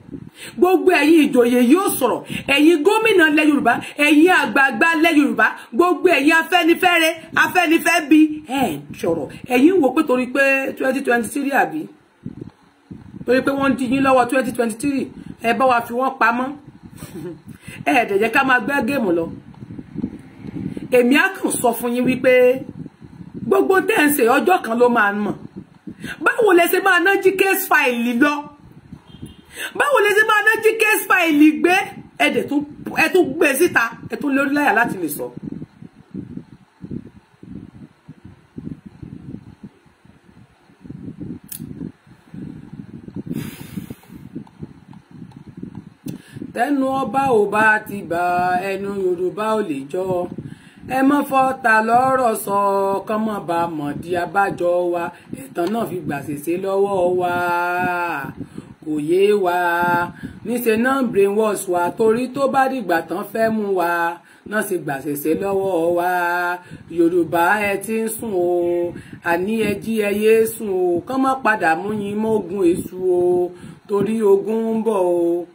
gbogbo ẹ̀yin ìjòyè yóò sọ̀rọ̀ ẹ̀yin gómìnà ilẹ̀ yorùbá ẹ̀yin àgbààgbà ilẹ̀ yorùbá gbogbo ẹ̀yin afẹ́nifẹ́re afẹ́nifẹ́bi ẹ sọ̀rọ̀ ẹ̀yin wò pé torí pé twenty twenty three àbí torí pé wọ́n ń di yín lọ́wọ́ twenty twenty three ẹ bá wa fi wọ́n pamọ́ ẹ ẹ̀dẹ̀ jẹ́ ká máa gbẹ́ géèmù lọ èmi á kàn sọ fún yín wípé gbogbo tẹ́ ń ṣe ọjọ́ kan ló máa mọ̀ báwo lẹ ṣe máa ná jí case file lọ báwo lẹ ṣe máa ná jí case file gbé ẹ̀dẹ̀ tún gbé síta ẹ̀ tún lórí láyà láti lè sọ. So. tẹnu ọba ò bá ti bá ẹnu yorùbá ò lè jọ ẹ mọ́ fọ́ta lọ́rọ̀ sọ kán mọ́ bá mọ̀ di abájọ wa ẹ̀tàn náà fi gbàṣèṣe lọ́wọ́ wa kò yé wa níṣẹ́ náà brainwash wa torí tó bá dìgbà tán fẹ́ mú wa náà sì gbàṣẹ̀ṣẹ̀ lọ́wọ́ wa yorùbá ẹ ti ń sùn o àní ẹjí ẹyẹ sùn o kán má padà mú yín mọ́gun èṣù o torí ogun ń bọ̀ o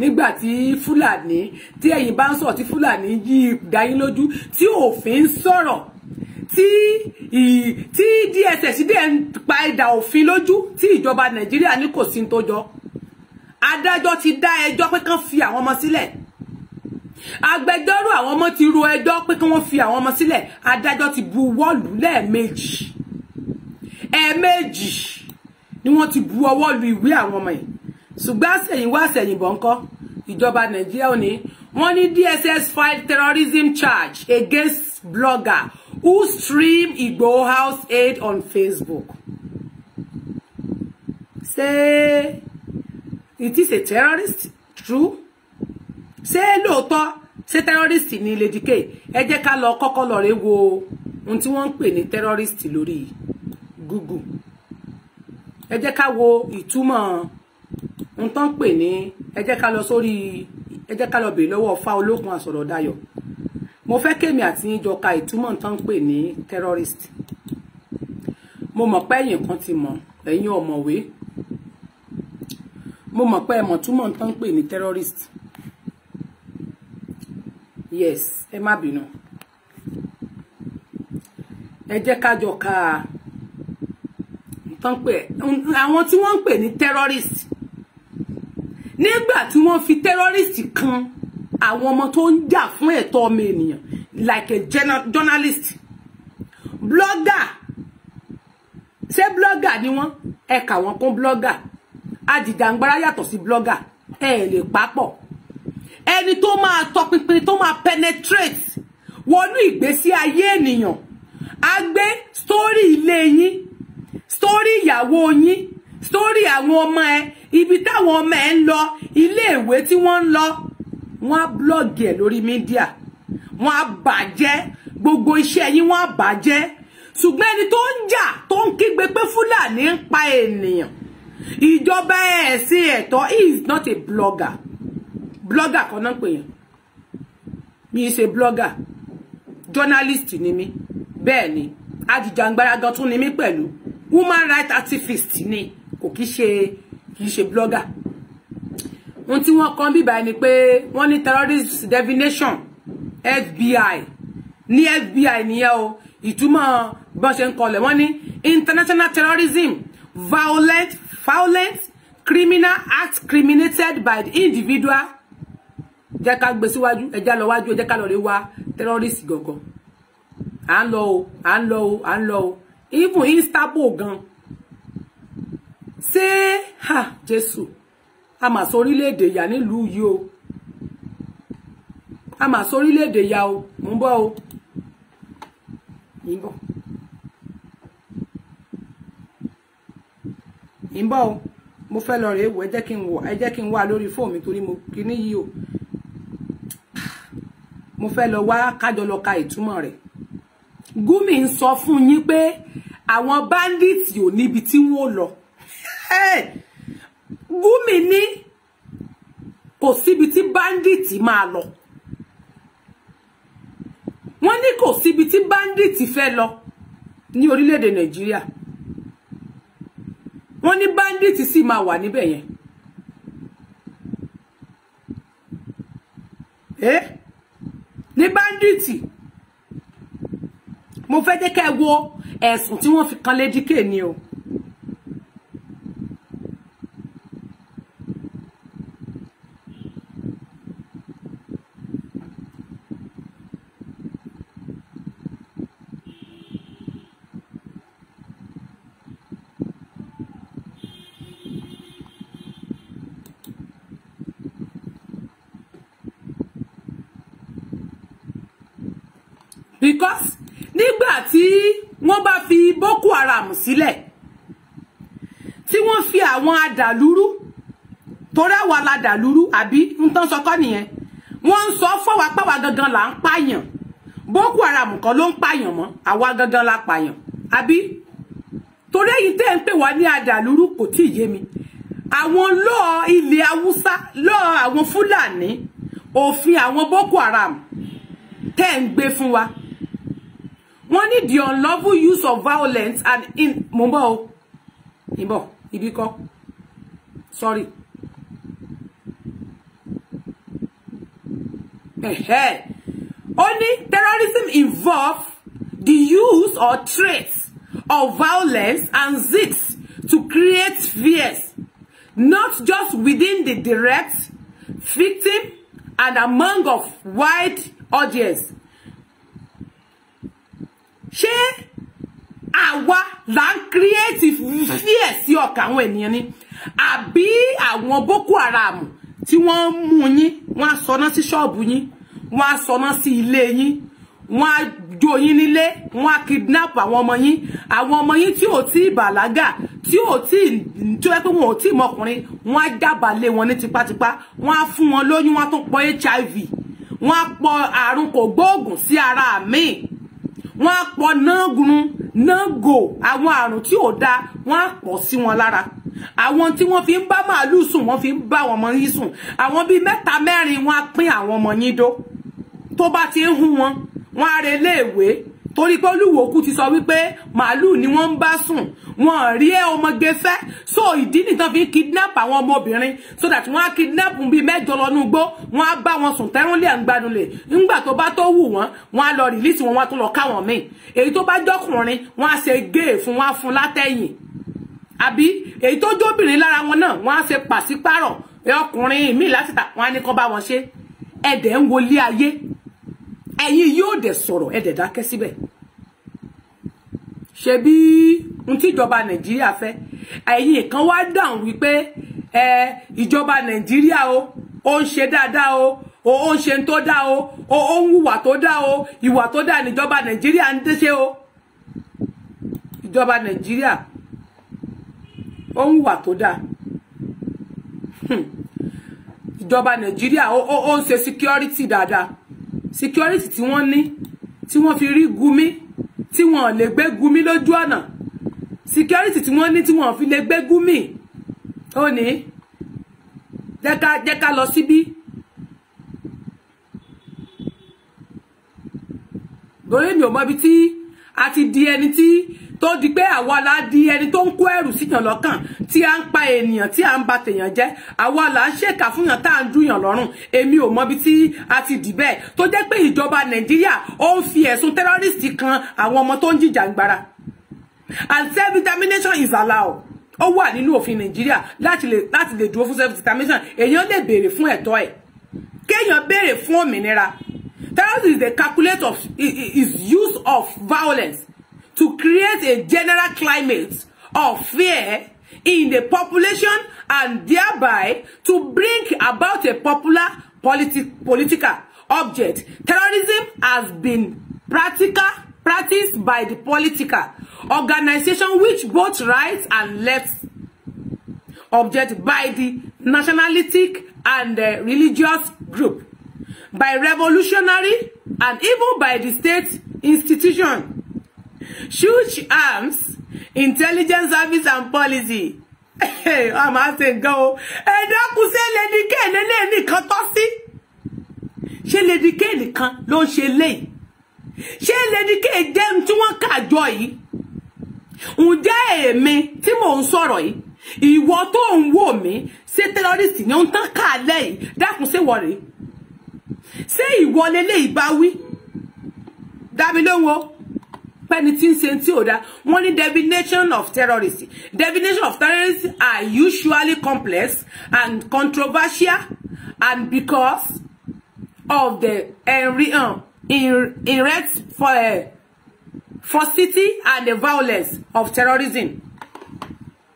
nígbà tí fúlàní tí ẹ̀yin bá ń sọ̀rọ̀ tí fúlàní yí dáyín lójú tí òfin ń sọ̀rọ̀ tí tí DSS dẹ̀ ń pa ẹ̀dà òfin lójú tí ìjọba Nàìjíríà ní kò sí ní tó jọ adájọ́ ti dá ẹjọ́ pé kán fi àwọn ọmọ sílẹ̀ agbẹjọ́rò àwọn ọmọ ti ro ẹjọ́ pé kí wọ́n fi àwọn ọmọ sílẹ̀ adájọ́ ti bu wọ́ọ̀lù lẹ́ẹ̀mejì ẹ̀ẹ̀mejì ni wọ́n ti bu ọwọ́ lu ìwé àwọn ọmọ yìí ṣùgbọ́n àṣẹ̀yìnwá àṣẹ̀yìnbọ̀ ńkọ́ ìjọba nàìjíríà ò ní wọ́n ní DSS file terrorism charge against blogger who stream Igboho house aid on Facebook say it is a terrorist true ṣé lóòótọ́ Say, terrorist ni Lady K ẹ jẹ́ ká lọ kọ́kọ́ lọ rè wo ohun tí wọ́n ń pè ní terrorist lórí Google ẹ jẹ́ ká wo ìtumọ̀ n tán pè ní ẹ jẹ́ ká lọ sórí ẹ jẹ́ ká lọ bèèrè lọ́wọ́ fa olókun àsọ̀rọ̀ dayọ̀ mo fẹ́ kémi àti ìjọ ka ìtumọ̀ n tán pè ní terrorist mo mọ̀ pé ẹ̀yin kan ti mọ̀ ẹ̀yin ọ̀mọ̀wé mo mọ̀ pé ẹ̀mọ̀ túmọ̀ n tán pè ní terrorist yes ẹ má bínú ẹ jẹ́ ká jọ ka tán pè àwọn tí wọ́n ń pè ní terrorist nígbà tí wọ́n fi terrorist kan àwọn ọmọ tó ń jà fún ẹ̀tọ́ ọmọ ènìyàn like a journal journalist blogger ṣé blogger ni wọ́n ẹ kà wọ́n kún blogger ajìjàngbara yàtọ̀ sí blogger ẹ lè papọ̀ ẹni tó máa tọpinpin tó máa penetrate wọnú ìgbésí ayé ènìyàn á story sórí ilé yín sórí ìyàwó yín sórí àwọn ọmọ ẹ ibi táwọn ọmọ ẹ ń lọ iléèwé tí wọ́n ń lọ wọ́n á blọ́ọ̀gì ẹ̀ lórí mídíà wọ́n á bàjẹ́ gbogbo iṣẹ́ yín wọ́n á bàjẹ́ ṣùgbọ́n ẹni tó ń jà tó ń kígbe pé fúlàní ń pa ènìyàn ìjọba ẹ̀sìn ẹ̀tọ́ he is not a blogger blogger kan náà pè yàn mi ṣe blogger journalist ni mi bẹ́ẹ̀ ni ajìjàngbara gan tún ni mí pẹ̀lú woman right activist ni kò kí ṣe kì í ṣe blogger ohun tí wọ́n kan bíbá ni pé wọ́n ní terrorist definition FBI ni FBI nìyẹn o ìtumọ̀ bọ́n ṣe ń kọlẹ̀ wọ́n international terrorism violent violent criminal act criminated by the individual jẹ́ ká gbé síwájú ẹjá lọ wájú ẹjẹ́ ká lọ rí wa terrorist gọ̀gọ̀ à ń lọ o à ń even Istanbul gan say ha Jésù a mà sọ orílẹ̀-èdè ìyá nílùú a mà sọ orílẹ̀-èdè o mò o yìnbọn o wò ẹ jẹ́ kí wò mi mo ka ìtumọ̀ rẹ̀ Gumi ń sọ fún yín pé àwọn bandits ò níbi tí wọ́n lọ Gumi ní kò síbi tí bandit máa lọ wọ́n ní kò síbi tí bandit fẹ́ lọ ní orílẹ̀-èdè Nàìjíríà wọ́n ní bandit sì máa wà níbẹ̀ yẹn eh? ní bandit mo fẹ́ jẹ́ kẹ́ wo ẹ̀sùn tí wọ́n fi kan Lady K ni o. because nígbà tí wọ́n bá fi Boko Haram sílẹ̀ tí wọ́n fi àwọn adàlúrú torí àwa la dàlúrú àbí ń tán sọkọ́ nìyẹn wọ́n ń sọ fọwọ́ apáwa gangan là ń pààyàn Boko Haram kan ló ń pààyàn mọ́ àwa gangan la pààyàn àbí torí èyí tẹ́ ń pè wá ní adàlúrú kò tí ì yé mi àwọn lọ́ọ̀ ilẹ̀ haúsá lọ́ọ̀ àwọn fúlàní òfin àwọn Boko Haram tẹ́ ń gbé fún wa wọ́n ní the unlawful use of violence and in mo ń bọ̀ o ìbọ̀ ibi kọ́ sorry ẹ̀hẹ́ ó ní terrorism involve the use or threat of violence and seeks to create fears not just within the direct victim and among of wide audience ṣé àwa là ń create fear sí ọkàn àwọn ènìyàn ni àbí àwọn boko haram tí wọ́n ń mú yín wọ́n á sọná sí ṣọ́ọ̀bù yín wọ́n á sọná sí ilé yín wọ́n á jó yín nílé wọ́n á kidnap àwọn ọmọ yín àwọn ọmọ yín tí ò tí ì bàlágà tí ò tí ì tó yẹ pé wọn ò tí ì mọkùnrin wọ́n á dábàálé wọn ní tipátipá wọ́n á fún wọn lóyún wọ́n á tún pọ̀ hiv wọ́n á pọ̀ àrùn kògbóògùn sí ara míì wọ́n á pọ̀ náàgùn náàgò àwọn àrùn tí ò dáa wọ́n á pọ̀ sí wọn lára àwọn tí wọ́n fi ń bá màálù sùn wọ́n fi ń bá àwọn ọmọ yín sùn àwọn bíi mẹ́ta mẹ́rin wọ́n á pín àwọn ọmọ yín dó tó bá ti ń hù wọn wọ́n á relé ìwé torí pé olúwo kú ti sọ wípé màálù ni wọ́n ń bá sùn wọ́n rí ẹ ọmọge fẹ́ so ìdí nìkan fi ń kidnap àwọn ọmọbìnrin so that wọ́n á kidnap bíi mẹ́jọ lọ́nú igbó wọ́n á bá wọn sùn tẹrúnlé àgbàdùnlé nígbà tó bá tó wù wọ́n wọ́n á lọ rìlíìsì wọn wọ́n á tún lọ káwọn míì èyí tó bá jọkùnrin wọ́n á ṣe géè fún wọn á fún látẹ̀yìn àbí èyí tó jóbìnrin lára wọn náà wọ́n á ṣe pàṣípàrọ̀ ọkùnrin míì láti tà á ní kọ́ bá wọn ṣe ẹ̀dẹ̀ ń wọlé ayé ẹ̀yin yóò dẹ̀ sọ̀rọ̀ ẹ dẹ̀ dákẹ́ síbẹ̀ ṣe bí n tí ìjọba nàìjíríà fẹ́ ẹ̀yin kan wá dáhùn wípé ẹ ìjọba nàìjíríà o ó ń ṣe dáadáa o o ó ń ṣe tó dáa o o ó ń hùwà tó dáa o ìwà tó dáa níjọba nàìjíríà ń ṣe o ìjọba nàìjíríà ó ń hùwà tó dáa hmm. ìjọba nàìjíríà ó ń ṣe security dáadáa security tí wọ́n ní tí wọ́n fi rí Gumi tí wọ́n lè gbé Gumi lójú ọ̀nà security tí wọ́n ní tí wọ́n fi lè gbé Gumi ó ní jẹ́ ká jẹ́ ká lọ síbí lórí mi ò mọ ibi tí a ti di ẹni tí tó di pé àwa la di ẹni tó ń kó ẹrù síyàn lọ́kàn tí a ń pa ènìyàn tí a ń ba tèèyàn jẹ́ àwa là ń ṣèkà fún yàn tá à ń dùyàn lọ́rùn èmi ò mọbi tí a ti dì bẹ́ẹ̀ tó jẹ́ pé ìjọba nàìjíríà ó ń fi ẹ̀sùn tẹ́rọ́rìstì kan àwọn ọmọ tó ń jìjàgbara and self determination is allowed ó wà nínú òfin nàìjíríà láti lè láti lè dúró fún self determination èèyàn lè béèrè fún ẹ̀tọ́ ẹ̀ kéèyàn béèrè fún òmìnira terrorism is the calculate of is use of violence to create a general climate of fear in the population and thereby to bring about a popular politi political object. Terrorism has been practical practiced by the political organization which both right and left object by the nationalistic and uh, religious group, by revolutionary and even by the state institution. Shoot arms intelligence service and policy a máa ṣe nǹkan o ẹ dákun ṣé lady kane lè nìkan tọ́ sí ṣé lady kane kan ló ń ṣe léyìí ṣé lady kane jẹ́ ohun tí wọ́n kàjọ yìí ǹjẹ́ èmi tí mò ń sọ̀rọ̀ yìí ìwọ say ń wò mí ṣé terrorist ni ó ń tán kálẹ̀ yìí dákun ṣé wọ̀ rèé ṣé ìwọ lélẹ́yìí bá wí dá mi lóhùn pẹ́ni tí ń ṣe tí ò da wọ́n ní definition of terrorism definition of terrorism are usually complex and controversial and because of the uh, inherent for, uh, city and the violence of terrorism.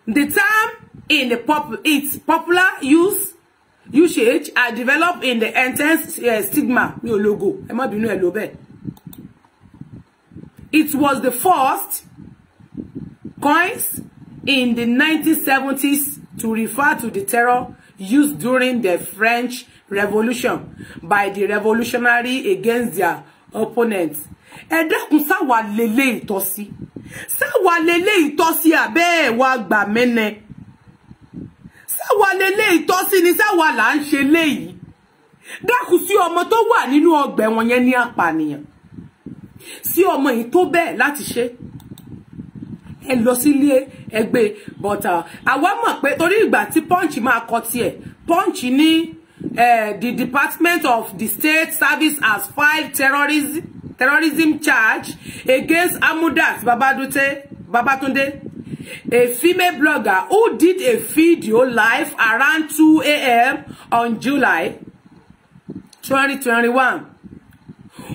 The term in the pop its popular use usage are developed in the intense uh, stigma mi logo. lógo ẹ má bínú ẹ ló It was the first coins in the 1970s to refer to the terror used during the French Revolution by the revolutionary against their opponents. Ẹ dákun sáwà lélẹ̀ ìtọ́sí. Sáwà lélẹ̀ ìtọ́sí àbẹ́ ẹ̀wà àgbà mẹ́nẹ. Sáwà lélẹ̀ ìtọ́sí ni sáwà là ń ṣe léyìí. Dákun sí ọmọ tó wà nínú ọgbà yẹn ní apànìyàn tí ọmọ yìí tó bẹ́ẹ̀ láti ṣe ẹ lọ sílé ẹgbẹ́ bọ̀tà àwa mọ̀ pé torí ìgbà tí punch máa kọ tiẹ̀ punch ní the Department of the State Service has filed terrorism, terrorism charge against Amudat Babadute Babatunde a female blogger who did a video live around 2 a.m. on July 2021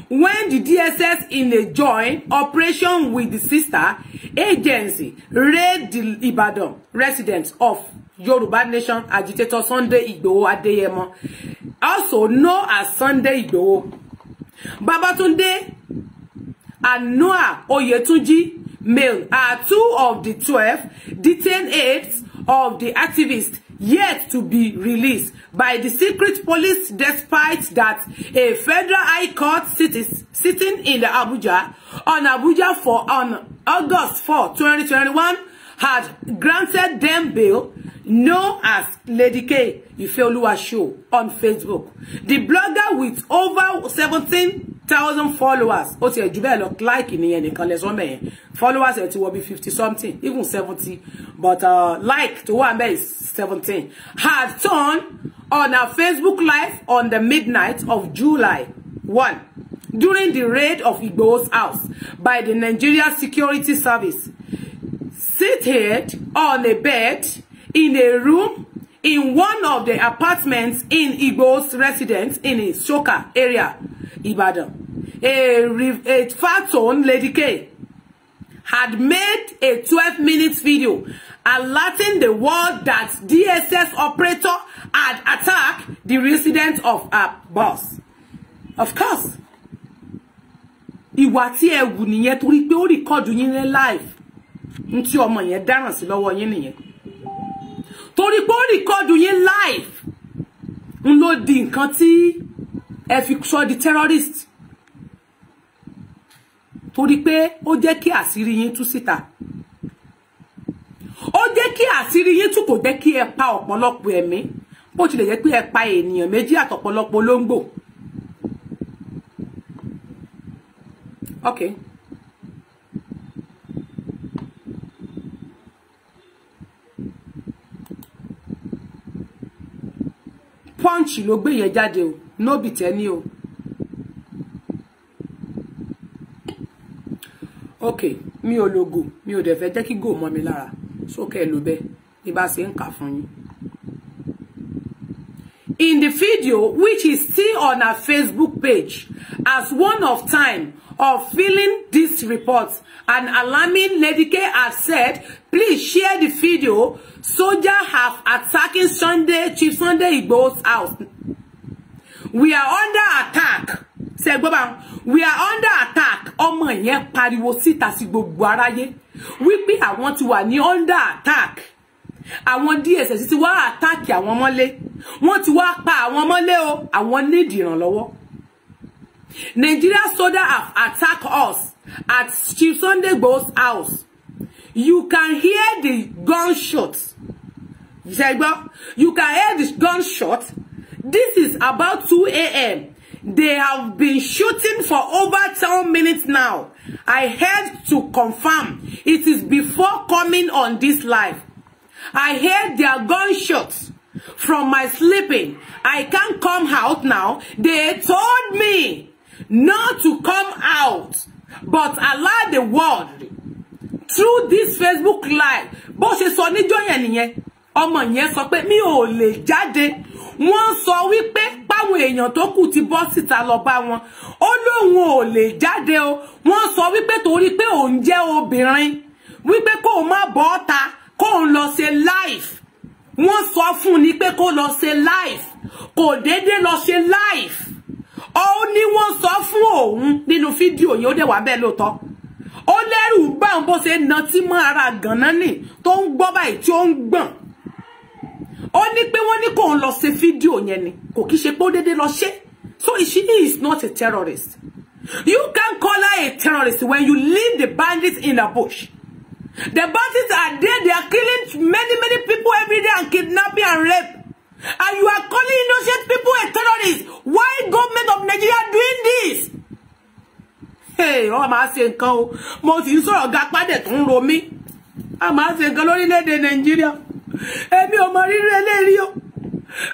when the DSS in a joint operation with the sister agency raid the Ibadan residents of Yoruba Nation agitator Sunday Igboho Adeyemo, also known as Sunday Igboho. Babatunde and Noah Oyetunji Male are two of the 12 detained aides of the activist yet to be released by the secret police despite that a federal high court sits, sitting in the Abuja on Abuja for on August 4, 2021 had granted them bail known as Lady K Ifeoluwa Show on Facebook. The blogger with over 17,000 followers. Ó ti ẹ̀ jù bẹ́ẹ̀ lọ like nìyẹn nìkan lẹ sọ mẹ́yẹn. Followers ẹ̀ ti wọ bí 50 something, even 70. But uh, like to one ńbẹ̀ is 17. Had turned on a Facebook live on the midnight of July 1 during the raid of Igboho's house by the Nigeria Security Service. Seated on a bed in a room in one of the apartments in Igbo's residence in Ishoka area, Ibadan. A, a fat-toned Lady K had made a 12 minutes video alerting the world that DSS operator had attacked the resident of a bus. Of course, ìwà tí ẹ wù nìyẹn torí pé ó rìkọ́dù live Nti tí ọmọ dance dáràn sí lọ́wọ́ torí pé ó rìkọ́dù yín live ń ló di nǹkan tí ẹ fi sọ di terrorist torí pé ó jẹ́ kí àṣírí yín tú síta ó jẹ́ kí àṣírí yín tú kò jẹ́ kí ẹ pa ọ̀pọ̀lọpọ̀ ẹ̀mí bó tilẹ̀ jẹ́ pé ẹ pa ènìyàn méjì àtọ̀pọ̀lọpọ̀ olóńgbò. okay punch ló gbé yẹn jáde o nóbì tẹ́ni o. ok mi ò lo mi ò dẹ̀ fẹ́ jẹ́ kí go mọ́ mi lára sókè ẹ̀ ló bẹ́ẹ̀ ní bá ṣe ń kà fún In the video, which is still on our Facebook page, as one of time of filling this report. And alarming Lady K has said, please share the video. Soldier have attacking Sunday, Chief Sunday Igboho's house. We are under attack. Say, gbọ́ we are under attack. Oh Ọmọ yẹn pariwo síta sí gbogbo aráyé. Wípé àwọn ti wà ní under attack. I Àwọn DSS ti wá attack ya àwọn ọmọlé. Want to wá pa àwọn ọmọlé o. want need you no ìrànlọ́wọ́. Nigeria soldiers have attacked us at Chief Sunday Igboho's house. You can hear the gunshots. You can hear the gunshots. This is about 2 a.m. They have been shooting for over 10 minutes now. I had to confirm. It is before coming on this live. I heard their gunshots from my sleeping. I can't come out now. They told me not to come out but allow the world through this Facebook live bó ṣe sọ níjọ́ yẹn nìyẹn ọmọ yẹn sọ pé mi ò lè jáde wọ́n sọ wípé páwọn èèyàn tó kù ti bọ́ síta lọ bá wọn ó lóun ò lè jáde o wọ́n sọ wípé torí pé òun jẹ́ obìnrin wípé kó o ko bọ́ ta Ko o lọ life. live wọ́n sọ fún un ní pé kó lọ ṣe live kò déédéé lọ ó ní wọ́n sọ fún òun nínú fídíò yẹn ó dẹ̀ wá bẹ́ẹ̀ lóòótọ́ ó lẹ́rù bá òun bó ṣe na tí mọ́ ara gànán nì tó ń gbọ́ báyìí tí ó ń gbọ̀n ó ní pé wọ́n ní kò ń lọ ṣe fídíò yẹn ni kò kí ṣe pé ó déédéé lọ ṣe so she is not a terrorist you can call her a terrorist when you leave the bandits in the bush the bandits are there they are killing many many people every day and kidnapping and rape And you are calling innocent people a terrorist. Why government of Nigeria doing this? Hey, ó máa ṣe nǹkan o. Mo ti ń sọ̀rọ̀ ga pade me. I'm asking A máa ṣe nǹkan Nigeria. Hey, ò mọ rírú eleri o.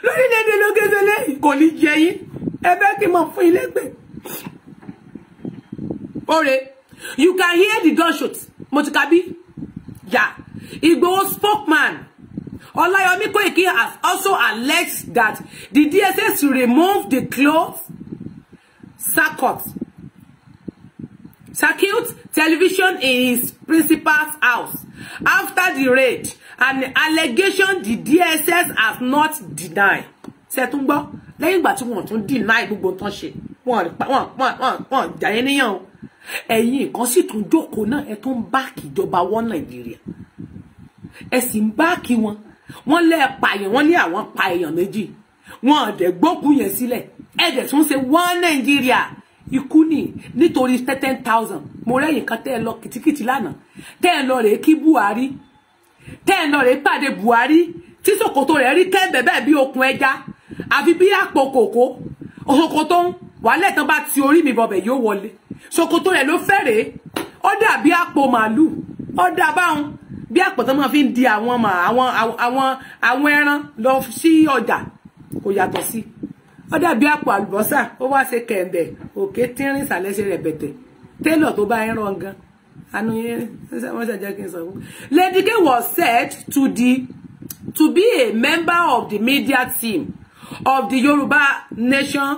Lórílẹ̀-èdè logezele kò ní jẹ yín. Ẹ bẹ̀ kí mo fún ile gbe. you can hear the gunshots. Mo ti ka bi. Yeah. Igboho spokesman Olayomi Koiki has also alleged that the DSS removed the closed circuit, circuit television in his principal's house after the raid, an allegation the DSS has not denied. Ṣẹ̀túngbọ́ lẹ́yìn ìgbà tí wọ́n tún deny gbogbo tán ṣe wọ́n jàyé níyàn o ẹ̀yin nǹkan sì tún jókòó náà ẹ tún báàkì ìjọba wọ́n Nàìjíríà ẹ sì ń báàkì wọn wọ́n lé pààyàn wọ́n ní àwọn pa èèyàn méjì wọ́n ọ̀dẹ̀ gbókù yẹn sílẹ̀ ẹ̀dẹ̀ tún ṣe one Nàìjíríà ikú ni nítorí ten thousand mo rẹ́yìn kan tẹ́ ẹ lọ kìtìkìtì lánàá tẹ́ ẹ lọ rèé kí Buhari tẹ́ ẹ lọ rèé pàdé Buhari tí ṣòkòtò rẹ̀ rí kẹ́ńbẹ̀ bẹ́ẹ̀ bí okùn ẹja àfi bí àpò kòkó ṣòkòtò wàhálẹ̀ tán bá ti orí mi bọ̀bẹ̀ yóò wọlé ṣòkòtò rẹ̀ ló fẹ́rẹ̀ẹ́ ó dàbí àpò màálù ó dàbáhùn bí àpọ̀tán máa fi ń di àwọn àwọn àwọn àwọn ẹran lọ sí ọjà kò yàtọ̀ sí ó dàbí àpò àlùbọ́sà ó wá ṣe kẹ̀ǹdẹ̀ òkè tínrín ìsàlẹ̀ ṣe tẹ́lọ̀ tó bá ẹran gan anu yẹn wọ́n ṣàjẹ́ kí n sọ fún. Lady K was set to the to be a member of the media team of the Yoruba Nation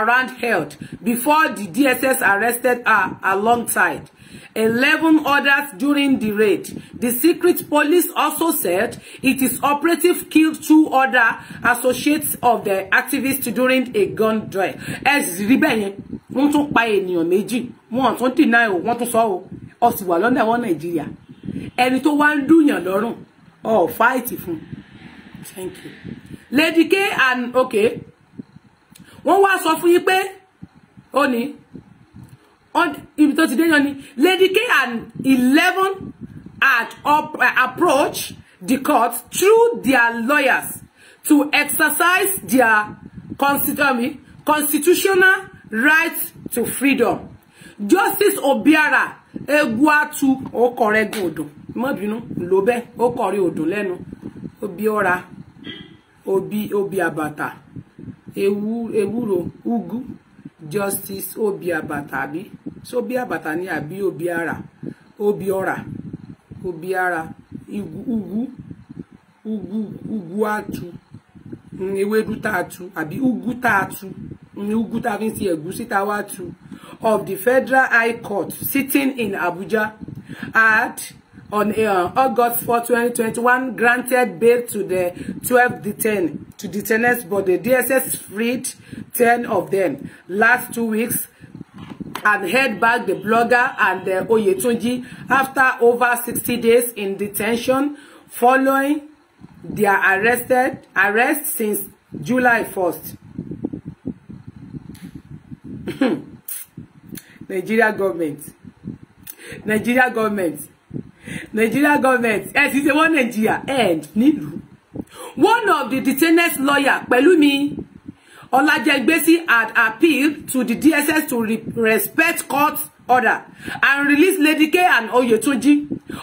around health before the DSS arrested her alongside 11 others during the raid. The secret police also said it is operative killed two other associates of the activists during a gun drive. As Ribeyen, wọ́n tún pa ènìyàn méjì, wọ́n tún deny o, wọ́n tún sọ o, ó sì wà lọ́nà ẹ̀wọ̀n Nàìjíríà. Ẹni tó wá ń dùyàn lọ́rùn, ọ̀ fáìtì Thank you. Lady K and okay wọ́n wá sọ fún yín pé ó ní ibi tó ti dé yan ni Lady K and eleven had up, uh, approached the court through their lawyers to exercise their constitu constitutional right to freedom Justice Obiara Egwuatu ó kọrẹ gùn Lobe, mọ bínú ló bẹ obi ọra obi obi ewúro ugu justice obiaba ni sobiaba obiara obiora obiara ugwu ugwu ugwu atu mm, ewédú tá Abi ugwu taatu mm, ugu tá a tu ugu tá fi tu of the Federal High Court sitting in Abuja had on uh, August 4, 2021, granted bail to the 12 detained, to detainees, but the DSS freed 10 of them last two weeks and head back the blogger and the Oyetunji after over 60 days in detention following their arrested arrest since July 1st. Nigeria government. Nigeria government Nigeria government ẹ ti ṣe wọ́n Nàìjíríà ẹ nílùú one of the detainees lawyer Pẹ̀lúmi Ọlájẹgbésí had appealed to the DSS to re respect court order and release Lady K and Oyetoji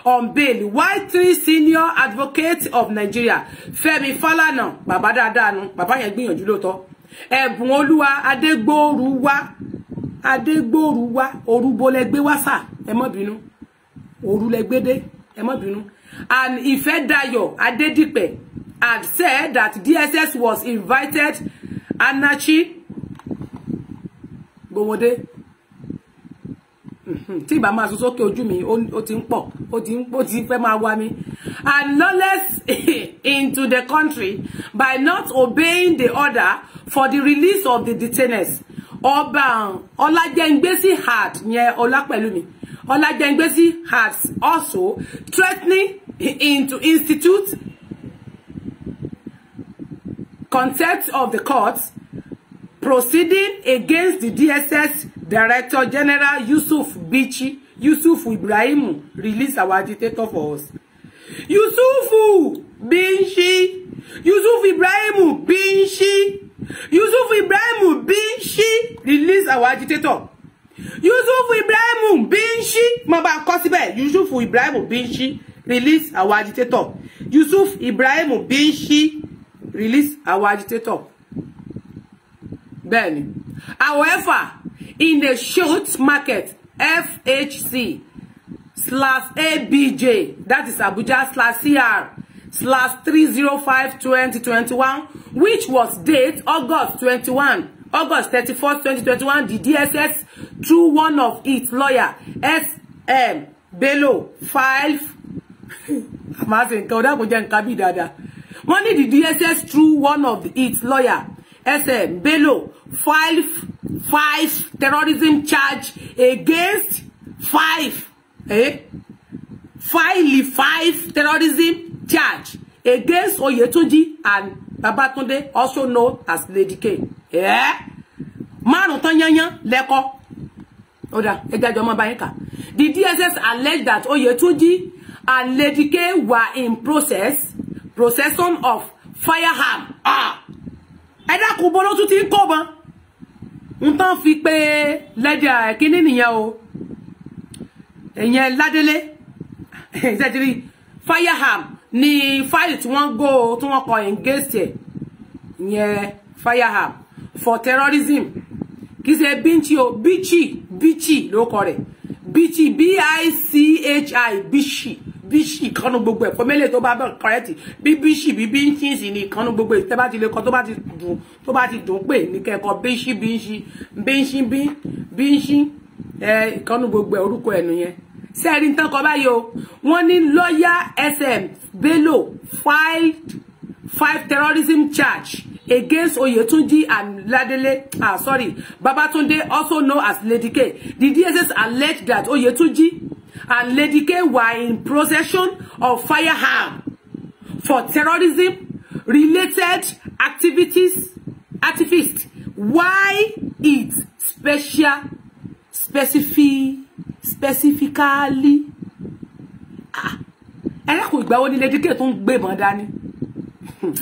on bail while three senior advocates of Nigeria Femi Falana bàbá dáadáa nu bàbá yẹn gbìyànjú lóòótọ́ ẹ̀bùn olúwa adégbòrúwá adégbòrúwá orúbọlẹgbẹ wá òru lẹ gbédé ẹ má bínú and Ifedayo Adedipe had said that DSS was invited Anachi Gbowode mhm, tí ìbá máa sọ sókè ojú mi o ti ń o ó ti ń ó ti fẹ́ máa wá mi and lawless into the country by not obeying the order for the release of the detainees ọba ọlájẹngbèsì ola yẹn ọlápẹ̀lúmi Olajengbesi has also threatening in to institute contempt of the court proceeding against the DSS Director General Yusuf Bichi, Yusuf Ibrahim, release our dictator for us. Yusufu Bichi, Yusuf Ibrahim Bichi, Yusuf Ibrahim Bichi, release our agitator. Yusuf Ibrahimu Binshi mo bá kọ síbẹ̀ Yusuf Ibrahimu Binshi release our agitator Yusuf Ibrahimu Binshi release our agitator bẹ́ẹ̀ni however in the short market FHC slash ABJ that is Abuja slash CR slash three zero five twenty twenty one, which was date August twenty one. August 31st, 2021, the DSS, through one of its lawyer, S.M. Bello, filed. Màá ṣe nǹkan ọ̀dà kò the DSS through one of its lawyer, S.M. Bello, filed five terrorism charge against five. Eh? File five terrorism charge against Oyetunji and Babatunde, also known as Lady K. Eh? marun tan yanyan yányán lẹ́kọ́ ó dà the DSS allege that Oyetunji and Lady in process procession of fireharm. Ah! ẹ dákun bó ló tún ti ń kọ́ bọ́n ń tán fi pé fireharm ni fáìlì tí kọ engage ẹ̀ fireharm. for terrorism kì í ṣe bíńchì o bíchì bíchì lórúkọ rẹ̀ bíchì b-i-c-h-i bíchì bíṣì ìkànnù gbogbo ẹ̀kọ́ mẹ́lẹ̀ tó bá bẹ̀rẹ̀ kọ́rẹ́tì bí bíṣì bí bíṣìǹsì ni ìkànnù gbogbo ẹ̀ tẹ́bá ti lè kọ́ tó bá ti dùn tó bá ti dùn pé ní kẹ́kọ̀ọ́ bíṣì bíṣì bíṣì bíṣì ẹ̀ ìkànnù gbogbo ẹ̀ orúkọ ẹ̀ nìyẹn. sẹ́ẹ̀rì ń tán kọ báyìí o wọ́n ní lọ́ọ̀yà sm bello five five terrorism charge against Oyetunji and Ladele, ah, sorry, Babatunde, also known as Lady K. The DSS alleged that Oyetunji and Lady K were in possession of firearm for terrorism-related activities, activists. Why it special, specific, specifically? Ah, ẹ̀rẹ́ kò ìgbà wo ni Lady K tó ń gbébọn dání? Hmm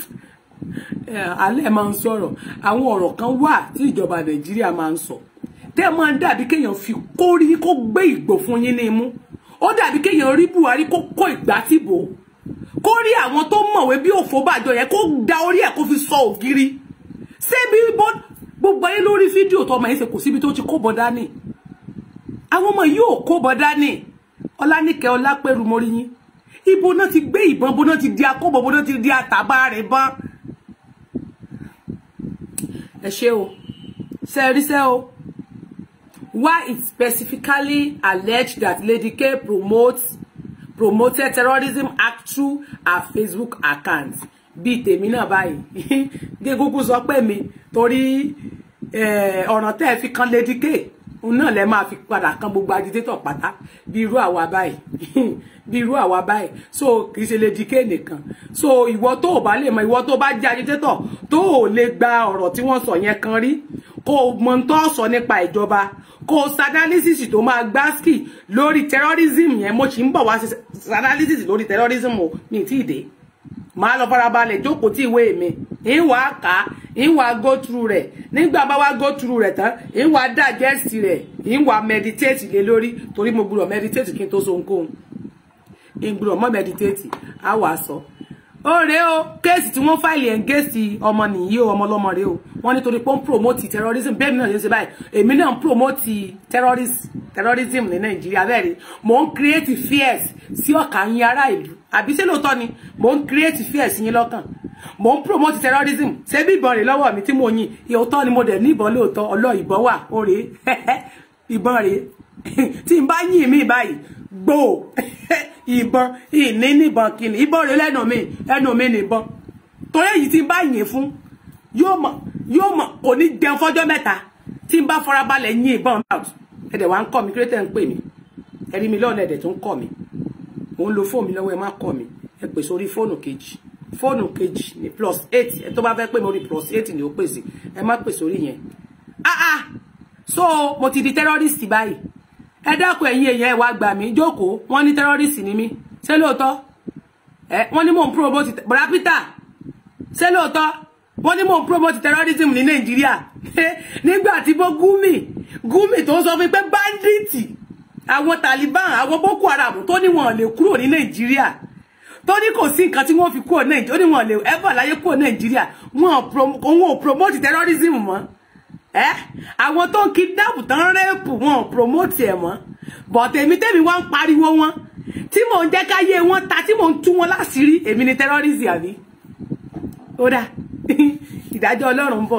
alẹ́ máa ń sọ̀rọ̀ àwọn ọ̀rọ̀ kan wà tí ìjọba nàìjíríà máa ń sọ tẹ́ máa dàbí kéèyàn fi kórí kó gbé ìgbò fún yín ní imú ó dàbí kéèyàn rí buhari kó kó ìgbà tìbò kó rí àwọn tó mọ̀wé bí òfò bàjọ́ yẹn kó da orí ẹ̀ kó fi sọ ògiri ṣé gbogbo ayé lórí fídíò tó ọmọ yẹn ṣe kò síbi tó ti kóbọ dání àwọn ọmọ yìí ò kóbọ dání ọlánìkẹ́ ọlápẹ̀rù mọ́rí yín ibo náà ti gbé ìbọn bo náà ti di akóbọ̀ bo náà ti di àtàbà rẹ̀ bán ẹ ṣé o ṣe rí o why it specifically alleged that Lady K promotes promoted terrorism act through her Facebook account bíi tèmi náà báyìí gégúgú sọ pé mi torí eh, ọ̀ràn tẹ́ ẹ fi kan Lady K òun náà lẹ máa fi padà kan gbogbo agitator pátá bí irú àwa báyìí bí irú àwa báyìí so kì í ṣe lè dikẹ́ nìkan so ìwọ tó o bá lè mọ ìwọ tó bá jẹ́ agitator tó o lè gba ọ̀rọ̀ tí wọ́n sọ yẹn kan rí kó o mọ tó sọ nípa ìjọba kó o sadanálísìsì tó máa gbáskì lórí terrorism yẹn mo sì ń bọ̀ wá sadanálísìsì lórí terrorism o mi ì tí ì dé màá lọ farabalẹ̀ jókòó tí ìwé mi ń wá kà á ń go through rẹ̀ nígbà bá wá go through rẹ̀ tán ń wá digest rẹ̀ ń wá meditate lé lórí Tori mo gbúdọ̀ meditate kí n tó so ohunkóhun ìgbúdọ̀ mọ́ meditate á wàá sọ. ó rèé o kéèsì tí wọ́n fáìlì ẹ̀ǹgẹ́sì ọmọ nìyí o ọmọ ọlọ́mọ rèé o wọ́n nítorí pé ó promote terrorism bẹ́ẹ̀ mi náà ṣe báyìí èmi náà promote terrorism Terrorism nàìjíríà bẹ́ẹ̀ ni mò ń create fears sí ọ̀kà yín ará ìlú àbí ṣé lóòótọ́ ni mò ń create fear sí yín lọ́kàn mò ń promote terrorism ṣé bí ìbọn rè lọ́wọ́ mi tí mo yìn ìyóòótọ́ ni mo dẹ̀ ní ìbọn lóòótọ́ ọlọ́ ìbọn wà ó rèé ìbọn rèé tí n bá yìn mí báyìí gbòò ìbọn ìní níbọn kìnnì ìbọn rèé lẹ́nu mi ẹnu mi nìbọn torí èyí tí n bá yìn fún yóò mọ̀ yóò mọ̀ kò ní jẹun fọ́jọ́ mẹ́ta tí n bá farabalẹ̀ yìn ìbọn mouth ẹ̀dẹ̀ wá ń kọ́ mi kí ló tẹ̀ ń pè mí ẹ̀rí mi lọ́ọ̀lẹ̀ ẹ̀dẹ̀ tó ń kọ́ mi mò ń lo fóònù mi lọ́wọ́ ẹ má kọ̀ mí ẹ pè sórí fóònù kejì fóònù kejì ní plus eight ẹ tó bá fẹ́ pè mórí plus eight ni ó pè sí ẹ má pè sórí yẹn ah ah so mo ti di terrorist báyìí ẹ dákun ẹ̀yin èèyàn ẹ wá gbà mí jókòó wọ́n ní terrorist ni mí ṣé lóòótọ́ ẹ wọ́n ní mò ń promote bọ̀dá peter ṣé lóòótọ́ wọ́n ní mò ń promote terrorism ní nàìjíríà nígbà tí bó gúmi gúmi tó sọ fún pé bandits àwọn Taliban àwọn Boko Haram tó ní wọn lè kúrò ní Nàìjíríà tó ní kò sí nǹkan tí wọ́n fi kúrò Nàìjíríà ó ní wọn lè ever láyé kúrò Nàìjíríà wọn ò promote terrorism mọ́ ẹ àwọn tó ń kidnap tán rẹ́ẹ̀pù wọn ò promote ẹ̀ mọ́ but èmi tèmi wá ń pariwo wọn tí mò ń jẹ́ káyé wọn ta tí mò ń tú wọn láṣìírí èmi ni terrorism àbí ó dáa ìdájọ́ Ọlọ́run ń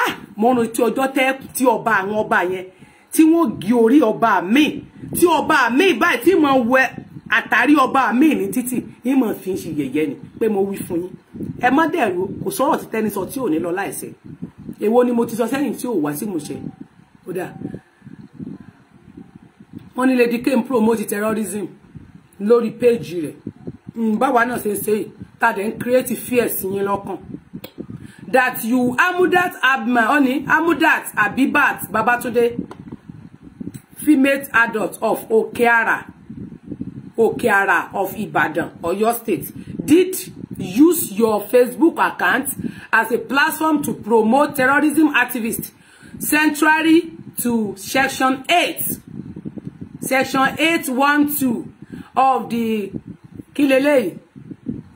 ah mo ń retí ọjọ́ tẹ́ tí ọba àwọn ọba yẹn tí wọ́n gé orí ọba mi tí ọba mi báyìí tí mo wẹ àtàrí ọba mi ní títì ní mo fi ń ṣe yẹ̀yẹ́ ni pé mo wí fún yín ẹ má dẹ̀rù kò sọ̀rọ̀ tí tẹ́ni sọ tí ò ní lọ láìsẹ̀ èwo ni mo ti sọ sẹ́yìn tí ò wá sí mo ṣe ó dà wọ́n ní lady kane promote terrorism lórí péèjì rẹ̀ hmm, báwa náà ṣe ń ṣe yìí ta dẹ̀ ń create fear sí yín lọ́kàn that you amudat abma oni amudat abibat babatunde Female adult of Okeara, Okeara of Ibadan, or your State, did use your Facebook account as a platform to promote terrorism activists contrary to Section 8, Section 812 of the Kilele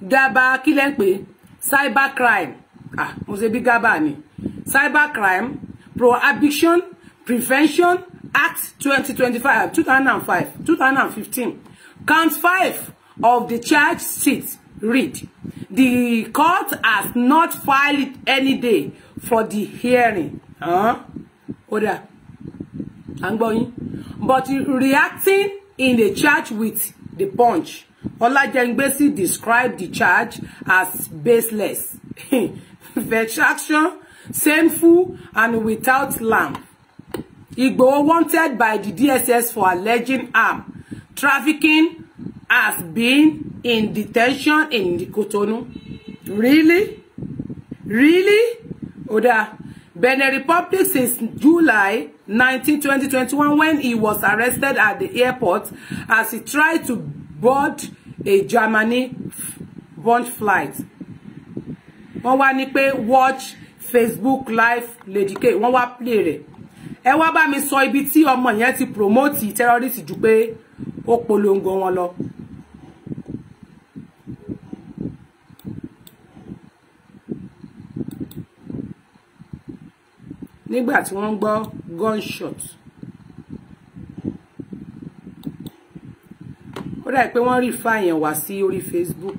Gaba Kilenpe cybercrime. Ah, mo ṣe Cybercrime, prohibition, prevention, Act 2025, 2005, 2015. Count 5 of the charge sheet read, The court has not filed any day for the hearing. Huh? Oda. I'm going. But reacting in the charge with the punch. Olajengbesi described the charge as baseless, vexatious, shameful, and without lamp. Igboho wanted by the DSS for alleging arm trafficking has been in detention in the Kotonu. Really? Really? Oda, Benin Republic since July 19, 2021 when he was arrested at the airport as he tried to board a Germany bond flight. Wọ́n wá ní pé watch Facebook live Lady K. Wọ́n wá play rẹ̀ ẹ wá bá mi sọ ibi tí ọmọ yẹn ti promote terrorist ju pé ó polongo wọn lọ. nígbà tí wọ́n ń gbọ́ gunshot ó dà pé wọ́n rí fáyẹn wá sí orí Facebook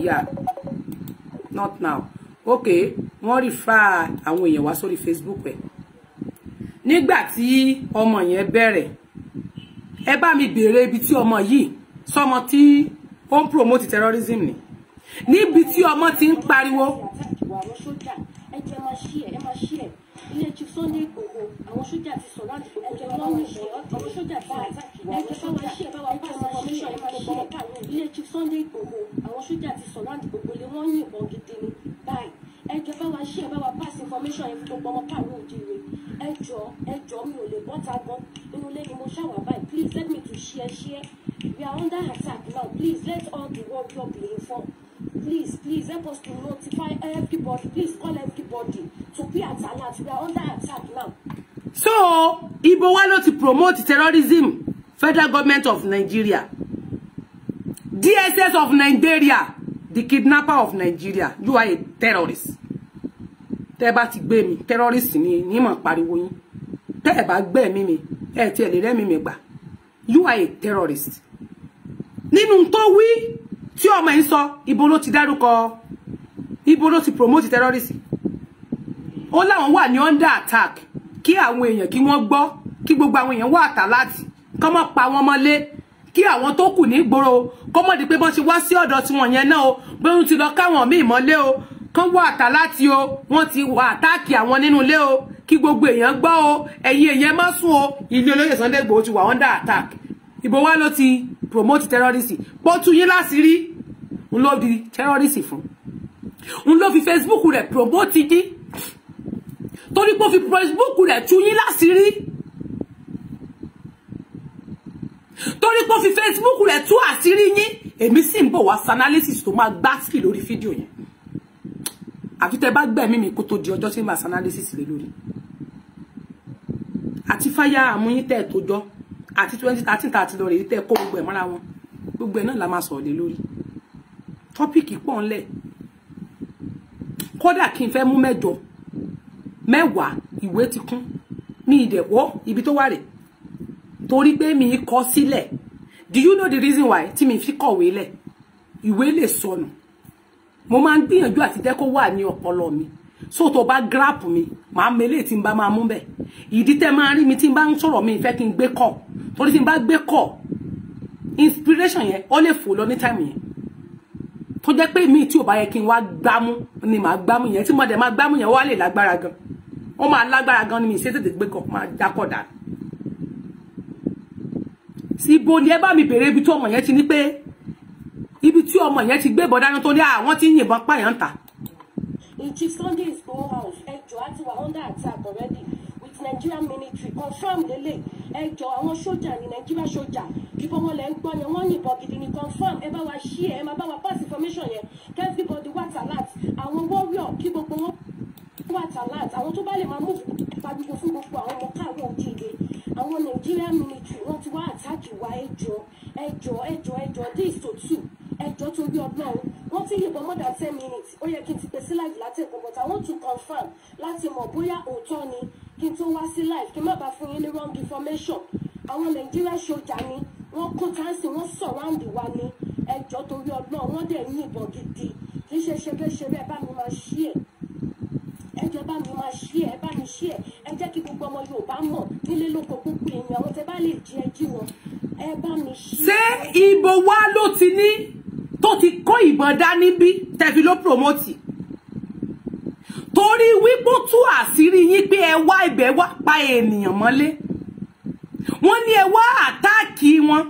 ìyá not now ok wọ́n rí fá àwọn èèyàn wá sórí Facebook ẹ̀. Eh nígbà tí ọmọ yẹn bẹ̀rẹ̀ ẹ bá mi béèrè ibi tí ọmọ yìí sọmọ tí ó ń promote terrorism ni níbi tí ọmọ ti ń pariwo. ilé tí Sunday Igboho àwọn sójà ti sọ̀rọ̀ àti ẹjọ́ wọn ń ṣe àwọn sójà bá ẹjọ́ bá wá ṣe bá wá bá ṣe kọmíṣọ̀ ẹ̀ máa ṣe ilé tí Sunday àwọn sójà ti sọ̀rọ̀ àti lé wọ́n yìnbọn gidi ni báyìí ẹ jọ̀ọ́ bá wa ṣe ẹ bá wa pass information yẹn fún gbogbo ọmọ káàárọ̀ òjìire ẹ jọ̀ọ́ ẹ jọ̀ọ́ mi ò lè bọ́ta gan inú ilé ni mo ṣàwà báyìí please let me to share share we are under attack now please let all the world help the inform please please help us to notify everybody please call everybody to be at alert we are under attack now. so ibo wa ló ti promote terrorism federal government of Nigeria DSS of Nigeria the kidnapper of Nigeria you are a terrorist tẹ́ bá ti gbé mi terrorist ni ni mo pariwo yín tẹ́ bá gbé mi mi ẹ ti ẹ lè rẹ́ mi mi gbà you are a terrorist nínú tó wí tí ọmọ yín sọ ibo ibolo ti dárúkọ ibo ti promote terrorism ó láwọn wà ni under attack Ki àwọn èèyàn kí wọ́n gbọ́ kí gbogbo àwọn èèyàn wà àtàláàtì kọ́mọ́ pa wọ́n mọ́lé kí àwọn tó kù ní gbòòrò kó mọ̀ di pé bọ́n ti wá sí ọ̀dọ̀ tiwọn yẹn náà o bóun ti lọ káwọn míì mọ́lé o kán wá àtà láti o wọ́n ti wá àtáàkì àwọn nínú ilé o kí gbogbo èèyàn gbọ́ o ẹ̀yin èèyàn má sùn o ilé olóyè Sunday Igboho ti wà under attack ìbò wa ló ti promote terrorism pọ́tù yín láṣìírí n ló di terrorism fún n ló fi Facebook rẹ̀ promote dín torí pé ó fi Facebook rẹ̀ tú yín láṣìírí torí pé ó fi Facebook rẹ̀ tú àṣírí yín èmi sì ń bọ̀ wá sanalysis tó máa gbá sí lórí fídíò yẹn àfi tẹ́ bá gbẹ̀mí mi kó tó di ọjọ́ tí ń bá sanalysis lé lórí àti fáyà àmúyín tẹ́ tó jọ àti twenty thirteen thirty lọ rèé tẹ́ kó gbogbo ẹ̀ mọ́ra wọn gbogbo ẹ̀ náà la máa sọ̀rọ̀ lé lórí tọ́pìkì pọ̀ ńlẹ̀ kódà kí n fẹ́ mú mẹ́jọ mẹ́wàá ìwé ti kún ní ìdẹ̀wọ́ ibi tó wà rèé torí pé mi kọ sílẹ̀ do you know the reason why tí mi fi kọ̀wé lẹ̀ ìwé lè sọnù mo máa ń gbìyànjú àti jẹ́ kó wà ní ọpọlọ mi so tó bá grab mi màá mele tí n bá máa mú bẹ̀ ìdí tẹ́ máa rí mi tí n bá ń sọ̀rọ̀ mi ìfẹ́ kí n gbé kọ̀ torí tí n bá gbé kọ̀ inspiration yẹn ó lè fò lọ ní time yẹn tó jẹ́ pé mi tí ò bá yẹ kí n wá gbámú ni màá gbámú yẹn tí mo dẹ̀ máa gbámú yẹn wá lè lágbára gan ó máa lágbára gan ni mi ṣe tètè gbé kọ̀ máa dákọ̀ dáa ibo ni ẹ bá mi bèrè ibi tí ọmọ yẹn ti ní pé ibi tí ọmọ yẹn ti gbé bọ̀dáyán tó ní àwọn ah, tí ń yìnbọn pààyàn ń ta. Chief Sunday is house ẹjọ́ àti wà under attack already with Nigerian military confirm lélẹ̀ ẹjọ́ àwọn sójà ní Nigeria sójà ìbọn wọn lẹ́ ń gbọ́ yẹn wọ́n yìnbọn gidi ni confirm ẹ bá wa ṣí ẹ ẹ máa bá wa pass information yẹn kí everybody wà alert àwọn warrior kí gbogbo wọn go at alert àwọn tó bá lè máa mú pariwo fún gbogbo àwọn ọmọ káàárọ̀ òjìire àwọn Nigeria military wọ́n ti wá àtàkì wa ẹjọ́ ẹjọ́ ẹjọ́ ẹjọ́ this to two ẹjọ́ torí Ọlọ́run wọ́n ti yìnbọn more than ten minutes ó yẹ kí n ti pè sí live látẹ̀kọ̀ but I want to confirm láti mọ̀ bóyá òótọ́ ni kí n tó wá sí live kí n má bàa fún yín ní wrong information àwọn Nigeria soldier ni wọ́n kó táǹsì wọ́n surround wa ni ẹjọ́ torí Ọlọ́run wọ́n dẹ̀ yìnbọn gidi kì í ṣe ṣeré ṣeré ẹ bá mi máa ṣí ẹ̀ ẹjọ bá mi máa ṣí ẹ bá mi ṣí ẹ ẹ jẹ́ kí gbogbo ọmọ Yorùbá mọ̀ nílé lóko gbogbo èèyàn àwọn tẹ bá lè jí ẹ jí wọn ẹ bá mi ṣí. ṣé ibo wa ló ti ní tó ti kó ìbọn dání bí tẹ̀fi ló promote torí wípé tú àṣírí yín pé ẹ wá ibẹ̀ wá pa ènìyàn mọ́lé wọ́n ní ẹ wá àtáàkì wọn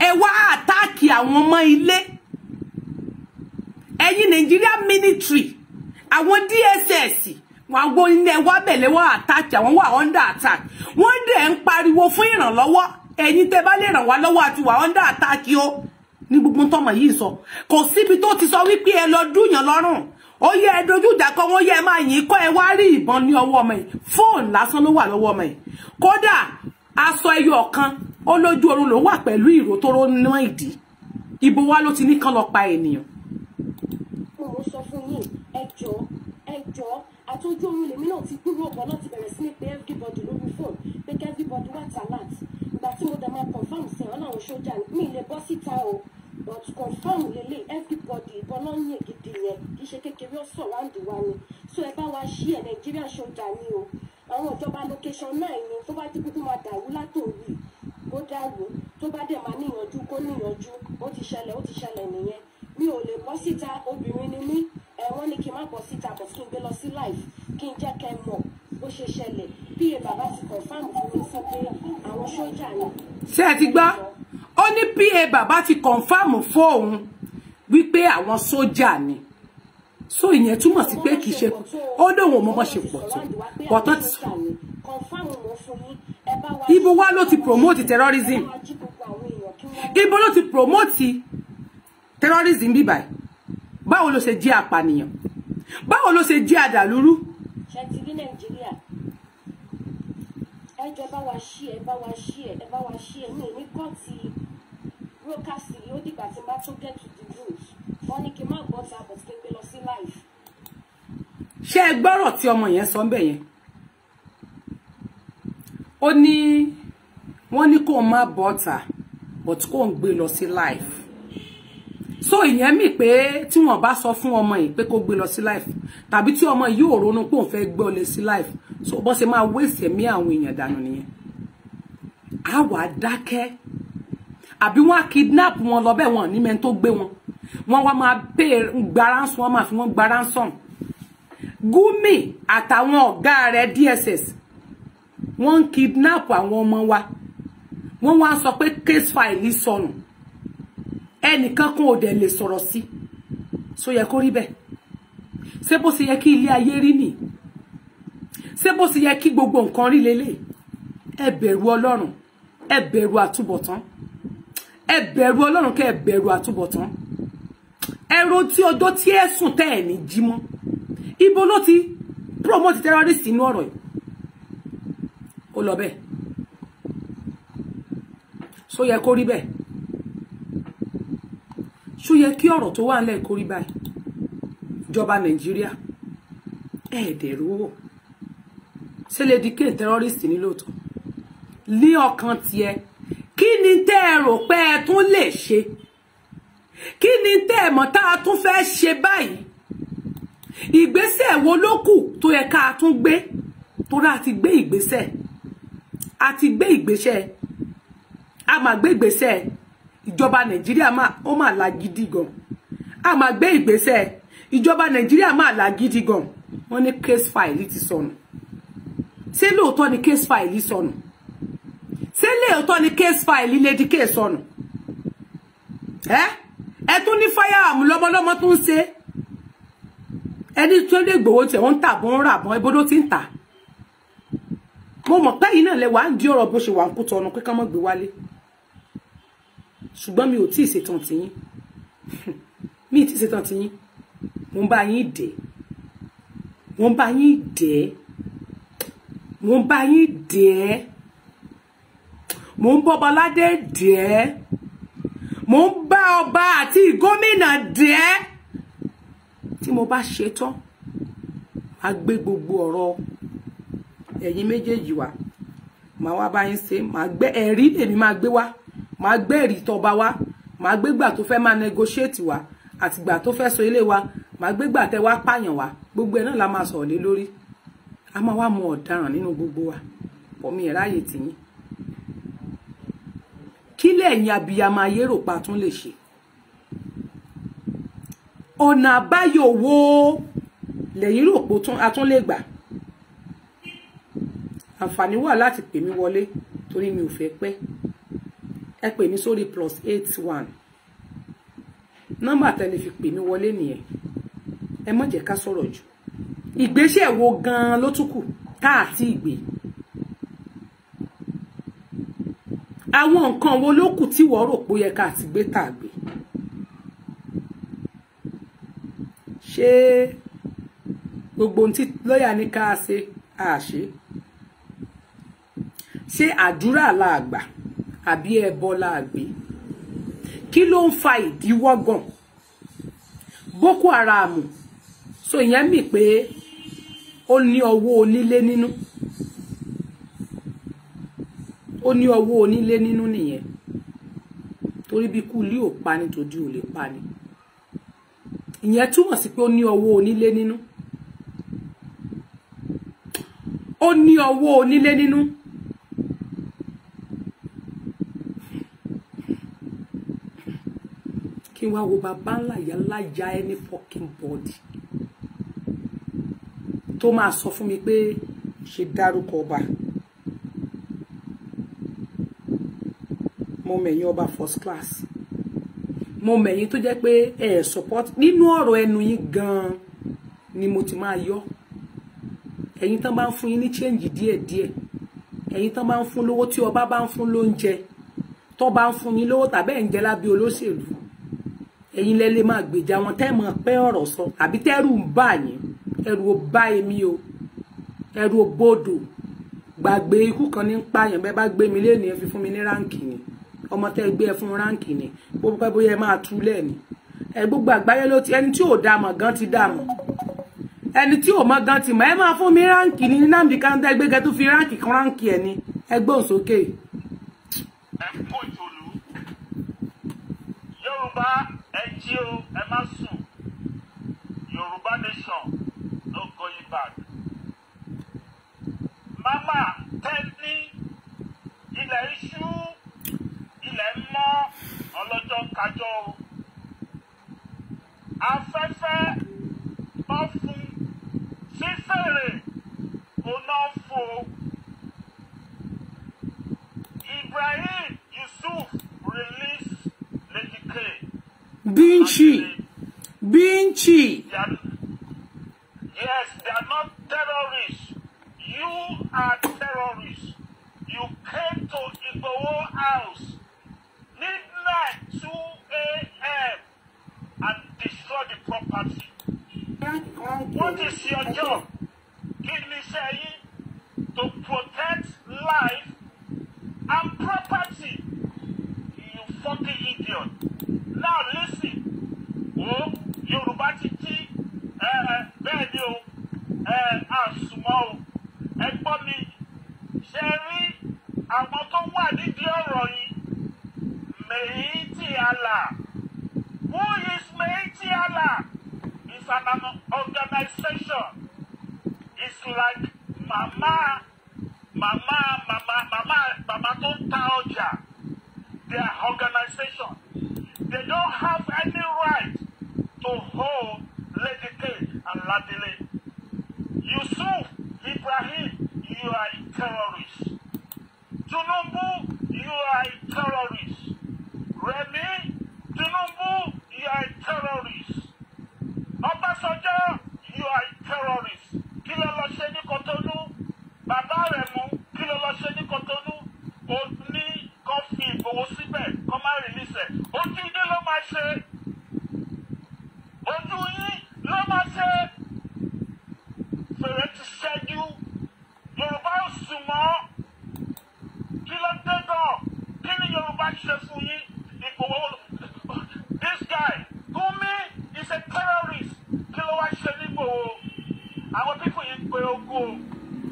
ẹ wá àtáàkì àwọn ọmọ ilé ẹ̀yin Nàìjíríà military àwọn DSS àwọn ilẹ̀ wa bẹ̀lẹ̀ wà attack àwọn wà under attack wọ́n dẹ̀ ń pariwo fún ìrànlọ́wọ́ ẹ̀yin tẹ́ bá lè ràn wá lọ́wọ́ àti wà under attack o ní gbogbo tọmọ yìí sọ kò síbi tó ti sọ wípé ẹ lọ dúyàn lọ́rùn ó yẹ ẹ dojú ìjà kan wọn yẹ ẹ máa yìn kọ ẹ wá rí ìbọn ní ọwọ́ ọmọ ẹ fóònù lásán ló wà lọ́wọ́ ọmọ ẹ kódà aṣọ ẹyọ kan ó lójú oorun ló wà pẹ̀lú ìró tó ìdí ibo wa ló ti ní kán lọ pa ènìyàn jọ àtọ́jú oorun lèmi náà ti gbúrú ọ̀pọ̀ láti bẹ̀rẹ̀ sí ní pé everybody lórí phone pé kí everybody wà talat ìgbà tí mo dà máa confam sí àwọn àwọn sójà mi lè bọ́ síta o but confam lélẹ̀ everybody ìbọn náà ń yè gidi yẹn kì í ṣe kékeré ọ̀sán ráǹdì wa ni so ẹ bá wa ṣí ẹ̀ nàìjíríà sójà ni o àwọn ìjọba location náà ni tó bá ti kúkú máa dàrú látòrí kó dàrú tó bá dẹ̀ máa níyànjú kó níyànjú ó ti ṣẹlẹ̀ ó ti ṣẹlẹ̀ nìyẹn mi ò lè bọ́ síta obìnrin ni mí ẹ wọ́n ní kí n má bọ̀ síta bọ̀ kí n gbé lọ sí live kí n jẹ́ kẹ́ ẹ mọ̀ bó ṣe ṣẹlẹ̀ pa bàbá ti confam fún mi sọ pé àwọn sójà ni. ṣé ẹ ti gbọ́ ó ní pa bàbá ti confam fóun wípé àwọn sójà ni so ìyẹn túmọ̀ sí pé kì í ṣe ó lóun ò mọ bó ṣe pọ̀ tó pọ̀ ti sùn ibo wa ló ti promote terrorism ibo ló ti promote terrorism bíbáyìí báwo ló ṣe jẹ́ apànìyàn báwo ló ṣe jẹ́ àdàlúrú. ṣe ti rí nàìjíríà ẹ jọ bá wa ṣí ẹ bá wa ṣí ẹ ẹ bá wa ṣí ẹ mi ò ní kọ́ ti rókàsì ó dìgbà tí bá tó get to the root wọ́n ní kí n má gbọ́ ta bọ̀ kí lọ sí life. ṣé ẹ gbọ́rọ̀ tí ọmọ yẹn sọ ń bẹ̀ yẹn ó ní wọ́n ní kó o má bọ́ ta but kó o ń gbé lọ sí life so ìyẹn mì pé tí wọ́n bá sọ fún ọmọ yìí pé kó gbé lọ sí life tàbí tí ọmọ yìí ò ronú pé òun fẹ́ gbé ọ lè sí life so bó ṣe máa waste ẹ̀mí àwọn èèyàn dànù nìyẹn á wà dákẹ́ àbí wọ́n á kidnap wọn lọ bẹ́ẹ̀ wọn ní mẹ́ni tó gbé wọn wọ́n wá máa béèrè gbaransan wọ́n máa fi wọ́n gbaransan Gumi àtàwọn ọ̀gá rẹ̀ DSS wọ́n kidnap àwọn ọmọ wa wọ́n wá so pé case file sọnù. So ẹnìkan kan ò dẹ̀ lè sọ̀rọ̀ sí so yẹ kó rí bẹ́ẹ̀ ṣé bó ṣe yẹ kí ilé ayé rí nì ṣé bó ṣe yẹ kí gbogbo nǹkan rí lélẹ̀ ẹ bẹ̀rù ọlọ́run ẹ bẹ̀rù àtúbọ̀tán ẹ bẹ̀rù ọlọ́run kẹ́ ẹ bẹ̀rù àtúbọ̀tán ẹ rántí ọjọ́ tí ẹ sùn tẹ́ ẹ̀ ní jí ibo ló ti promote terrorist inú ọ̀rọ̀ yìí ó lọ bẹ́ẹ̀ so yẹ kó rí bẹ́ẹ̀ ṣó yẹ kí ọ̀rọ̀ tó wà ńlẹ̀ kórí báyìí ìjọba nàìjíríà ẹ̀ẹ́dẹ̀rú wò ṣe lè di kéè tẹ́rọ́rìsì ní lóòótọ́ ní ọkàn tiẹ̀ kí ni tẹ́ ẹ rò pé ẹ tún lè ṣe kí ni tẹ́ ẹ mọ̀ tá a tún fẹ́ ṣe báyìí ìgbésẹ̀ wo ló kù tó yẹ ká a tún gbé torí a ti gbé ìgbésẹ̀ a ti gbé ìgbésẹ̀ a máa gbé ìgbésẹ̀ ìjọba nàìjíríà máa ó máa la gidi gan a máa gbé ìgbésẹ̀ ìjọba nàìjíríà máa la gidi gan wọ́n ní case file ti sọnù ṣé lóòótọ́ ni case file sọnù ṣé lóòótọ́ ni case file lady k sọnù ẹ ẹ tún ní firearm lọ́mọlọ́mọ tún ṣe ẹni tó lè gbowó tẹ wọ́n ń tà bọ́n rà bọ́n ebodó ti ń tà mo mọ̀ pé yìí náà lẹ wà á ń di ọ̀rọ̀ bó ṣe wà ń kú tọnu pé ká mọ̀ gbé wálé ṣùgbọ́n mi ò tí ì ṣetán tiyín mi ì tí ì ṣetán tiyín mo ń bá yín dé, mo ń bá yín dẹ̀ mo ń bá yín dẹ̀ mo ń bọ́bọ́ládé dẹ̀ mo ń bá ọba àti gómìnà dẹ̀ tí mo bá ṣetán a gbé gbogbo ọ̀rọ̀ ẹ̀yin méjèèjì wá màá wá bá yín ṣe màá gbé ẹ̀rí èmi máa gbé wá màá gbé ẹ̀rí tọba wá màá gbégbà tó fẹ́ máa negotiate wá àtìgbà tó fẹ́ so ilé wa màá gbégbà tẹ wá pààyàn wá gbogbo ẹ̀ náà la máa sọ̀rọ̀ lé lórí a máa wá mú ọ̀daràn nínú gbogbo wa pọ̀mí ẹ̀ ráàyè tìyín kílẹ̀ ẹ̀yin abiyamọ ayérò pa tún lè ṣe ọ̀nà àbáyọ wo lẹ́yìn rò pé a tún lè gbà àǹfààní wà láti pè mí wọlé torí mi ò fẹ́ pẹ́ ẹ pè mí sórí plus eight one nọ́mbà tẹlẹ fi pè mí wọlé nìyẹn ẹ má jẹ́ ká sọ̀rọ̀ jù ìgbésẹ̀ wo gan-an ló tún kù tá à ti gbé àwọn nǹkan wo ló kù tí wọ́n rò pé ó yẹ ká ti gbé tá a gbé ṣé gbogbo ohun tí lọ́ọ̀yà ní ká ṣe àṣe ṣé àdúrà la àbí ẹbọ láàgbé kí ló ń fa ìdíwọ́ Boko Haram so ìyẹn mì pé ó ní ọwọ́ onílé nínú ó ní ọwọ́ onílé nínú nìyẹn torí bí kú ilé ò pa ni tòjú ò lè pa ni ìyẹn túmọ̀ sí pé ó ní ọwọ́ onílé nínú ó ní ọwọ́ onílé nínú. kí n wá wo bàbá ńlá ìyá ńlá ya ẹni fucking body tó máa sọ fún mi pé ṣe dárúkọ ọba mo mẹ̀yìn ọba first class mo mẹ̀yìn tó jẹ́ pé ẹ eh, support nínú ọ̀rọ̀ ẹnu yín gan-an ni mo ti máa yọ ẹ̀yin tán bá ń fún yín ní change díẹ̀díẹ̀ ẹ̀yin tán bá ń fún lówó tí ọba bá ń fún lóúnjẹ tó bá ń fún yín lówó tàbí ń jẹ lábẹ́ olóṣèlú ẹ̀yin lẹ lè máa gbèjà wọn tẹ́ mọ̀ pé ọ̀rọ̀ sọ àbí tẹ́rù ń bà yín ẹ̀rù ò bá èmi o ẹ̀rù ò bodò gbàgbé ikú kan ní ń pààyàn bẹ́ẹ̀ bá gbé mi lé ní ẹ fi fún mi ní ráǹkì ni ọmọ tẹ́ gbé ẹ fún ráǹkì ni bó pẹ́ bóyá ẹ máa tú lẹ́ẹ̀ni ẹ gbogbo àgbáyé ló ti ẹni tí ò dá mọ̀ gan ti dá mọ̀ ẹni tí ò mọ̀ gan ti mọ̀ ẹ máa fún mi ráǹkì ni Nnamdi Kanu tẹ́ gbégẹ tó fi ráǹkì kan ráǹkì ẹ ni ẹ gbóhùn sókè. ẹ kó ìtòlú Yorùbá ẹ jí o ẹ má sùn Yorùbá nation no going back. mama tẹ́ni ilẹ̀ iṣu ilẹ̀ mọ́ ọlọ́jọ́ kájọ́ o afẹ́fẹ́ bọ́ fún fífèrè oná fo Ibrahim Yusuf Binchi. Binchi. Yes, they are not terrorists. You are terrorists. You came to Igboho house midnight 2 a.m. and destroyed the property. What is your job? Kidney saying to protect life and property fucking idiot. Now listen. Oh, Yorùbá ti jí bẹ́ẹ̀ ni o àsùnmọ́ o ẹ̀gbọ́n mi ṣe rí àwọn tó wà nídìí ọ̀rọ̀ yìí Miyetti Allah. Who is Miyetti Allah? It's an organization. It's like mama mama mama mama mama tó ta ọjà their organization. They don't have any right to hold Legitate and Ladele. Yusuf Ibrahim, you are a terrorist. Tinubu, you are a terrorist. Remi Tinubu, you are a terrorist. Obasanjo, you are a terrorist. Kí ló lọ ṣe ní Kotonu? Bàbá rẹ̀ mú kí Kotonu? Ó kan fi Ìgbòho síbẹ̀ kan má rìlísẹ̀ ojú ilé ló máa ṣe ojú yín ló máa ṣe fèrè ti ṣẹ́jú Yorùbá ò sùn mọ́ kí ló dé gan kí ni Yorùbá ṣe fún yín Ìgbòho this guy Gumi is a terrorist kí ló wá ṣe nígbòho àwọn pípọ̀ yìí ń pe ogun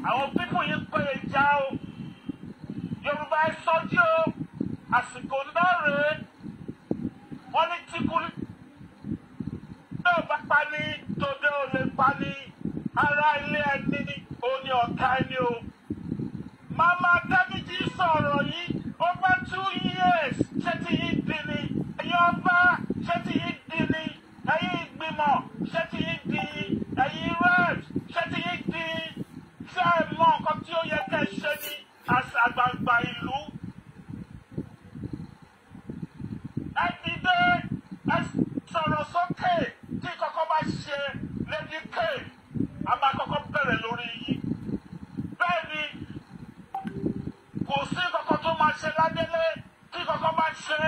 o àwọn pípọ̀ yìí ń ìjà o yorùbá ẹ sọjí o àsìkò náà rèé wọ́n ní tíkú náà bá pani tòde ò lè pani ara ilé ẹni òní ọ̀tá ẹni o. mama dábìjì sọ̀rọ̀ yìí over two years ṣé ti yí di ni ẹ̀yin ọba ṣé ti yí di ni ẹ̀yin ìgbìmọ̀ ṣé ti yí di ẹ̀yin rẹ́ẹ̀d ṣé ti yí di ṣé ẹ̀ mọ̀ nǹkan tí ó yẹ kẹ́ ṣe ni àgbààgbà ìlú ẹ dìde ẹ sọ̀rọ̀ sókè tí kọ́kọ́ bá ṣe lẹ́dí ké a máa kọ́kọ́ bẹ̀rẹ̀ lórí yìí bẹ́ẹ̀ ni kò sí kọ́kọ́ tó máa ṣe ládélé tí kọ́kọ́ bá ṣe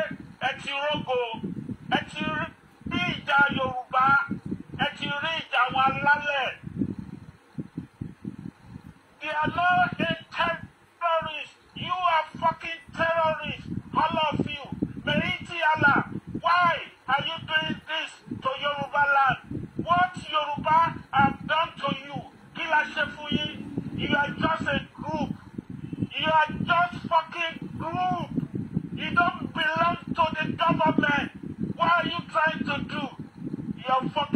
ẹ ti rógo ẹ ti rí ìjà Yorùbá ẹ ti rí ìjà àwọn alálẹ̀. They are are you doing this to Yoruba land? What Yoruba have done to you? Kí la You are just a group. You are just fucking group. You don't belong to the government. What are you trying to do? You are fucking.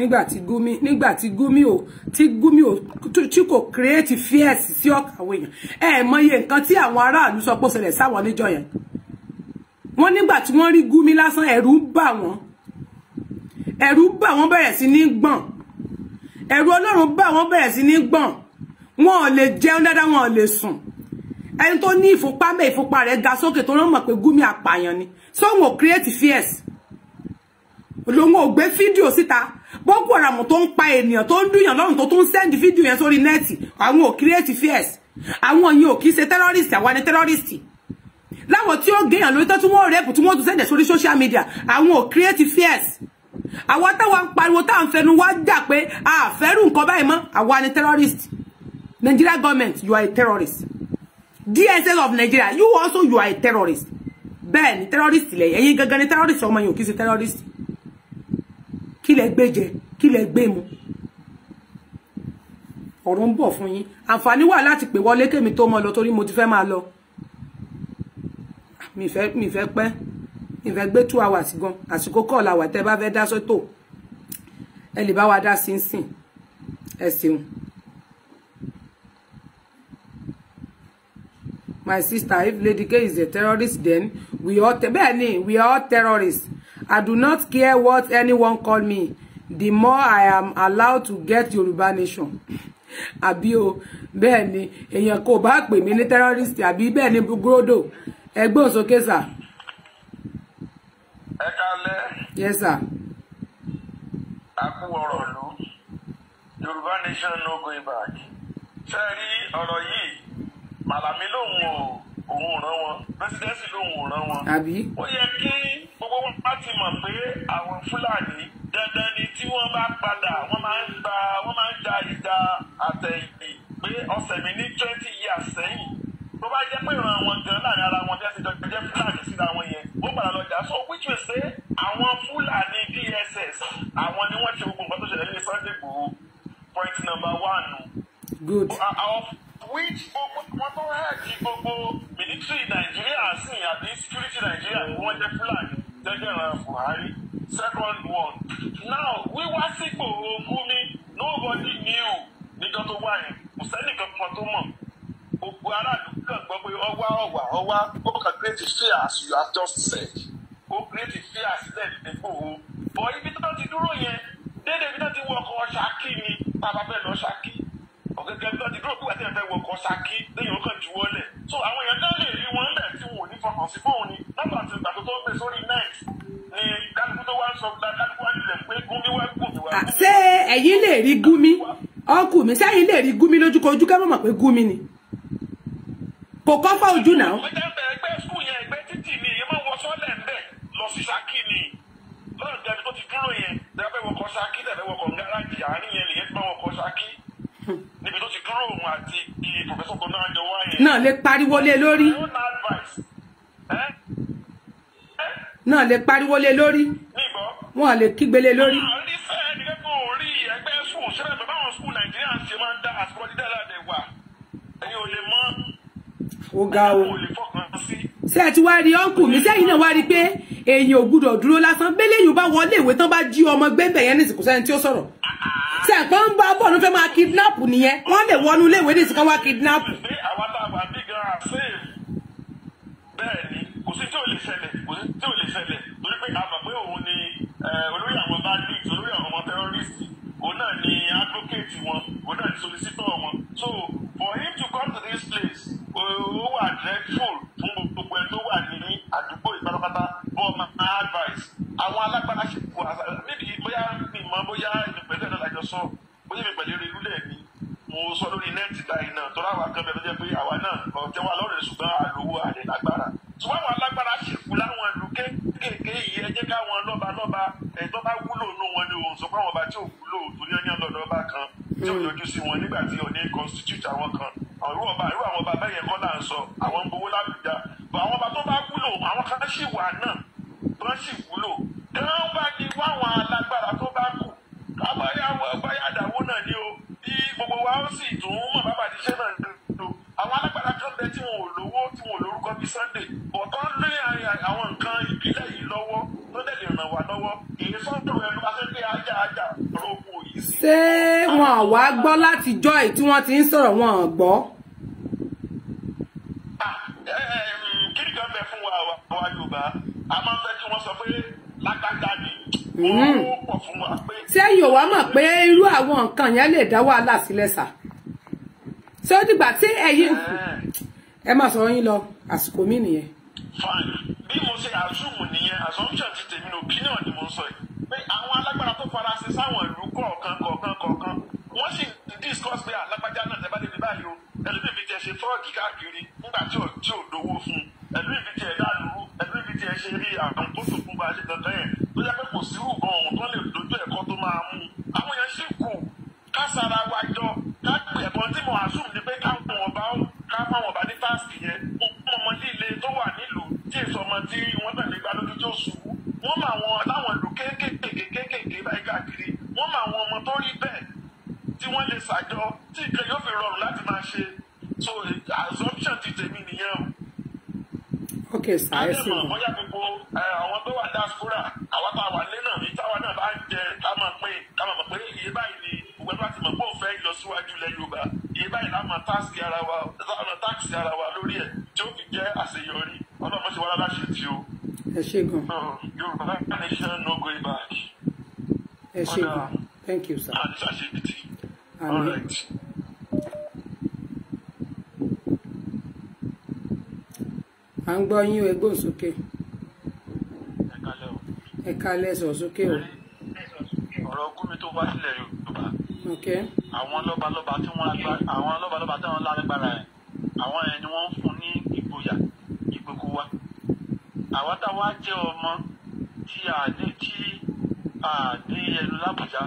nígbà tí Gumi nígbà tí Gumi ò tí Gumi ò tí kò create fears sí ọkàn àwọn èèyàn ẹ mọye nǹkan tí àwọn aráàlú sọ pé ó ṣẹlẹ̀ sáwọn níjọ yẹn wọ́n nígbà tí wọ́n rí Gumi lásán ẹ̀rù bà wọ́n ẹ̀rù bà wọ́n bẹ̀rẹ̀ sí ní gbọ̀n ẹ̀rù Ọlọ́run bà wọ́n bẹ̀rẹ̀ sí ní gbọ̀n wọn ò lè jẹun dáadáa wọn ò lè sùn ẹni tó ní ìfúnpá mẹ́ ìfúnpá rẹ̀ ga sókè tó rán mọ̀ pé Gumi àpàyàn ni so ò create fears lòun ò gbé fídíò síta àràmù tó ń pa ènìyàn tó ń dùyàn lọ́rùn tó tún send fídíò yẹn sórí nẹ́ẹ̀tì àwọn ò create fears àwọn yìí ò kì ṣe terrorist àwa ni terrorist láwọn tí ó géèyàn lórí tó tún wọ́n rẹ́pù tí wọ́n tún sẹ́ndẹ̀ sórí social media àwọn ò create fears àwa táwa ń pariwo táà ń fẹnu wá jà pé a fẹ́rù nǹkan báyìí mọ́ àwa ni terrorist Nigeria government you are a terrorist DSS of Nigeria you also you are a terrorist bẹ́ẹ̀ ni terrorist lẹ̀ ẹ̀yin gangan ni terrorist ọmọ yìí ò kì í ṣe terrorist kí lẹ gbé jẹ kí lẹ gbé mu ọ̀rọ̀ ń bọ̀ fún yín àǹfààní wà láti pè wọlé kémi tó mọ lọ torí mo ti fẹ́ máa lọ mi fẹ́ pẹ́ mi fẹ́ gbé two hours gan àsìkò kọ́ làwà tẹ́ bá fẹ́ dá sọ́tò ẹ lè bá wa dá sí sìn ẹ ṣeun. my sister if Lady K is a terrorist then we all bẹ́ẹ̀ ni we all terrorists I do not care what anyone call me the more I am allowed to get Yoruba nation àbí o bẹ́ẹ̀ ni èèyàn kò bá pè mí ní terrorist àbí bẹ́ẹ̀ ni bugrodo ẹgbẹ́ òsókè sà. ẹ kálẹ́. yes sir. a kú ọ̀rọ̀ ló Yorùbá nation no go back ṣe rí ọ̀rọ̀ yìí màlàmí lòun o òun ràn wọn pẹ́sidẹ́ǹsì lòun ràn wọn. ó yẹ kí gbogbo wọn mọ̀ pé àwọn fúlàní dandan ni tí wọ́n bá padà wọ́n máa ń gba wọ́n máa ń ja ìjà àtẹ̀yìn pé ọ̀sẹ̀ mi ní twenty years sẹ́yìn tó bá jẹ́ pé ìran àwọn gan láàrin ara wọn jẹ́ síjọ jẹ́ fúlàní síra wọn yẹn ó padà lọ jà so which means say àwọn fúlàní DSS àwọn ni wọ́n ṣe gbogbo nǹkan tó ṣẹlẹ̀ ní Sunday Igboho point number one. good which wọn tó hẹ́ẹ̀kì gbogbo military Nigeria sí àbí security Nigeria ni wọ́n jẹ́ Fúlàní gẹ́gẹ́ ran Buhari second one now wíwá sípò Gumi nobody knew níjọ́ tó wáyé kò sẹ́ni kankan tó mọ̀ gbogbo aráàlú kàn gbọ́ pé ọwá ọwà ọwá ó kàn create fear as you have just said ó create fear sílẹ̀ nípa Ìgbòho bọ̀ ibi tó ti dúró yẹn déédéé ibi tó ti wọ ọkọ̀ Ṣakí ni tá a bá fẹ́ lọ Ṣakí gẹ́gẹ́ bí wọ́n ti dúró kúgbà tí wọ́n fẹ́ wọ ọkọ̀ ṣákí lẹ́yìn ọkọ̀ juwọ́lẹ̀ so àwọn èèyàn náà lè rí wọn lẹ̀ tí ṣé ẹ̀yin lè rí gúnmí ọkù mi sẹ́yìn lè rí gúnmí lójú kẹ́ mọ̀ pé gúnmí ni kò kọ́ fọ́ ojú náà. ẹgbẹ́ ni èyí máa tó ti dúró yẹn lẹ́fẹ̀ẹ́ wọkọ̀ ṣákì lẹ́fẹ̀ẹ́ wọkọ̀ ń àárín yẹn lè yẹn gbọ́n wọkọ̀ ṣákì tó ti dúró òun àti bí pòfẹ́sọ̀ tó náà jọ wáyé. náà lè pariwo lé lórí. náà lè pariwo lé lórí. wọn lè kígbe lé lórí. ẹnìkẹ́kọ̀ọ́ ga o ṣé ẹ ti wá rí ọ́nkù mi sẹ́yìn náà wá rí pé èyàn ò gbúdọ̀ dúró lásán bẹ́ẹ̀ lẹ́yìn bá wọlé ìwé tán bá jí ọmọ gbẹ́bẹ̀ yẹn nísìkò sẹ́ni tí ó sọ̀rọ̀ ṣe àpọ́ ń bá bọ̀ ló fẹ́ máa kidnap nìyẹn wọ́n lè wọnú ilé ìwé nísìkò wá kidnap. a mọ̀ pé òun ni olórí àwọn bandit olórí àwọn ọmọ tẹ́rọ́rìsì òun advocate wọn òun náà solicitor wọn so for him to come to this place ó wà dreadful fún gbogbo ẹni tó wà ní àdúgbò ìpátápátá bọ́ ọmọ advice àwọn alágbára ṣe kú níbi bóyá ìmọ̀ bóyá ìpẹ̀lẹ́ náà lájọ sọ bóyá ìpẹ̀lẹ́ rẹ̀ lulẹ̀ ni mo sọ lórí nẹ́ẹ̀tì dáì náà tọ́lá àwọn akẹ́bẹ̀ẹ́ tó jẹ́ pé àwa náà ọ̀jọ̀ wa lọ́rẹ̀ẹ́ ṣùgbọ́n àlòwò àdélágbára ṣùgbọ́n àwọn alágbára ṣìkú láwọn ìlú kéékèèké yìí ẹ jẹ́ káwọn lọ́balọ́ba ẹ̀tọ́ bá wúlò nù wọn ni òun sọ pé àwọn ọba tí ò wúlò tó ní ọyàn lọ́dọ̀ ọba kan tí ò hmm. yọjú sí wọn nígbà tí òní constitute àwọn kan ọ̀rú ọba àrú àwọn ọba bẹ́yẹn kọ́ là ń sọ àwọn ń bowó lábùjá àwọn ọba tó bá wúlò àwọn kan sì wà náà kan sì wúlò kán bá ní wáwọn alágbára tó bá kù kábàáyà àdàwó náà ni o bí gbogbo wa ó sì tún àwọn alágbára kan bẹ tí wọn ò lówó tí wọn ò lórúkọ bíi Sunday ọ̀tọ́ ní àwọn nǹkan ìbílẹ̀ yìí lọ́wọ́ tó dẹ̀ lè ràn wá lọ́wọ́ èyí sọ́dọ̀ ẹnu akéde ajá ajá rògbò yìí. ṣé wọn wá gbọ́ láti joy tí wọ́n ti ń sọ̀rọ̀ wọn ò gbọ́. kí nìkan bẹ fún wa àwa Yorùbá a máa ń fẹ́ kí wọ́n sọ pé lágbájá ni hmm. ṣé Yorùbá mọ̀ pé irú àwọn nǹkan yẹn lè dá wàhálà sílẹ̀ sà ṣé ó dìgbà tí ẹ̀yin ah. ẹ máa sọ yín lo àsìkò mi nìyẹn. fine bí mo ṣe assume nìyẹn assumption ti tèmi ní opinion ni mo ń sọ yìí pé àwọn alágbára tó farasin sáwọn ìlú kan kọ̀ọ̀kan kọ̀ọ̀kan wọ́n sì discuss pé alágbájá náà tẹ́bá débi báyìí o ẹlòmíì fi tiẹ̀ ṣe fọ́ọ̀gì káàkiri nígbà tí ò tí ò dówó fún ẹlòmíì fi tiẹ̀ dàlúrú ẹlòmíì fi tiẹ̀ ṣe rí àwọn tó sùn fún bá ṣe kankan yẹn tó yẹ pé kò sírù gan ohun tó lè dojú ẹ̀kọ́ tó máa mú àwọn yẹn sì kù ká sara wa jọ ká ẹ̀kọ́ tí mo àṣùm ni pé ká mọ̀ ọba ó ká mọ̀ ọba ní fásitì yẹn gbogbo ọmọ líle tó wà nílùú tí èso ọmọ tí wọ́n tẹ̀lé gbàlódé tó ṣubú wọ́n mọ àwọn láwọn ìlú kéékèèké kéékèèké báyìí káàkiri wọ́n mọ àwọn ọmọ tó rí bẹ́ẹ̀ tí wọ́n lè ṣàjọ tí nǹkan yóò fi rọrùn láti máa ṣe so assumption ti tèmi nìyẹn o. ok sir ẹ sì mọ. bóyá gbogbo àwọn tó wà diaspora àwọn a wà pẹ̀lú àti mọ̀ pé òun fẹ́ lọ ilẹ̀ Yorùbá iye báyìí láwọn táàsì ara wa láwọn táàsì ara wa lórí ẹ̀ tí ó fi jẹ́ àṣeyọrí ọlọ́mọ ti wá láṣẹ tí o. ẹ ṣe gan. Yorùbá nation no go back. ẹ ṣe gan thank you sir. àti ṣàṣebìtì. all right. à ń gbọ́ yín o ẹgbọ́n sókè. ẹ̀ka lẹ́sọ̀ sókè o. ọ̀rọ̀ gómìnà tó wá sílẹ̀ Yorùbá àwọn lọ́balọ́ba tí wọ́n lágbára àwọn lọ́balọ́ba tí wọ́n lágbára rẹ̀ àwọn ẹni wọ́n ń fún ní ìgboyà ìgboko wa àwa táwa jẹ́ ọmọ tí a ní tí a ní ẹnu lábùjá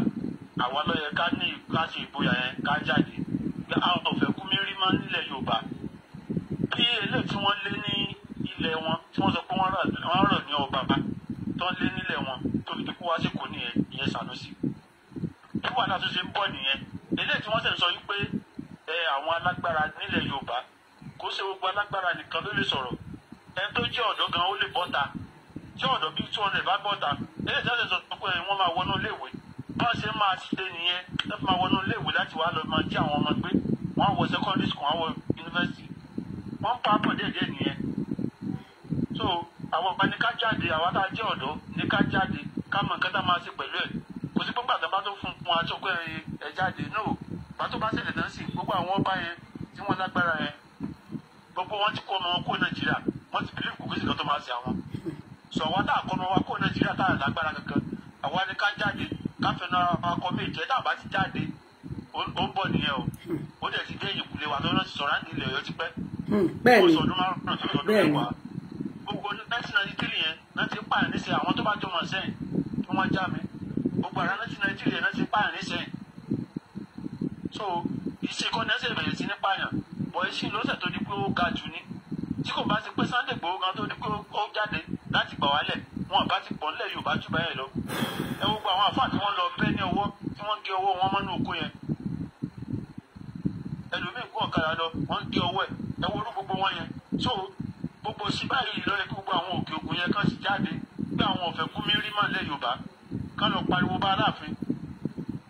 àwa ló ká ní láti ìgboyà yẹn ká jáde àwọn ọ̀fẹ́ kúmi rí máa nílẹ̀ Yorùbá bí eléyìí tí wọ́n lé ní ilẹ̀ wọn tí wọ́n sọ pé wọ́n rọ̀ ní ọba tó ń lé nílẹ̀ wọn tó fi kó wá sí kò ní ìyẹn Sanusi bí wàhálà tó ṣe ń bọ̀ nìyẹn eléyìí tí wọ́n sì sọ wípé ẹ àwọn alágbára nílẹ̀ Yorùbá kó ṣe gbogbo alágbára nìkan ló lè sọ̀rọ̀ ẹni tó jẹ́ ọ̀dọ́ gan ó lè bọ́ta tí ọ̀dọ́ bíi two hundred bá bọ́ta eléyìí tí wọ́n sì sọ pé wọ́n máa wọnú iléèwé bá ṣe máa ṣe nìyẹn ẹ máa wọnú iléèwé láti wá lọ máa jí àwọn ọmọ gbé wọ́n wọ secondary school wọ́n wọ university wọ́n pa pọ̀ déédéé nìyẹn so àwọn ọba ní ká jáde àwọn tá a jẹ́ ọ̀dọ́ ní ká jáde ká mọ nǹkan tá a máa ṣe pẹ̀lú ẹ̀ kò sí pé gbàgbà bá tó fún un àti òkú ẹ jáde náà bá tó bá ṣẹlẹ̀ náà sì gbogbo àwọn ọba yẹn tí wọ́n lágbára yẹn gbogbo wọn ti kó ọmọ wọn kó nàìjíríà wọ́n ti bìlíf kò sí kan tó máa ṣe àwọn sọ wọn tá àkọ́mọ wa kó nàìjíríà tá à lágbára kankan àwa ni ká jáde ká fẹnu akọ méje tá a bá ti jáde ó ń bọ̀ nìyẹn o ó dẹ̀ ti dé ìkúlé wa lọ́nà ti sọ̀rọ̀ nílẹ̀ ọ̀yọ́ ti pẹ́ hmm, bẹ́ẹ̀ ni bẹ́ẹ̀ ni gbogbo nineteen ninety three yẹn náà ti pààyàn níṣẹ́ àwọn tó bá jọmọ̀ sẹ́yìn tí wọ́n já mi gbogbo àrà náà ti nàìjíríà náà ti pààyàn sẹ́yìn so ìṣèkọ́ náà ṣe bẹ̀rẹ̀ sí ní pààyàn bọ̀ èsì lọ́sẹ̀ tó di pé ó ga jù ni tí kò bá ti pé Sunday Igboho kan tó di pé ó jáde láti gbà wálẹ̀ wọn bá ti pọ̀ nílẹ̀ Yorùbá jù báyẹn lọ ẹ gbogbo àwọn àfáà tí wọ́n lọ bẹ́ ní ọwọ́ tí wọ́n gé ọwọ́ wọn mọ́nú oko yẹn ẹlòmíín gún ọ̀kadà lọ wọ́n gé ọwọ́ ẹ̀ ẹ wọ́n rú gbogbo wọn yẹn so gbogbo sí báyìí lọ́yẹ kí gbogbo àwọn òkè òkun yẹn kan sì jáde pé àwọn ọ̀fẹ́ kú mi rí mọ́ nílẹ̀ Yorùbá ká lọ pariwo bá aláàfin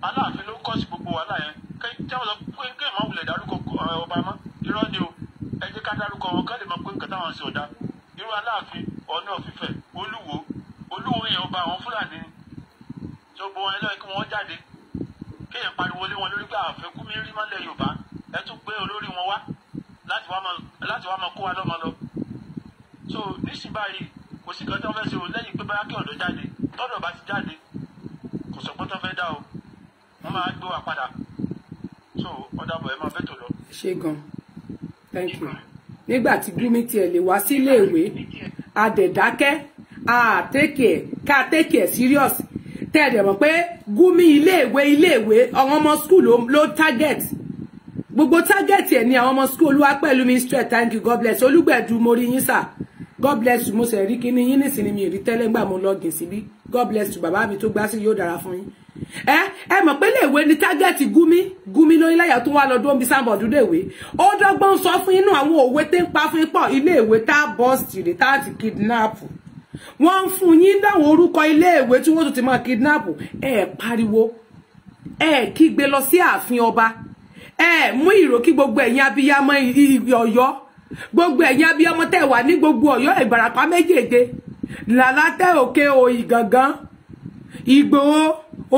aláàfin ló kọ́ sí gbogbo wàhálà yẹn jáwọ́ sọ pé kí èèmọ̀ wulẹ̀ dárúkọ ọba eh, mọ́ irọ́ ni o ẹ jẹ́ ká dárúkọ wọn ká lè mọ pé nǹkan táwọn ṣe ọ̀dà irú aláàfin ọ̀nà òfìfẹ́ olúwo olúwo yẹn ọba àwọn fúlàní gbogbo wọn lọ́ọ́ kí wọ́n jáde kí èèyàn pariwo lé wọn lórí pé àfẹ́ kú mi rí mọ́lẹ̀ yorùbá ẹ tún gbé olórí wọn wá láti wá máa kó wa lọ́mọ lọ. so nísìnyí báyìí kò sí nǹkan tí wọ́n fẹ́ ṣe o lẹ́yìn pé báyà kí ọ̀dọ́ jáde tọ́dọ̀ bá ti jáde kò sọ pé tó fẹ́ dá o wọ́n máa gbé wa padà so ọ̀dà bọ̀ ẹ máa bẹ́tò lọ. ṣé gan thank you nígbà tí Gumi tiẹ̀ lè wá síléèwé adẹ̀dákẹ́ àtẹ́kẹ̀ ká tẹ́kẹ̀ serious tẹ́ẹ̀dẹ̀ mọ̀ pé Gumi iléèwé iléèwé àwọn ọmọ skul ló target gbogbo target ẹ̀ ni àwọn ọmọ skul wá pẹ̀lú mi straight thank you god bless olúgbẹ̀dù mo rí yín sáà god bless you mo sì rí kíní yín nísìnyí mi rí tẹ́lẹ̀ ńgbà mo lọ́ọ̀gì síbí god bless you Baba. mi tó gbá sí yóò dára fún yín. ẹ ẹ mọ̀ pé léèwé ni tágẹ́ẹ̀tì gúmi gúmi lóyún láyà tó wá lọ́dún omi sábà ọdún léèwé ó dọ́gbọ́n sọ fún inú àwọn òwe tẹ́ ń pa fún yín pọ̀ iléèwé tá a bọ́ọ̀sì ti kidnap wọ́n ń fún yín dáwọn orúkọ iléèwé tí wọ́n tún ti máa kidnap Eh, pariwo ẹ kígbe lọ sí ààfin ọba ẹ mú ìró kí gbogbo ẹ̀yin abiyamọ Ọ̀yọ́ gbogbo ẹ̀yin abiyamọ tẹ́ wà ní gbogbo Ọ̀yọ́ Ìbàràpá méjèèje làlátẹ òkè òyì gangan Ìgbòho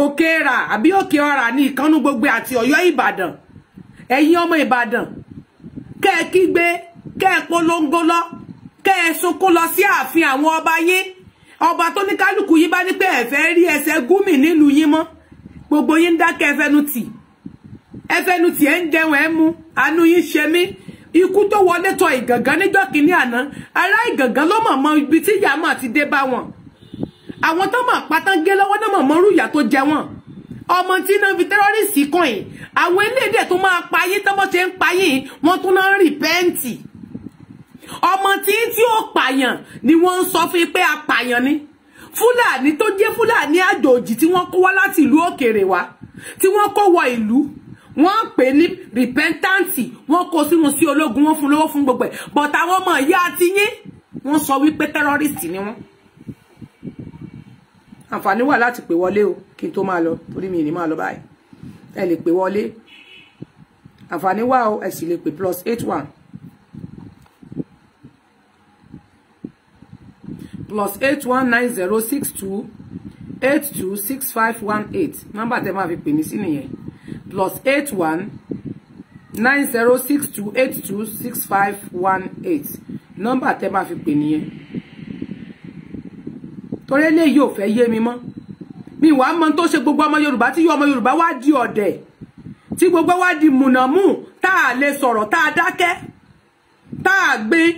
òkè rà àbí òkè ọ̀rà ní ìkànnú gbogbo àti Ọ̀yọ́ Ìbàdàn ẹ̀yin ọmọ Ìbàdàn kẹ́ ẹ kígbe kẹ́ ẹ polongo lọ kẹ́ ẹ sunkún lọ sí ààfin àwọn ọba yín ọba tó ní kálukú yín bá ní pé ẹ fẹ́ rí ẹsẹ̀ gúnmì nílùú yín mọ́ gbogbo yín dákẹ́ ẹfẹnu tì ẹfẹnu tì ẹ ń jẹun ẹ mú àánú yín ṣe mí ikú tó wọlé tọ ìgàngán níjọ́ kìíní àná ará ìgàngán ló mọ̀ mọ ibi tí ìyá mà ti dé bá wọn àwọn tó mọ̀ pátán gé lọ́wọ́ náà mọ̀ mọ́rú ìyá tó jẹ wọ́n ọmọ tí náà fi tẹ́rọ́rìsì kàn yìí àwọn eléèdè tó máa pa yín tọ́mọ́ ṣe ń pa yín wọ́n tún náà rìpẹ́ǹtì ọmọ tí tí ó pààyàn ni wọ́n ń sọ fún pé apààyàn ni fúlàní tó jẹ́ fúlàní àjòjì tí wọ́n kó wá láti ìlú òkèèrè wá tí wọ́n kó wọ ìlú wọ́n pè ní repentanti wọ́n kó sínú sí ológun wọ́n fún lówó fún gbogbo But but àwọn ọmọ ìyá àti yín wọ́n sọ wípé terrorist ni wọ́n àǹfààní wà láti pè wọlé o kí n tó máa lọ torí mi ì ní máa lọ báyìí ẹ lè pè wọlé àǹfààní o e sì lè pè plus eight one plus eight one nine zero six two eight two six five one eight nọ́mbà tẹ́ máa fi pè mí sí nìyẹn plus eight one nine zero six two eight two six five one eight nọ́mbà tẹ́ fi pè nìyẹn torí eléyìí ò fẹ́ yé mi mọ́ mi wàá mọ tó ṣe gbogbo ọmọ yorùbá tí ọmọ yorùbá wá di ọ̀dẹ̀ tí gbogbo wa di munamu ta le soro ta dake ta dákẹ́ tá a gbin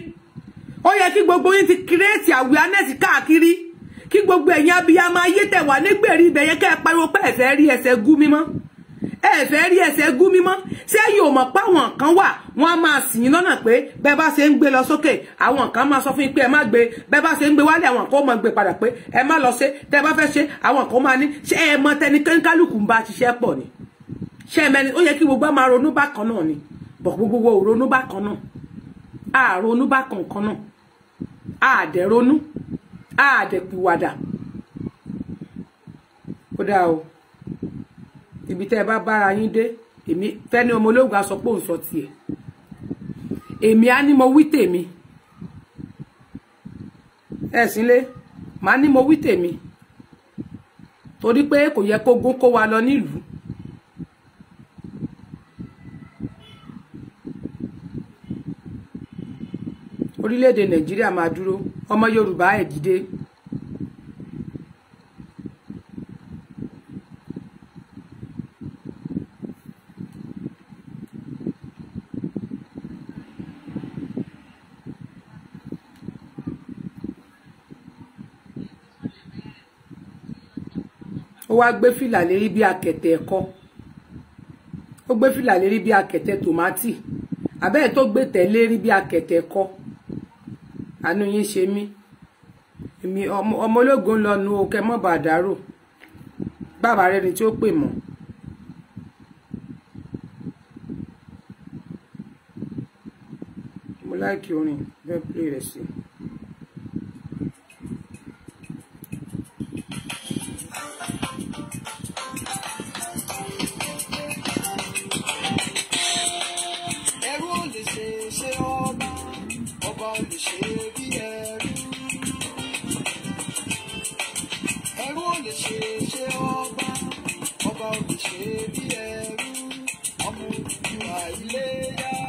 ó yẹ kí gbogbo yín ti kírèsì awareness káàkiri kí gbogbo ẹ̀yin abiyamọ ayé tẹ̀ wá nígbèrè ibẹ̀ yẹn kẹ́ ẹ pariwo pé ẹ̀fẹ́ rí ẹsẹ̀ gún mímọ́ ẹ fẹ́ rí ẹsẹ̀ gún mímọ́ ṣé yóò mọ̀ páwọn kan wà wọ́n á máa sìn yín lọ́nà pé bẹ́ẹ̀ bá ṣe ń gbé lọ sókè àwọn kan máa sọ fún yín pé ẹ má gbé bẹ́ẹ̀ bá ṣe ń gbé wálé àwọn kan ó máa gbé padà pé ẹ má lọ ṣe tẹ́ ẹ bá fẹ́ ṣe àwọn kan máa ní ṣé ẹ mọ tẹni kẹ́ńkálùkù ń bá ṣiṣẹ́ pọ̀ ni ṣé ẹ mẹni ó yẹ kí gbogbo máa ronú bákan náà ni bọ̀ gbogbo ò ronú bákan náà a ronú bákan kan náà a dẹ̀ ronú a dẹ̀ pìwàdà ó o ibi tẹ́ ẹ bá bára yín dé èmi fẹ́ni ọmọ olóògùn aṣọ pé òun sọ tiẹ̀ èmi á ní mo wí tèmi ẹ sì lé ní mo wí tèmi torí pé kò yẹ kó gún kó wa lọ nílùú orílẹ̀-èdè nàìjíríà máa dúró ọmọ yorùbá ẹ̀ dìde wá gbé fìlà lérí bí akẹ̀tẹ̀ o ó gbé fìlà lérí bí akẹ̀tẹ̀ tòmátì àbẹ́ẹ̀ tó gbé tẹ̀ lérí bí akẹ̀tẹ̀ ẹ̀kọ àánú yín ṣe mi èmi ọmọ ológo ń lọ nu okẹ mọ́ bàdárò bàbá rẹ ni tí ó pè mọ́. mo láìkí orin bẹ́ẹ̀ pè rẹ̀ sí lè ṣe bí ẹrú. ẹrú ò lè ṣe ṣe ọba ọba ò lè ṣe bí ẹrú ọmọ òdùnú àìléyà.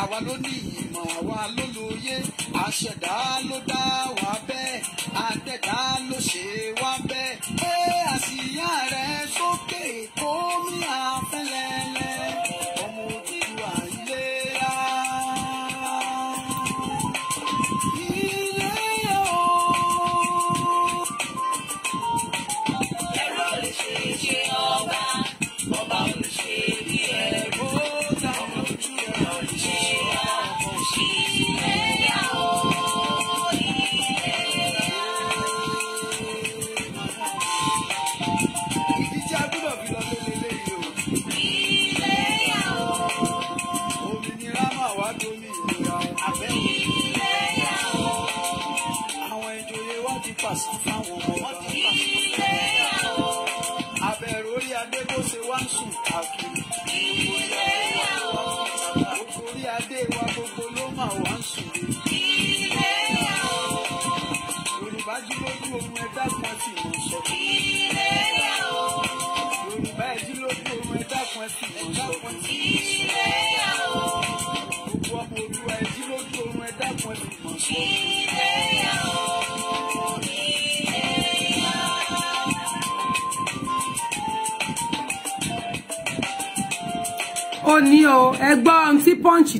àwa ló ní ìmọ̀ àwa ló lóye àṣẹ̀dá ló dá wa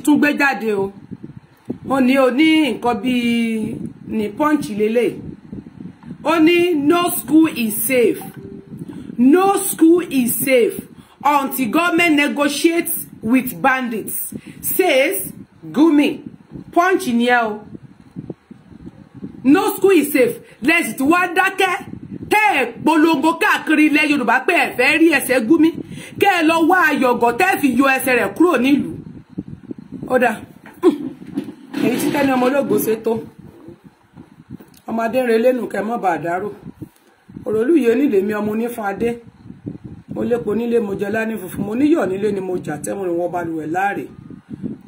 tún gbé jáde o ó ní ó ní nǹkan bíi ní punch lélẹ̀ ó ní no school is safe no school is safe until government negotiates with bandits says Gumi punch ni ẹ o no school is safe lẹ́sìn tí wọ́n dákẹ́ tẹ́ ẹ̀ polongo káàkiri ilẹ̀ Yorùbá pé ẹ fẹ́ rí ẹsẹ̀ Gumi kẹ́ ẹ lọ wá ayọ̀gọ̀ tẹ́ fi yọ ẹsẹ̀ rẹ̀ kúrò nílùú ó dà èyí tí kẹ́ni ọmọ olóògbò ṣe tó ọmọ adẹ́rẹ́ lẹ́nu kẹ́ mọ́ bàá dárò òròlùyẹ onílé mi ọmọ onífọn adé mo lépo nílé mo jẹ láni funfun mo níyọ̀ nílé ni mo jà tẹ́wọ̀n ìwọ̀n balùwẹ̀ láàrè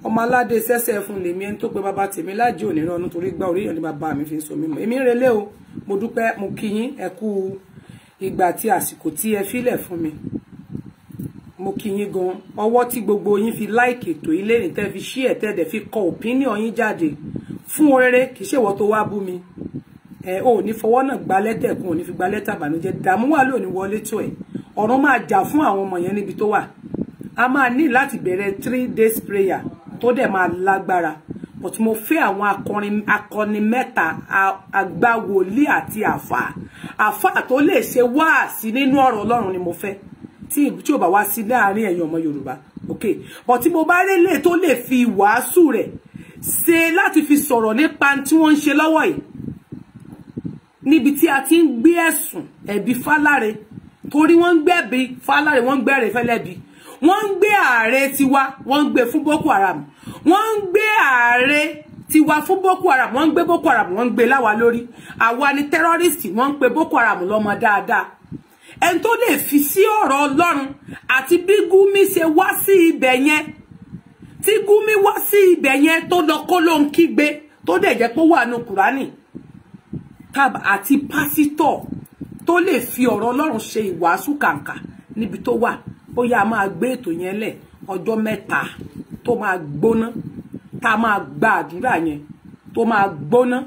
ọmọ aládé sẹ́sẹ́ fún lèmi ẹni tó pe bàbá tèmi láàjì òní rán ọdún torí gbá oríyàn ní bàbá mi fi ń so mi mọ̀ èmi ń relé o mo dúpẹ́ mo kí yín ẹ kú ìgbà àti àsìkò tí ẹ fílẹ̀ fún mi mo kí yín gan ọwọ́ tí gbogbo yín fi láìkì ètò ilé ní tẹ́ fi ṣí ẹ̀tẹ́ dẹ̀ fi kọ opinion yín jáde fún rere kì í ṣèwọ́ tó wá bú mi ẹ ò ní fọwọ́ náà gba lẹ́tẹ̀ kún ò ní fi gba lẹ́tà bànújẹ́ dààmú wà lóò wọlé tó ẹ̀ ọ̀run máa jà fún àwọn ọmọ yẹn níbi tó wà a máa ní láti bẹ̀rẹ̀ three days prayer tó dẹ̀ máa lágbára but mo fẹ́ àwọn akọrin akọni mẹ́ta àgbà wòlíì àti àfà àfà tó lè ṣe wáàsí nínú ọ̀rọ̀ Ọlọ́run ni mo fẹ́ tí tí ò bá wá sí láàrin ẹ̀yin ọmọ Yorùbá okay but tí mo bá rélè tó lè fi wàásù rẹ̀ ṣe láti fi sọ̀rọ̀ nípa tí wọ́n ń ṣe lọ́wọ́ yìí níbi tí a ti ń gbé ẹ̀sùn ẹ̀bi fáláre torí wọ́n ń gbẹ̀bi fáláre wọ́n ń gbẹ̀rẹ̀ fẹ́lẹ́bi wọ́n ń gbé ààrẹ tiwa wọ́n ń gbé fún Boko Haram wọ́n ń gbé ààrẹ tiwa fún Boko Haram wọ́n ń gbé Boko Haram wọ́n ń gbé láwa lórí àwa ni tẹ́rọ́rìsì wọ́n ń pe Boko Haram lọ́mọ dáadáa ẹni tó lè fi sí ọ̀rọ̀ Ọlọ́run àti bí Gumi ṣe wá sí ibẹ̀ yẹn tí Gumi wá sí ibẹ̀ yẹn tó lọ kó ló ń kígbe tó dẹ̀ jẹ́ pé ó wà nù Kùránì tab àti pásítọ̀ tó lè fi ọ̀rọ̀ Ọlọ́run ṣe ìwàásù kàǹkà níbi tó wà ó yá máa gbé ètò yẹn lẹ̀ ọjọ́ mẹ́ta tó máa gbóná tá a máa gba àdúrà yẹn tó máa gbóná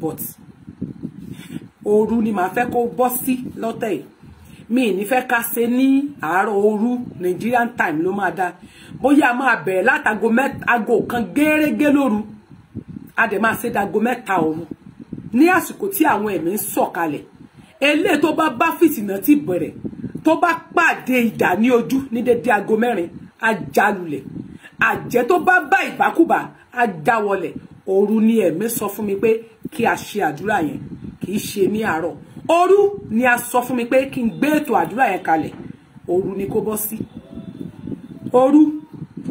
but òru ni màá fẹ́ kó bọ́ sí lọ́tẹ̀ yìí mi ní fẹ́ ká ṣe ní àárọ̀ òru Nigerian time ló máa dá bóyá a máa bẹ̀rẹ̀ látago mẹ́tago kan gẹ́rẹ́gẹ́ lóru a dẹ̀ máa ṣe dago mẹ́ta òru ní àsìkò tí àwọn ẹ̀mí ń sọ̀kalẹ̀ eléyìí tó ba bá fìtìnà ti bẹ̀rẹ̀ tó bá pàdé ni ní ojú ní dédé aago mẹ́rin á jalulẹ̀ àjẹ́ tó bá bá ìbákùbà á dáwọlẹ̀ òru ni ẹ̀mí sọ fún mi pé kí a ṣe àdúrà yẹn kì í ṣe ní Oru ni a sọ fún mi pé kí n gbé ètò àdúrà yẹn kalẹ̀ òru ni kó bọ́ sí òru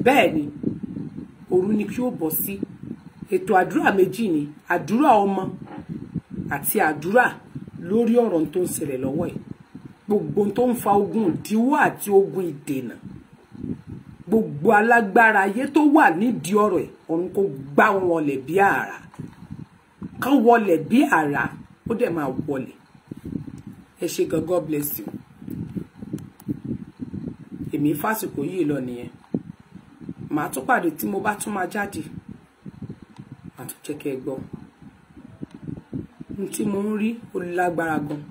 bẹ́ẹ̀ ni òru ni kí ó bọ́ sí ètò àdúrà méjì ni àdúrà ọmọ àti àdúrà lórí ọ̀rọ̀ tó ń ṣẹlẹ̀ lọ́wọ́ ẹ̀ gbogbo tó ń fa ogun ìdíwọ́ àti ogun ìdènà gbogbo alágbára ayé tó wà nídìí ọ̀rọ̀ ẹ̀ òun kò gbá wọn wọlẹ̀ bí àrá kán wọlẹ̀ bí àrá ó dẹ̀ máa wọlẹ̀ ẹ ṣe gan god bless you èmi fásìkò yìí lọ nìyẹn màá tún pàdé tí mo bá tún máa jáde màá tún jẹ́ kẹ́ ẹ gbọ́ ohun tí mo ń rí ó lágbára gan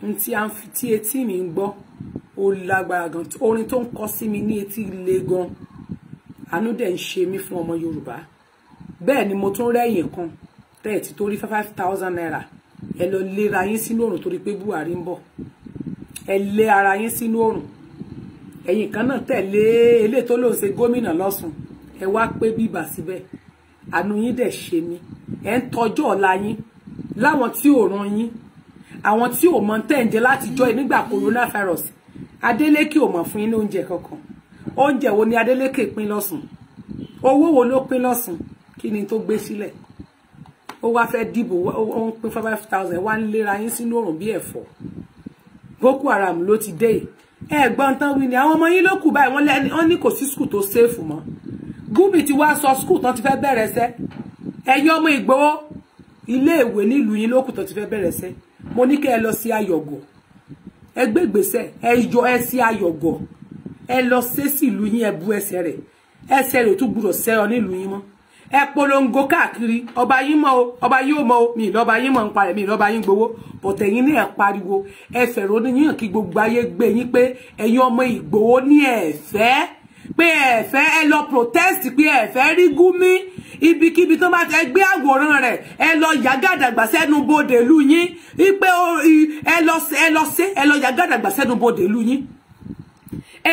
ohun tí a ń fi tí etí mi ń gbọ́ ó lágbára gan orin tó ń kọ sí mi ní etí le gan àánú dẹ̀ ń ṣe mí fún ọmọ Yorùbá bẹ́ẹ̀ ni mo tún rẹ́yìn kan tẹ́ẹ̀ tó rí five thousand naira ẹ lọ lera yín sínú òrùn torí pé Buhari ń bọ̀ ẹ lé ara yín sínú òrùn ẹ̀yin kan náà tẹ̀lé eléyìí tó lóun ṣe gómìnà lọ́sùn ẹ wá pé bíbà síbẹ̀ àánú yín dẹ̀ ṣe mí ẹ ń tọjọ́ ọ̀la yín láwọn tí ò ran yín àwọn tí ò mọ tẹ̀ǹjẹ láti jọ́ nígbà coronavirus Adeleke ò mọ̀ fún yín ní oúnjẹ kankan oúnjẹ wo ni Adeleke pín lọ́sùn owó wo ló pín lọ́sùn kí ni tó gbé sílẹ̀ ó wá fẹ́ dìbò ó ń pín five thousand wá ń léra yín sínú òrùn bí ẹ̀fọ́ Boko Haram ló ti dé ẹ̀gbọ́n tán wí ni àwọn ọmọ yín ló kù báyìí wọ́n ní kò sí skul tó séèfù mọ́ Gumi ti wá sọ skul tán ti fẹ́ bẹ̀rẹ̀ sẹ́ ẹ̀yin ọmọ Ìgbòho iléèwé nílùú yín ló kù tán ti fẹ́ bẹ̀rẹ̀ sẹ́ mo ní kẹ́ ẹ lọ sí ayọ̀gọ̀ ẹ gbé ìgbésẹ̀ ẹ yọ ẹ sí ayọ̀gọ̀ ẹ lọ sí sílùú yín ẹ bu ẹsẹ̀ rẹ̀ ẹsẹ̀ rẹ̀ ò tún gbúdọ̀ sẹ́ ọ nílùú yín mọ́ ẹ polongo káàkiri ọba yín mọ o ọba yín ò mọ o mi lọba yín mọ nípa rẹ mi lọba yín gbowó bọ̀tẹ̀ yín ní ẹ̀ pariwo ẹ fẹ̀rọ níyàn kí gbogbo ayé gbé yín pé ẹ̀yin ọmọ Ìgbòho ní ẹ̀fẹ́ pé ẹ̀fẹ́ ẹ lọ protest pé ẹ̀fẹ́ rí Gumi ibikíbi tó bá tẹ gbé àwòrán rẹ̀ ẹ lọ yà gàdàgbà sẹ́nu bodè lù yín wípé ẹ lọ ṣe ẹ lọ ṣe ẹ lọ yà gàdàgbà sẹ́nu bodè lù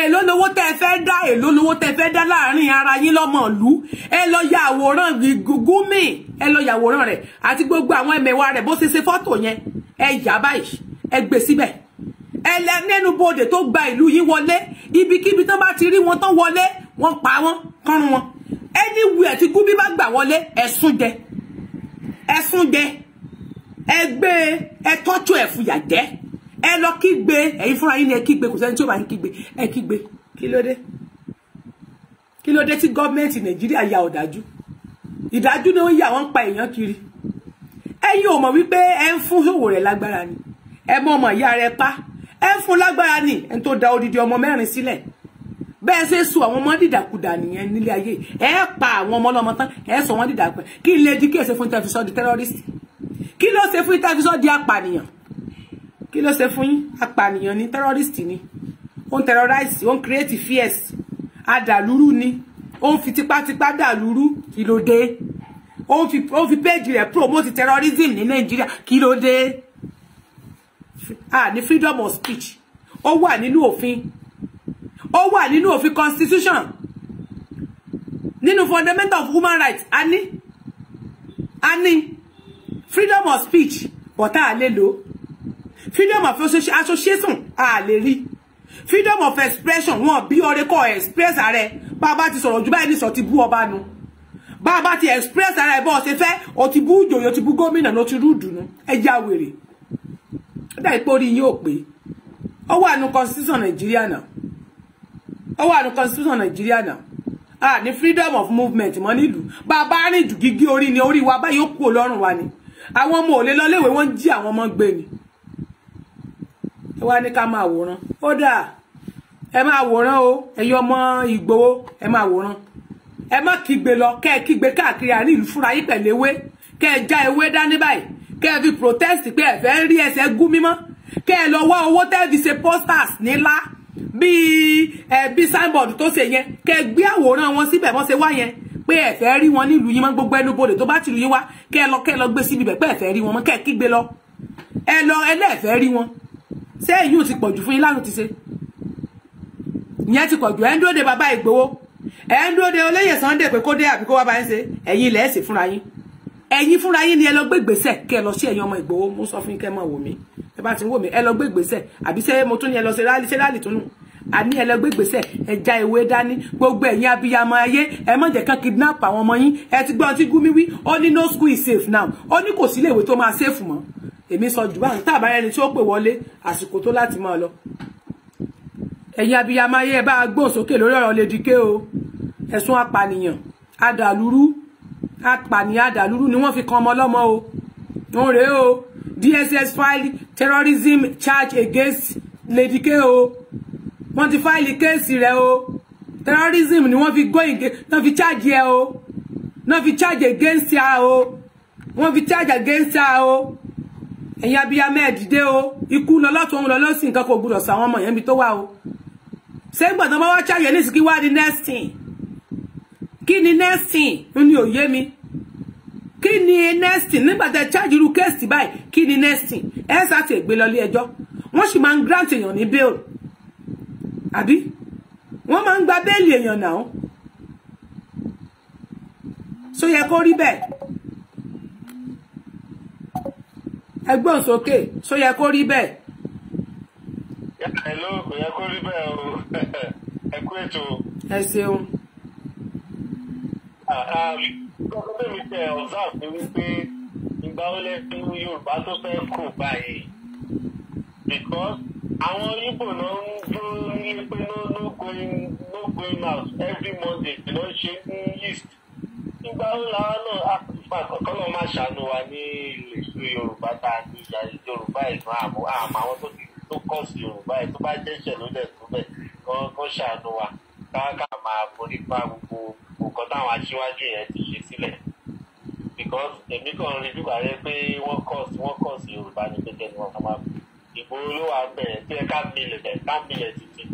èló lówó tẹ́ fẹ́ dá èló lówó tẹ́ fẹ́ dá láàrin ara yín lọ́mọ ìlú ẹ lọ ya àwòrán Gumi ẹ lọ ya àwòrán rẹ̀ àti gbogbo àwọn ẹmẹ̀wà rẹ̀ bó ṣe ṣe fọ́tò yẹn ẹ yà báyìí ẹ gbé síbẹ̀ ẹ lẹ́nu bodè tó gba ìlú yín wọlé ibikíbi tó bá ti rí wọn tán wọlé wọn pa wọn kọrun wọn anywhere tí Gumi bá gbà wọlé ẹ̀sùn jẹ ẹ̀sùn jẹ ẹgbẹ́ ẹ tọ́jú ẹ̀fùyà jẹ́ ẹ lọ kígbe ẹ̀yin fúnra yín ni ẹ kígbe kò sẹ́ni tí ó bá yín kígbe ẹ kígbe kí ló dé kí ló dé tí gọ́ọ̀mẹ̀ntì nàìjíríà ya ọ̀dájú ìdájú ni ó yà wọ́n pa èèyàn kiri ẹ̀yin ò mọ̀ wípé ẹ ń fún ṣòwò rẹ̀ lágbára ni ẹ mọ ọmọ ìyá rẹ pa ẹ ń fún lágbára ni ẹni tó da odidi ọmọ mẹ́rin sílẹ̀ bẹ́ẹ̀ ṣe sùn àwọn ọmọ dìdàkudà nìyẹn nílé ayé ẹ pa àwọn ọmọ ọlọ́mọ tán ẹ sọ wọ́n dìdàkudà kí ilé di kí èsè fún ìtàfisọ́ di tẹ́rọ́rìsì kí ló ṣe fún ìtàfisọ́ di apànìyàn kí ló ṣe fún yín apànìyàn ni terrorist ni ó ń terrorize ó ń create fears adàlúrú ni ó ń fi tipátipá dàlúrú kí ló dé ó ń fi ó ń fi péèjì rẹ̀ promote terrorism ní nàìjíríà kí ló dé ah ní freedom of speech ó wà nínú òfin ó wà nínú òfin constitution nínú fundamental of human rights a ní a ní freedom of speech but a freedom of association a lè rí freedom of expression wọn bí ọ̀rẹ́ kọ express ààrẹ bá a bá ti sọ̀rọ̀ jù báyìí nìsọ ti bú ọba nu bá ti express ara ẹ bọ́ ọ ṣe fẹ́ o ti bú ìjòyè o ti bú gómìnà No. ti rúdùn nu ẹ já wèrè ó dà ipò orí yín ò pé ó wà nu constitution nàìjíríà náà ó wà nu constitution nàìjíríà náà a ní freedom of movement mọ́ nílùú bá a bá rìn jù gígé ni ori. wa báyìí ó kú ọlọ́run wa ni àwọn ọmọ ò lè lọ léèwé wọ́n jí àwọn ọmọ ni ẹ wá ní ká máa wòran ó dà ẹ máa wòran o ẹ̀yin ọmọ Ìgbòho ẹ máa wòran ẹ má kígbe lọ kẹ́ ẹ kígbe káàkiri àárín ìlú fúnra yín pẹ̀lú ewé kẹ́ ẹ já ewé dání báyìí kẹ́ ẹ fi protest pé ẹ fẹ́ rí ẹsẹ̀ gún mímọ́ kẹ́ ẹ lọ wá owó tẹ́ fi ṣe posters nílá bíi ẹbí signboard tó ṣe yẹn kẹ́ ẹ gbé àwòrán wọn síbẹ̀ wọ́n ṣe wá yẹn pé ẹ fẹ́ rí wọn nílùú yín mọ́ gbogbo ẹnu bodè tó bá tìlú yín wá kẹ́ ẹ lọ kẹ́ ẹ lọ gbé síbi bẹ̀ pé ẹ fẹ́ rí wọn mọ́ kẹ́ ẹ kígbe lọ ẹ lọ ẹlẹ́ẹ̀fẹ́ rí wọn ṣé èyí ò ti pọ̀jù fún yín lánàá ti ṣe ìyẹn ti pọ̀jù ẹ̀ ń dúró de bàbá Ìgbòho ẹ̀ ń dúró de olóyè Sunday pé kó dé àbí kó wá bá yín ṣe ẹ̀yin ilẹ̀ ẹ̀sìn fúnra yín ẹ̀yin fúnra yín ni ẹ lọ gbé gbèsè kẹ́ ẹ lọ sí ẹ̀yin ọmọ Ìgbòho mo sọ fún yín kẹ́ ẹ máa wò mí ẹ bá ti ń wò mí ẹ lọ gbé gbèsè àbí ṣé mo tún ní ẹ lọ ṣe rálì ṣe rálì tó nù àní ẹ lọ gbé gbèsè ẹja ìwé dání gbogbo ẹ̀yin abiyamọ ayé ẹ má jẹ́ kán kidnap àwọn ọmọ yín ẹ ti gbọ́ ọtí gúmi wí ó ní no school is safe now ó ní kò sí iléèwé tó máa safe mọ́ èmi sọ jù báyìí tàbá ẹni tí ó pè wọlé àsìkò tó láti máa lọ ẹ̀yin abiyamọ ayé ẹ bá gbóhùn sókè lórí ọ̀rọ̀ Lady K o ẹ̀sùn apànìyàn adàlúrú apànìyàn adàlúrú ni wọ́n fi kan ọmọ ọlọ́mọ o wọ́n rèé o DSS file terrorism charge against Lady K o wọ́n ti fáìlì kéèsì rẹ̀ o terrorism ni wọ́n fi gbóyìngé náà fi charge ẹ o náà fi charge against ẹ o wọ́n fi charge against ẹ o ẹ̀yin abiyamọ ẹ̀ dìde o ikú lọ lọ́tún òun lọ lọ́sìn nǹkan kò gbúdọ̀ sọ àwọn ọmọ yẹn mi tó wà o ṣé gbà tán bá wá ṣàyẹ̀ ní ìsìnkí wá di next thing kí ni next thing ní òye mi kí ni next thing nígbà tẹ charge irú case ti báyìí kí ni next thing ẹ sá ti ègbé lọ ilé ẹjọ́ wọ́n sì máa ń grant èèyàn ní bail àbí wọ́n máa ń gba bẹ́ẹ̀lì èèyàn náà so yẹ kó rí bẹ́ẹ̀ ẹgbọ́n sókè ṣó yẹ kó rí bẹ́ẹ̀. hello kò yẹ kó rí bẹ́ẹ̀ o ẹ kú ètò. ẹ ṣeun. Ah, ah, kọ́kọ́ tẹ̀mí tẹ ọ̀sán àti wípé ìgbà ó lẹ́nu Yorùbá tó fẹ́ kò báyìí because àwọn Igbo náà ń dúró nílé pé no no going no going out every Monday ló ń ṣe ní east nígbà ńlá náà àkùfà kọ́kọ́ náà má ṣàánú wa ní ilẹ̀ ìlú yorùbá tá a ní ìyá yorùbá ìlú àmọ́ àmọ́ àwọn tó ti tó kọ̀ sí yorùbá ẹ̀ tó bá jẹ́ ìṣẹ̀lú lẹ̀ tó bẹ̀ kọ́ ṣàánú wa káàkà máa borí pa gbogbo nǹkan táwọn aṣíwájú yẹn ti ṣe sílẹ̀ because èmi kàn rí bí wàá yẹ pé wọ́n kọ̀ sí wọ́n kọ̀ sí yorùbá ní pẹ́kẹ́ ni wọ́n kàn máa ìgboro ló wà bẹ̀rẹ̀ tí ẹ ká milẹ̀ ká milẹ̀ títí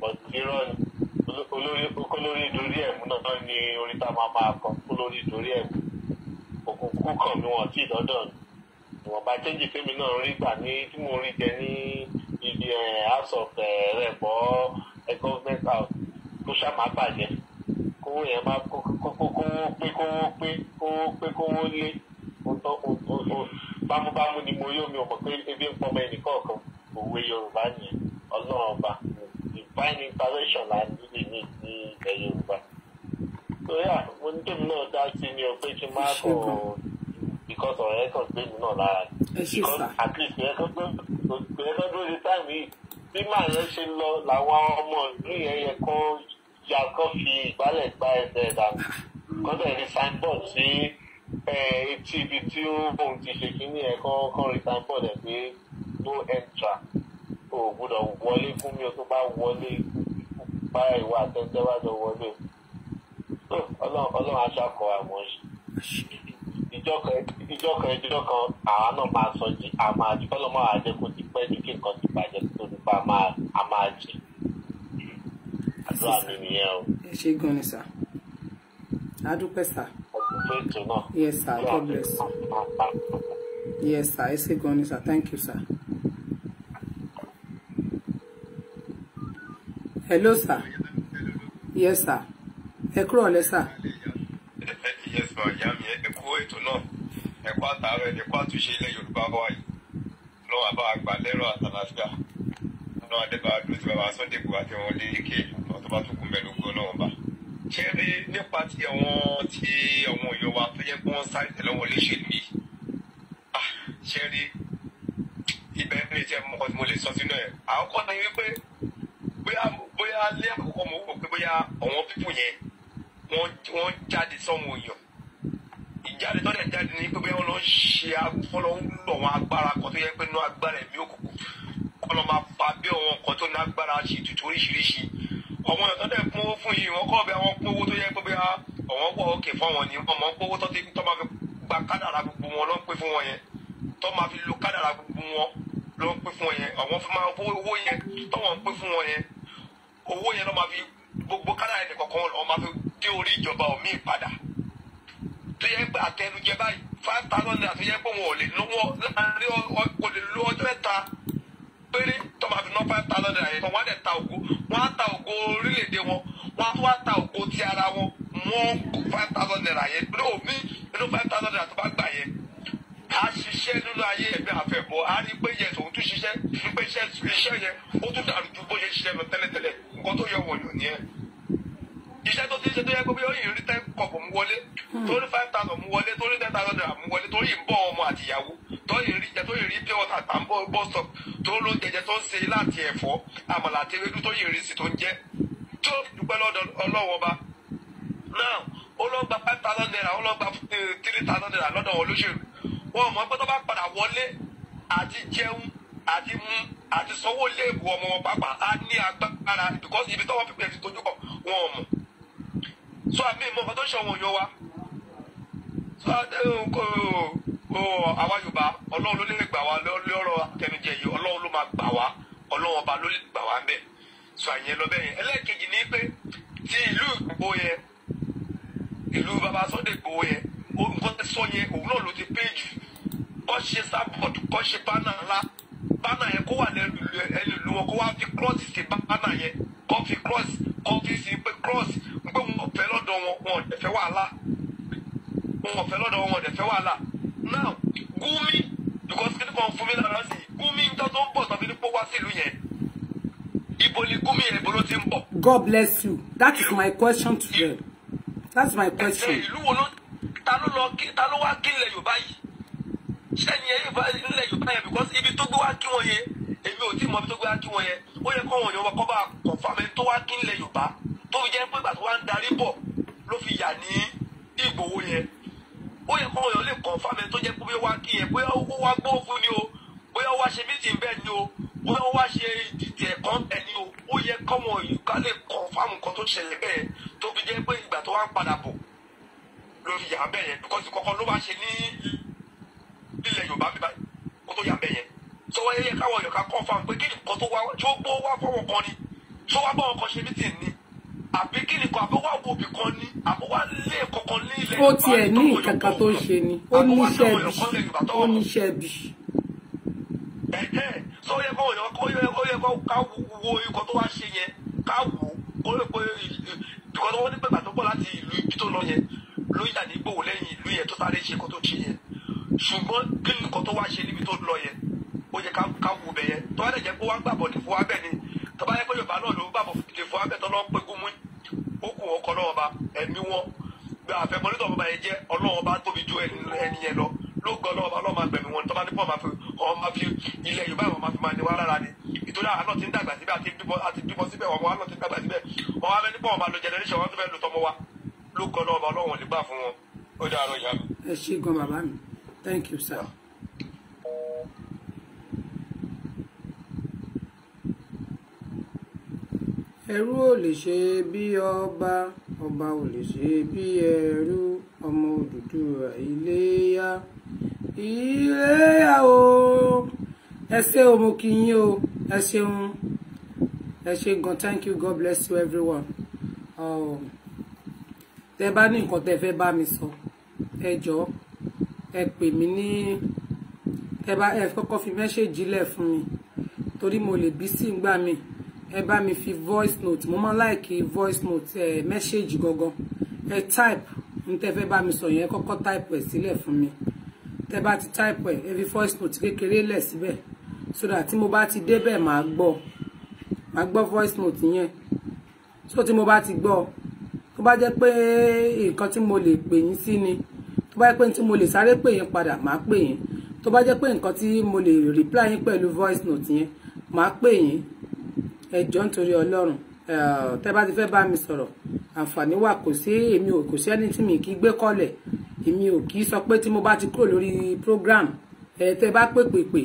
bọ̀dìrọ̀ olórí olórí dorí ẹ̀mú náà ni orin tá a máa máa kọ olórí dorí ẹ̀mú òkùnkùn kàn mí wọ́n tí ìdọ́dọ̀ ìwọ̀nba chẹ́ǹjì fẹ́mi náà rí gbà ní tí mo rí jẹ ní ibi eh, house of eh, rẹ̀ bọ́ eh, government house kó ṣá máa bàjẹ́ kówó yẹn máa kówó pé kówó pé kówó pé kówó lé bámúbámú ni mo yó mi ò mọ̀ pé ebi ń pọmọ ẹnì kọ̀ọ̀kan òwe Yorùbá nìyẹn ọlọ́run ọba find inspiration and really need ní ilẹ̀ Yorùbá torí à mo ní kémi náà dá sí ni o pé kí n kọ because of kan gbé mi náà lára because at least ìyẹn kan dúró di time yìí bí màá yẹn ṣe lọ làwọn ọmọ ìlú yẹn yẹ kó ya kó fi ìgbálẹ̀ gba ẹsẹ̀ dànù kó dẹ̀ rí signboard sí etí ibi tí ó bóun ti ṣe kí ní ẹ̀kọ́ kan signboard ẹ̀ pé no enter o gbọ́dọ̀ wọlé fún mi o tó bá wọlé bá ìwà àtẹ́tẹ́ bá jọ wọlé ọlọ́run aṣáko àmọ́ ìjọ kan ìjọ kan àwa náà máa sọ jí a máa jí kọ́lọ́ máa jẹ́ kó ti pẹ́ ju kí nǹkan ti bàjẹ́ tó ní pa a máa jí àdúrà mi nìyẹn o. ẹ ṣe gan ni sà á dúpẹ́ sà. ọ̀pọ̀ ètò god bless you. yes ẹ ṣe gan ni sà thank you sir. hello sir yes sir ẹ kúrò lẹ sir. yes ma ìyá mi ẹ kú ètò náà ẹ kú àtàárọ̀ ẹ kú àtúnṣe ilẹ̀ yorùbá wa yìí lọ́wọ́ àbá àgbà lẹ́rọ àtàlàfíà lọ́wọ́ adébáwá dúró sí bàbá sunday igbó àti wọn lé ike àwọn tó bá tún kún bẹ́ẹ̀ lógún ọlọ́wọ́ bá. ṣé rí nípa ti àwọn ti àwọn èèyàn wa tó yẹ kí wọ́n sáré tẹ̀lé wọn léṣèlú yìí ah, ṣé rí ibẹ̀ ní ìjẹ́ mọ́kàn tí mo lè sọ sínú ẹ̀ àkọ́kọ́ ni wípé lé àkọ́kọ́ mo wò pé bóyá àwọn pípù yẹn wọ́n jáde sọ́wọ́n èèyàn ìjáde tó dẹ̀ jáde ní pé bóyá wọ́n lọ ń ṣe afọ́lọ́ ń lọ wọn agbára kan tó yẹ pé nú agbára ẹ̀mí òkùnkùn kọ́ lọ́ máa fa bí àwọn kan tó ní agbára ṣe tutù oríṣiríṣi àwọn èèyàn tó dẹ̀ kún owó fún yìí wọ́n kọ́ bẹ́ẹ̀ wọ́n kún owó tó yẹ pé bóyá àwọn wọ̀ òkè fún àwọn ni wọ́n ń pówó tó ti tó máa fi gba kádàrà gbogbo wọn ló ń pè fún wọn yẹn tó máa fi lo kádàrà gbogbo wọn ló ń pè fún wọn yẹn owó yẹn ló máa fi gbogbo kánà ẹni kọ̀ọ̀kan wọn máa fi dé orí ìjọba omi padà tó yẹ pé àtẹnujẹ báyìí five thousand naira tó yẹ pé wọn ò lè lówó láàárín kò lè lo ọjọ́ ẹ̀ta péré tó máa fi ná five thousand naira yẹn wọ́n á dẹ̀ ta ògo wọ́n á ta ògo orílẹ̀-èdè wọn wọ́n á tún wá ta ògo ti ara wọn wọ́n five thousand naira yẹn lóòmí inú five thousand naira tó bá gbà yẹn a ṣiṣẹ́ nínú ayé ẹ̀mí àfẹ́bọ̀ a rí pé yẹ tòun tún ṣiṣẹ́ wípé iṣẹ́ yẹn ó tún dàrú ju bó ṣe ṣiṣẹ́ lọ tẹ́lẹ̀tẹ́lẹ̀ nǹkan tó yẹ wọ̀nyọ̀ nìyẹn iṣẹ́ tó ti ṣe tó yẹ pé ó rí ten cup mú wọlé hmm. torí five thousand mú wọlé torí ten thousand naira mú wọlé torí ń ọmọ àtìyàwó torí torí rí pure water tà ń bọ́ bus stop tó ló jẹjẹ tó ń ṣe láti ẹ̀fọ́ àmàlà àti ewédú tó yìí rí sí tó ń jẹ tó five thousand naira ó eh, three thousand naira lọ́dọ̀ wọn lóṣèlú wọn mọ̀ pé tó bá padà wọlé àti jẹun àti mú àti sanwó léèbù ọmọ wọn pàápàá á ní agbára because ibi tọ́wọ́ pípẹ́ ti tójú bọ̀ wọn ò mọ̀ so àmì ìmọ̀ nǹkan tó ń ṣe wọn yóò wá so àwa Yorùbá Ọlọ́run ló lè gbà wá lọ́rọ̀ àtẹnujẹ yìí Ọlọ́run ló máa gbà wá Ọlọ́run ọba ló lè gbà wá ń bẹ̀ so àyẹn lọ bẹ́ẹ̀ yẹn ẹlẹ́ẹ̀kejì ni pé ti ìlú Ìgbòho yẹn ìlú baba Sunday Ìgbòho yẹn nǹkan sọ yẹn òun náà ló ti pé jù kọ́ ṣe sápọ̀tù kọ́ ṣe bánà ńlá kó wà lẹ́nu ìlú wọn kó wá fi cross ṣe bánà yẹn kó fi cross kó fi sí pé wọn fẹ́ lọ́dọ̀ wọn wọn ò dẹ̀ fẹ́ wọn fẹ́ lọ́dọ̀ wọn ò dẹ̀ fẹ́ wàhálà now Gumi because kí ni kò mi lára sí i Gumi ń tọ́jú ń bọ̀ tàbí ní pọ́ wá sílùú yẹn ibo ni Gumi yẹn ibo ti ń bọ̀. God bless you that is my question to you that's my question. ìlú wo ló ta ló lọ ta ló wá kí ilẹ̀ Yorùbá yìí sẹ́yìn ẹ̀yìn bá nílẹ̀ yorùbá yẹn because ibi tó gbé wá kí wọ́n yẹ èmi ò tí mọ ibi tó gbé wá kí wọ́n yẹ ó yẹ kọ́ wọn yẹn wọn kọ́ bá confam ẹni tó wá kí nílẹ̀ yorùbá tó fi jẹ́ pé ìgbà tó wá ń darí bọ̀ ló fi yà ní ìgbòho yẹn ó yẹ kọ́ wọn yẹn lè confam ẹni tó jẹ́ pé wá kí yẹn bóyá ó wá gbó fún ni o bóyá ó wá ṣe meeting bẹ́ẹ̀ ni o bóyá ó wá ṣe ìdìtẹ̀ kọ́ńtẹ̀ ni o ó yẹ kọ́ wọn yìí ká lè confam nǹkan tó ṣẹlẹ̀ bẹ́ẹ̀ tó fi jẹ́ pé ìgbà tó wá ń padà bọ̀ ló fi yà bẹ́ẹ̀ yẹn because kọ́kọ́ ló bá ṣe ní nílẹ̀ Yorùbá bíbá kó tó yà bẹ́ẹ̀ yẹn tó wáyé yẹ káwọn Yorùbá kọ́ fáwọn pé kí nǹkan tó wá tí ó gbó wá fọwọ́ kan ni tó wá bá wọn kan ṣe mítìn ni àbí kí nìkan àbí wá wòbí kan ni àbí wá lé kankan ní ilẹ̀ Yorùbá tó tiẹ̀ ní kankan tó ń ṣe ni ó níṣẹ́ bí ó níṣẹ́ bí. sọ yẹ kó yẹ kó yẹ kó ká wo ikọ̀ tó wá ṣe yẹn ká wò ó lè pé ìkọ̀ tó wọ́n nígbàgbà tó bọ̀ láti ìlú ibi tó lọ yẹn ló yà ní gbòòlẹ́yìn ìlú yẹn tó sáré ṣe kó tó ṣe yẹn ṣùgbọ́n kí ni nǹkan tó wá ṣe níbi tó lọ yẹn o yẹ ká wù bẹ̀ yẹn tó bá dẹ̀ jẹ́ pé wá gbàbọ̀ ní fún wa bẹ́ẹ̀ ni tó bá yẹ pé yorùbá náà ló gbàbọ̀ ní fún wa bẹ́ẹ̀ tó lọ́ pé gúnmú ó kù wọn kọ́ lọ́wọ́ ba ẹ̀mí wọn gba àfẹ́mọ́ nítorí ọmọ yẹn jẹ́ ọlọ́wọ́n bá tóbi ju ẹni yẹn lọ ló gbọ́ lọ́wọ́ bá lọ́wọ́ máa gbẹ̀mí wọn tó bá ní pọ̀ máa fi ilẹ̀ yorùbá àwọn máa fi máa ní wá lára ni ìtòlá àlọ́ ti ń dàgbà síbẹ̀ àti bímọ síbẹ̀ ọmọ àlọ́ ti ń dàgbà síbẹ̀ ọmọ abẹ́ni pọ̀ máa lo generation wọn tó fẹ́ lo tọmọ wa ló gbọ́ lọ́wọ́ bá ọlọ́wọ́n ò ní gbà fún wọn ó dáa lọ ìyá ẹ ṣe gan bàbá mi. Thank you, sir. ẹrú ò lè ṣe bí ọba ọba ò lè ṣe bí ẹrú ọmọ Odùduwà iléyá iléyá o ẹ ṣé o mo kí yín o ẹ ṣeun ẹ ṣé gan thank you god bless you everyone um, tẹ bá ní nǹkan tẹ fẹ́ bá mi sọ ẹ jọ̀ọ́ ẹ pè mí ní ẹ bá ẹ kọ́kọ́ fi mẹ́ṣẹ́jì lẹ̀ fún mi torí mo lè bí sí ìgbà mi ẹ bá mi fi voice note mo máa láìkí voice note ẹ mẹ́ṣẹ́jì gangan ẹ type ní tẹ́ fẹ́ bá mi sọ yẹn kọ́kọ́ type ẹ̀ sílẹ̀ fún mi tẹ́ bá ti type ẹ̀ ẹ fi voice note kékeré lẹ̀ síbẹ̀ so that tí mo bá ti débẹ̀ màá gbọ́ màá gbọ́ voice note yẹn so tí mo bá ti gbọ́ tó bá jẹ́ pé nǹkan tí mo lè pè yín sí ni tó bá jẹ́ pé tí mo lè sáré pè yín padà màá pè yín tó bá jẹ́ pé nǹkan tí mo lè reply yín pẹ̀lú voice note yẹn màá pè yín ẹ jọ̀ọ́ nítorí Ọlọ́run tẹ́ bá ti fẹ́ bá mi sọ̀rọ̀ àǹfààní wà kò sí èmi ò kò sí ẹni tí mi kì í gbé kọ́lẹ̀ èmi ò kì í sọ pé tí mo bá ti kúrò lórí program ẹ tẹ́ bá pè pè pè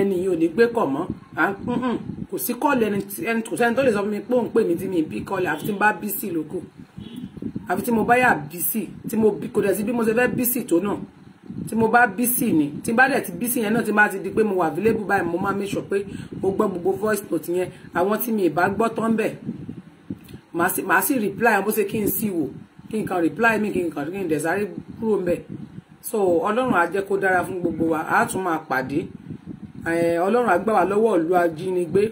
ẹni ò ní gbé kọ̀ mọ́ à ń kò sí kọ́lẹ̀ ẹni kò sẹ́ni tó lè sọ fún mi pé òun pè mí tí mi bí kọ́lẹ̀ àfi tí n bá bí sí lóko àfi tí mo bá yà bísì tí mo kò dẹ̀ sí bí mo ṣe fẹ́ bísì tó náà tí mo bá bísì ni tí bá dẹ̀ ti bísì yẹn náà tí bá ti di pé mo wà available báyìí mo máa make sure pé mo gbọ́ gbogbo voice note yẹn àwọn tí mi ìbá gbọ́ tán bẹ̀ màá sì reply bó ṣe kí n sì wò kí n kan reply mi kí n kan kí n dẹ̀ kúrò ń bẹ̀ so ọlọ́run á jẹ́ kó dára fún gbogbo wa á tún máa pàdé ọlọ́run á gbà wá lọ́wọ́ ìlú ajínigbé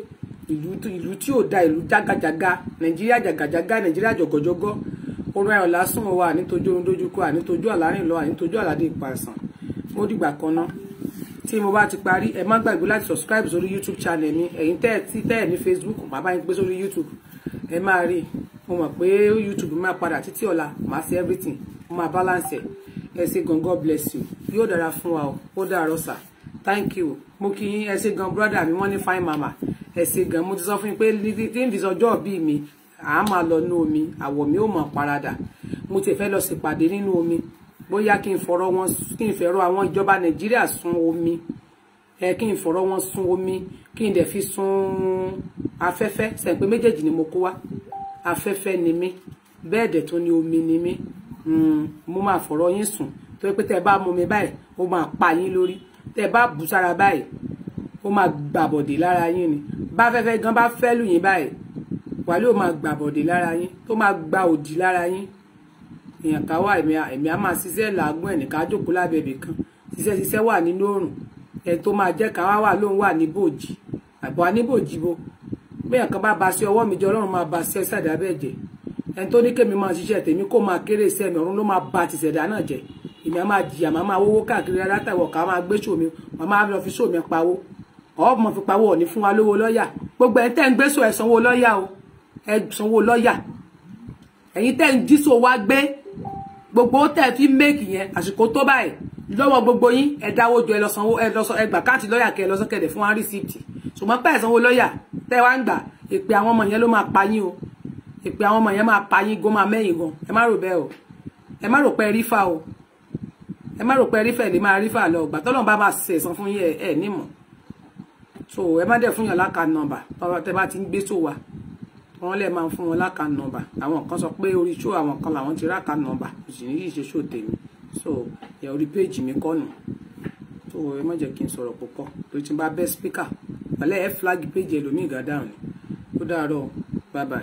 ìlú tí ò da ìlú jágajàga nàìjíríà jàgàjàga nàìjíríà jọ̀gọ̀jọ̀gọ̀ orun ayọ̀ lásùn wa ànítojú orun dojúkọ ànítojú àlárìn lọ ànítojú àládé ìpàsàn mo dìgbà kan náà tí mo bá ti parí ẹ má gbàgbé láti subscribe sórí youtube channel mi ẹ̀yin tẹ́ ẹ̀ tí tẹ́ ẹ̀ ní facebook màá bá yín pé sórí youtube ẹ máa rí mo mọ̀ pé youtube máa padà títí ọ̀la màá ṣe everything mo máa balance ẹ̀ ẹ ṣé gan god bless you yóò dára fún wa o ó dàárọ̀ sà thank you mo kí yín ẹ ṣé gan brother mi wọ́n ní fine mama ẹ ṣé gan mo ti sọ fún yín pé ní ìdíjọ́ ọjọ́ bíi mi àá máa lọ ní omi àwọ̀ mi ò mọ̀ paradà mo ti fẹ́ lọ sípàdé nínú omi bóyá kí n fọ̀rọ̀ wọn kí n fẹ̀rọ àwọn ìjọba nàìjíríà sun omi ẹ kí n fọ̀rọ̀ wọn sun omi kí n dẹ̀ fi sun afẹ́fẹ́ sẹ̀ǹpé méjèèjì ni mo kó wá afẹ́fẹ́ ni mí bẹ́ẹ̀ dẹ̀ tún ni omi ni mí hmm, mo máa fọ̀rọ̀ yín sùn tó yẹ pé tẹ́ ẹ bá mú mi báyìí ó máa pa yín lórí tẹ́ ẹ bá bù sára báyìí ó máa gbàbọ̀dè lára yín ni bá afẹ́fẹ́ gan bá fẹ́ lù yín báyìí wàhálà ó máa gbà bọ̀dẹ̀ lára yín tó máa gba òdì lára yín èèyàn ká wà ẹ̀mí á máa ṣiṣẹ́ làágùn ẹ̀nì ká jókòó lábẹ́ kan ṣiṣẹ́ ṣiṣẹ́ wà nínú òrùn ẹni tó máa jẹ́ ká wá wà lóun wà ní bòjì àbọ̀ wà ní bòjì bo bẹ́ẹ̀ kan bá ba sí ọwọ́ mi jẹ́ ọlọ́run máa ba sí ẹ̀sàdá bẹ́ẹ̀ jẹ́ ẹni tó ní kémi máa ṣiṣẹ́ tèmi kó máa kéré iṣẹ́ mi ọ̀run ló máa ba tìṣẹ̀dá náà jẹ́ ìmọ̀ máa jìyà máa máa wówó káàkiri látàwọ̀ ká máa gbé ṣòmi máa máa lọ fi ṣòmi pawó ọ̀ọ́ mọ̀ fi pawó ọ̀ ní fún wa lówó lọ́ọ̀yà gbogbo ẹ̀ tẹ́ ń gbé ṣò ẹ̀sánwó lọ́ọ̀yà o ẹ sanwó lọ́ọ̀yà ẹ̀yin tẹ́ ń dísò wá gbé gbogbo tẹ́ fi méèkì yẹn àsìkò tó báyìí lọ́wọ́ gbogbo yín ẹ dáwó jọ ẹ lọ sanwó ẹ lọ sọ ẹ gbà káàtì lọ́ọ̀yà kẹ ẹ lọ sọ́kẹ̀dẹ̀ fún wa rìsíìtì ṣùgbọ́n pẹ́ẹ́ sanwó lọ́ọ̀yà tẹ́ wá ń gbà ìpè àwọn ọmọ yẹn ló máa pa yín o ìpè àwọn ọmọ yẹn máa pa yín gan máa mẹ́yìn gan ẹ má rò bẹ́ẹ̀ o ẹ má rò pé rí fa o ẹ má rò pé rí fẹ̀ lè máa rí fa lọ ọgbà tọ́lọ́n so ẹ má dẹ̀ fún yàn láka nọmbà tẹ́ bá ti ń gbé sóò wọ́n lè máa fún wọn lákàn nọ́mbà àwọn kan sọ pé orí ṣó àwọn kan làwọn ti rákàn nọ́mbà ìṣìní yìí ṣe ṣó tèmi so ìyẹn orí péèjì mi kọ́ nù tó ẹ má jẹ́ kí n sọ̀rọ̀ púpọ̀ tó ti bá bẹ́ spíkà pẹ̀lẹ́ ẹ flag péèjì ẹlòmíì gàdáhùn ni ó dàárọ̀ bye bye.